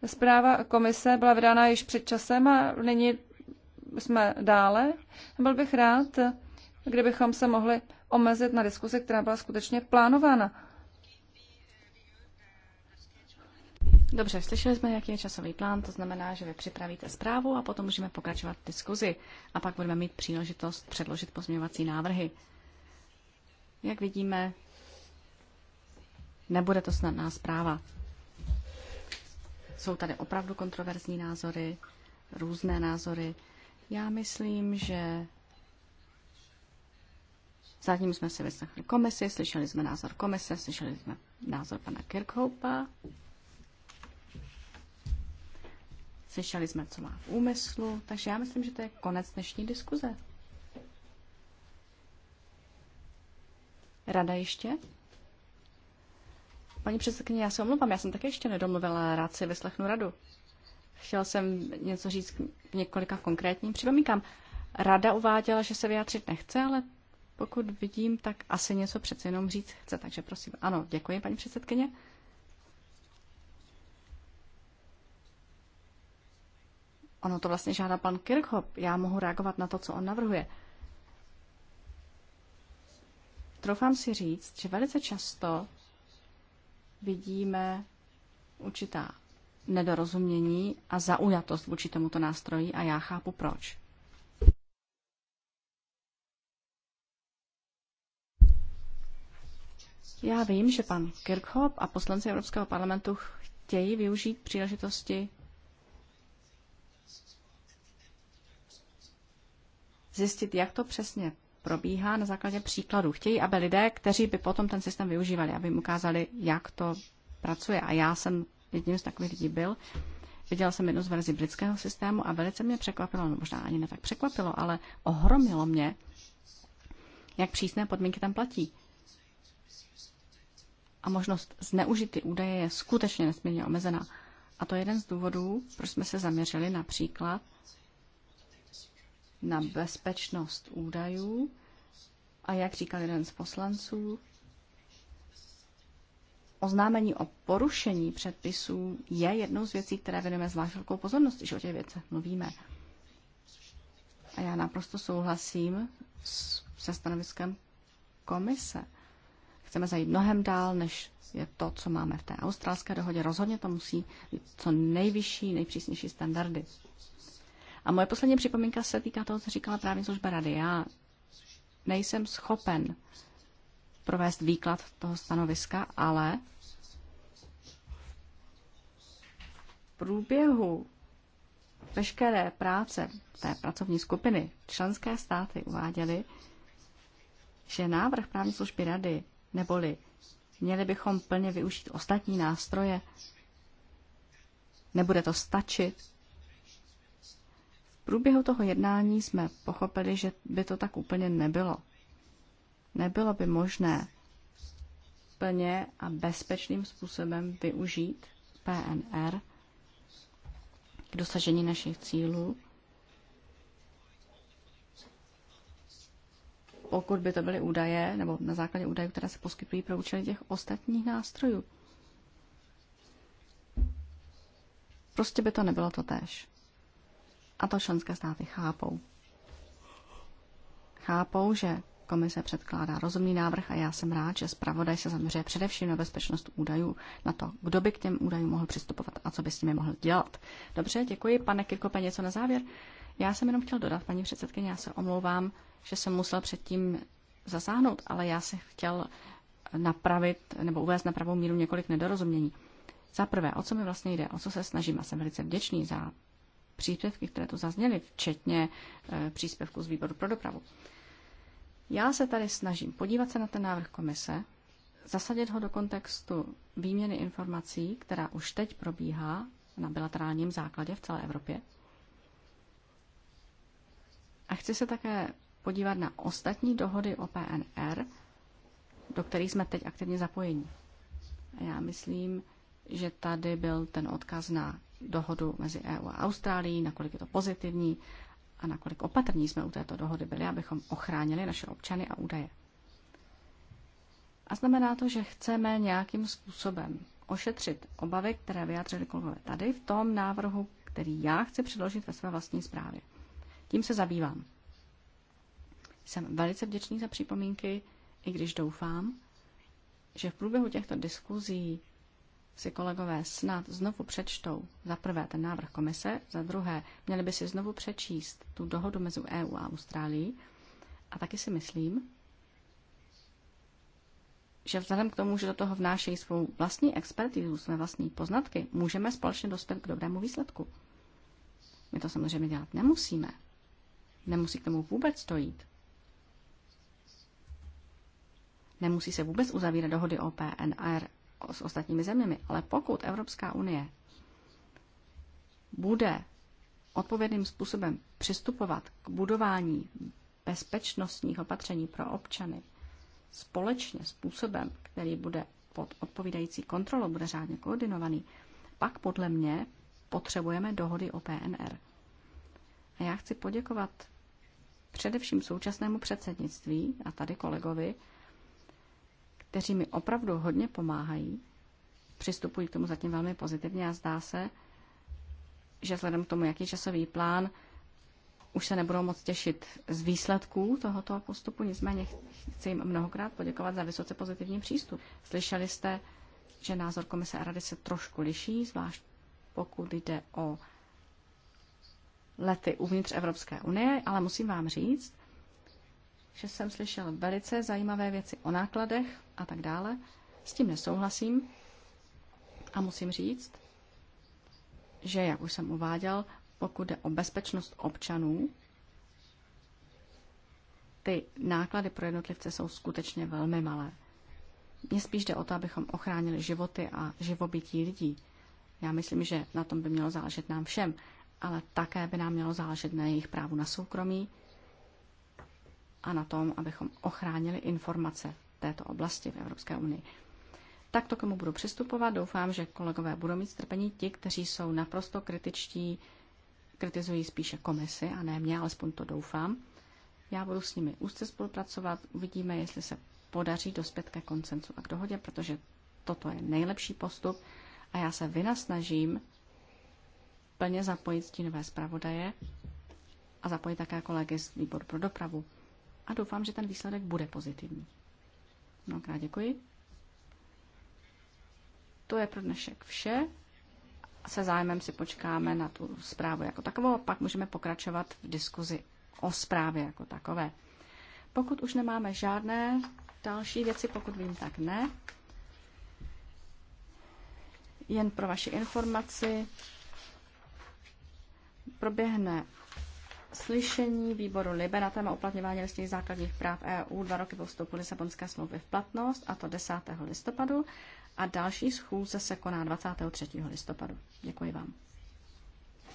Zpráva komise byla vydána již před časem a nyní jsme dále. Byl bych rád, kdybychom se mohli omezit na diskuzi, která byla skutečně plánována. Dobře, slyšeli jsme, jaký je časový plán, to znamená, že vy připravíte zprávu a potom můžeme pokračovat v diskuzi a pak budeme mít příležitost předložit pozměňovací návrhy. Jak vidíme, nebude to snadná zpráva. Jsou tady opravdu kontroverzní názory, různé názory. Já myslím, že Zatím jsme si vyslechli komisi, slyšeli jsme názor komise, slyšeli jsme názor pana Kirkhoupa. Slyšeli jsme, co má v úmyslu, takže já myslím, že to je konec dnešní diskuze. Rada ještě? Paní předsedkyně, já se omlouvám, já jsem také ještě nedomluvila, rád si vyslechnu radu. Chtěl jsem něco říct k několika konkrétním připomínkám. Rada uváděla, že se vyjádřit nechce, ale pokud vidím, tak asi něco přece jenom říct chce, takže prosím. Ano, děkuji, paní předsedkyně. Ono to vlastně žádá pan Kirchhoff. Já mohu reagovat na to, co on navrhuje. Troufám si říct, že velice často vidíme určitá nedorozumění a zaujatost vůči tomuto nástroji a já chápu proč. Já vím, že pan Kirchhoff a poslanci Evropského parlamentu chtějí využít příležitosti zjistit, jak to přesně probíhá na základě příkladů. Chtějí, aby lidé, kteří by potom ten systém využívali, aby jim ukázali, jak to pracuje. A já jsem jedním z takových lidí byl. Viděl jsem jednu z verzi britského systému a velice mě překvapilo, no možná ani ne tak překvapilo, ale ohromilo mě, jak přísné podmínky tam platí a možnost zneužit ty údaje je skutečně nesmírně omezená. A to je jeden z důvodů, proč jsme se zaměřili například na bezpečnost údajů a jak říkal jeden z poslanců, oznámení o porušení předpisů je jednou z věcí, které věnujeme zvlášť velkou pozornost, když o těch věcech mluvíme. A já naprosto souhlasím s, se stanoviskem komise. Chceme zajít mnohem dál, než je to, co máme v té australské dohodě. Rozhodně to musí být co nejvyšší, nejpřísnější standardy. A moje poslední připomínka se týká toho, co říkala právě služba rady. Já nejsem schopen provést výklad toho stanoviska, ale v průběhu veškeré práce té pracovní skupiny členské státy uváděly, že návrh právní služby rady Neboli měli bychom plně využít ostatní nástroje. Nebude to stačit. V průběhu toho jednání jsme pochopili, že by to tak úplně nebylo. Nebylo by možné plně a bezpečným způsobem využít PNR k dosažení našich cílů pokud by to byly údaje, nebo na základě údajů, které se poskytují pro účely těch ostatních nástrojů. Prostě by to nebylo to tež. A to členské státy chápou. Chápou, že komise předkládá rozumný návrh a já jsem rád, že zpravodaj se zaměřuje především na bezpečnost údajů, na to, kdo by k těm údajům mohl přistupovat a co by s nimi mohl dělat. Dobře, děkuji. Pane Kirkope, něco na závěr? Já jsem jenom chtěl dodat, paní předsedkyně, já se omlouvám, že jsem musel předtím zasáhnout, ale já se chtěl napravit nebo uvést na pravou míru několik nedorozumění. Za prvé, o co mi vlastně jde, o co se snažím a jsem velice vděčný za příspěvky, které tu zazněly, včetně e, příspěvku z výboru pro dopravu. Já se tady snažím podívat se na ten návrh komise, zasadit ho do kontextu výměny informací, která už teď probíhá na bilaterálním základě v celé Evropě, a chci se také podívat na ostatní dohody o PNR, do kterých jsme teď aktivně zapojeni. A já myslím, že tady byl ten odkaz na dohodu mezi EU a Austrálií, nakolik je to pozitivní a nakolik opatrní jsme u této dohody byli, abychom ochránili naše občany a údaje. A znamená to, že chceme nějakým způsobem ošetřit obavy, které vyjádřili kolegové tady v tom návrhu, který já chci předložit ve své vlastní zprávě. Tím se zabývám. Jsem velice vděčný za připomínky, i když doufám, že v průběhu těchto diskuzí si kolegové snad znovu přečtou za prvé ten návrh komise, za druhé měli by si znovu přečíst tu dohodu mezi EU a Austrálií a taky si myslím, že vzhledem k tomu, že do toho vnášejí svou vlastní expertizu, své vlastní poznatky, můžeme společně dospět k dobrému výsledku. My to samozřejmě dělat nemusíme, Nemusí k tomu vůbec dojít. Nemusí se vůbec uzavírat dohody o PNR s ostatními zeměmi, ale pokud Evropská unie bude odpovědným způsobem přistupovat k budování bezpečnostních opatření pro občany společně způsobem, který bude pod odpovídající kontrolou, bude řádně koordinovaný, pak podle mě potřebujeme dohody o PNR. A já chci poděkovat především současnému předsednictví a tady kolegovi, kteří mi opravdu hodně pomáhají, přistupují k tomu zatím velmi pozitivně a zdá se, že vzhledem k tomu, jaký časový plán, už se nebudou moc těšit z výsledků tohoto postupu, nicméně chci jim mnohokrát poděkovat za vysoce pozitivní přístup. Slyšeli jste, že názor komise a rady se trošku liší, zvlášť pokud jde o lety uvnitř Evropské unie, ale musím vám říct, že jsem slyšel velice zajímavé věci o nákladech a tak dále. S tím nesouhlasím a musím říct, že, jak už jsem uváděl, pokud jde o bezpečnost občanů, ty náklady pro jednotlivce jsou skutečně velmi malé. Mně spíš jde o to, abychom ochránili životy a živobytí lidí. Já myslím, že na tom by mělo záležet nám všem ale také by nám mělo záležet na jejich právu na soukromí a na tom, abychom ochránili informace této oblasti v Evropské unii. Tak to, komu budu přistupovat, doufám, že kolegové budou mít strpení ti, kteří jsou naprosto kritičtí, kritizují spíše komisi a ne mě, alespoň to doufám. Já budu s nimi úzce spolupracovat, uvidíme, jestli se podaří dospět ke koncensu a k dohodě, protože toto je nejlepší postup a já se vynasnažím, plně zapojit stínové zpravodaje a zapojit také kolegy z výboru pro dopravu. A doufám, že ten výsledek bude pozitivní. Mnohokrát děkuji. To je pro dnešek vše. Se zájmem si počkáme na tu zprávu jako takovou a pak můžeme pokračovat v diskuzi o zprávě jako takové. Pokud už nemáme žádné další věci, pokud vím, tak ne. Jen pro vaši informaci, proběhne slyšení výboru LIBE na téma uplatňování listních základních práv EU dva roky po vstupu Lisabonské smlouvy v platnost, a to 10. listopadu, a další schůze se koná 23. listopadu. Děkuji vám.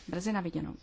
Brzy na viděnou.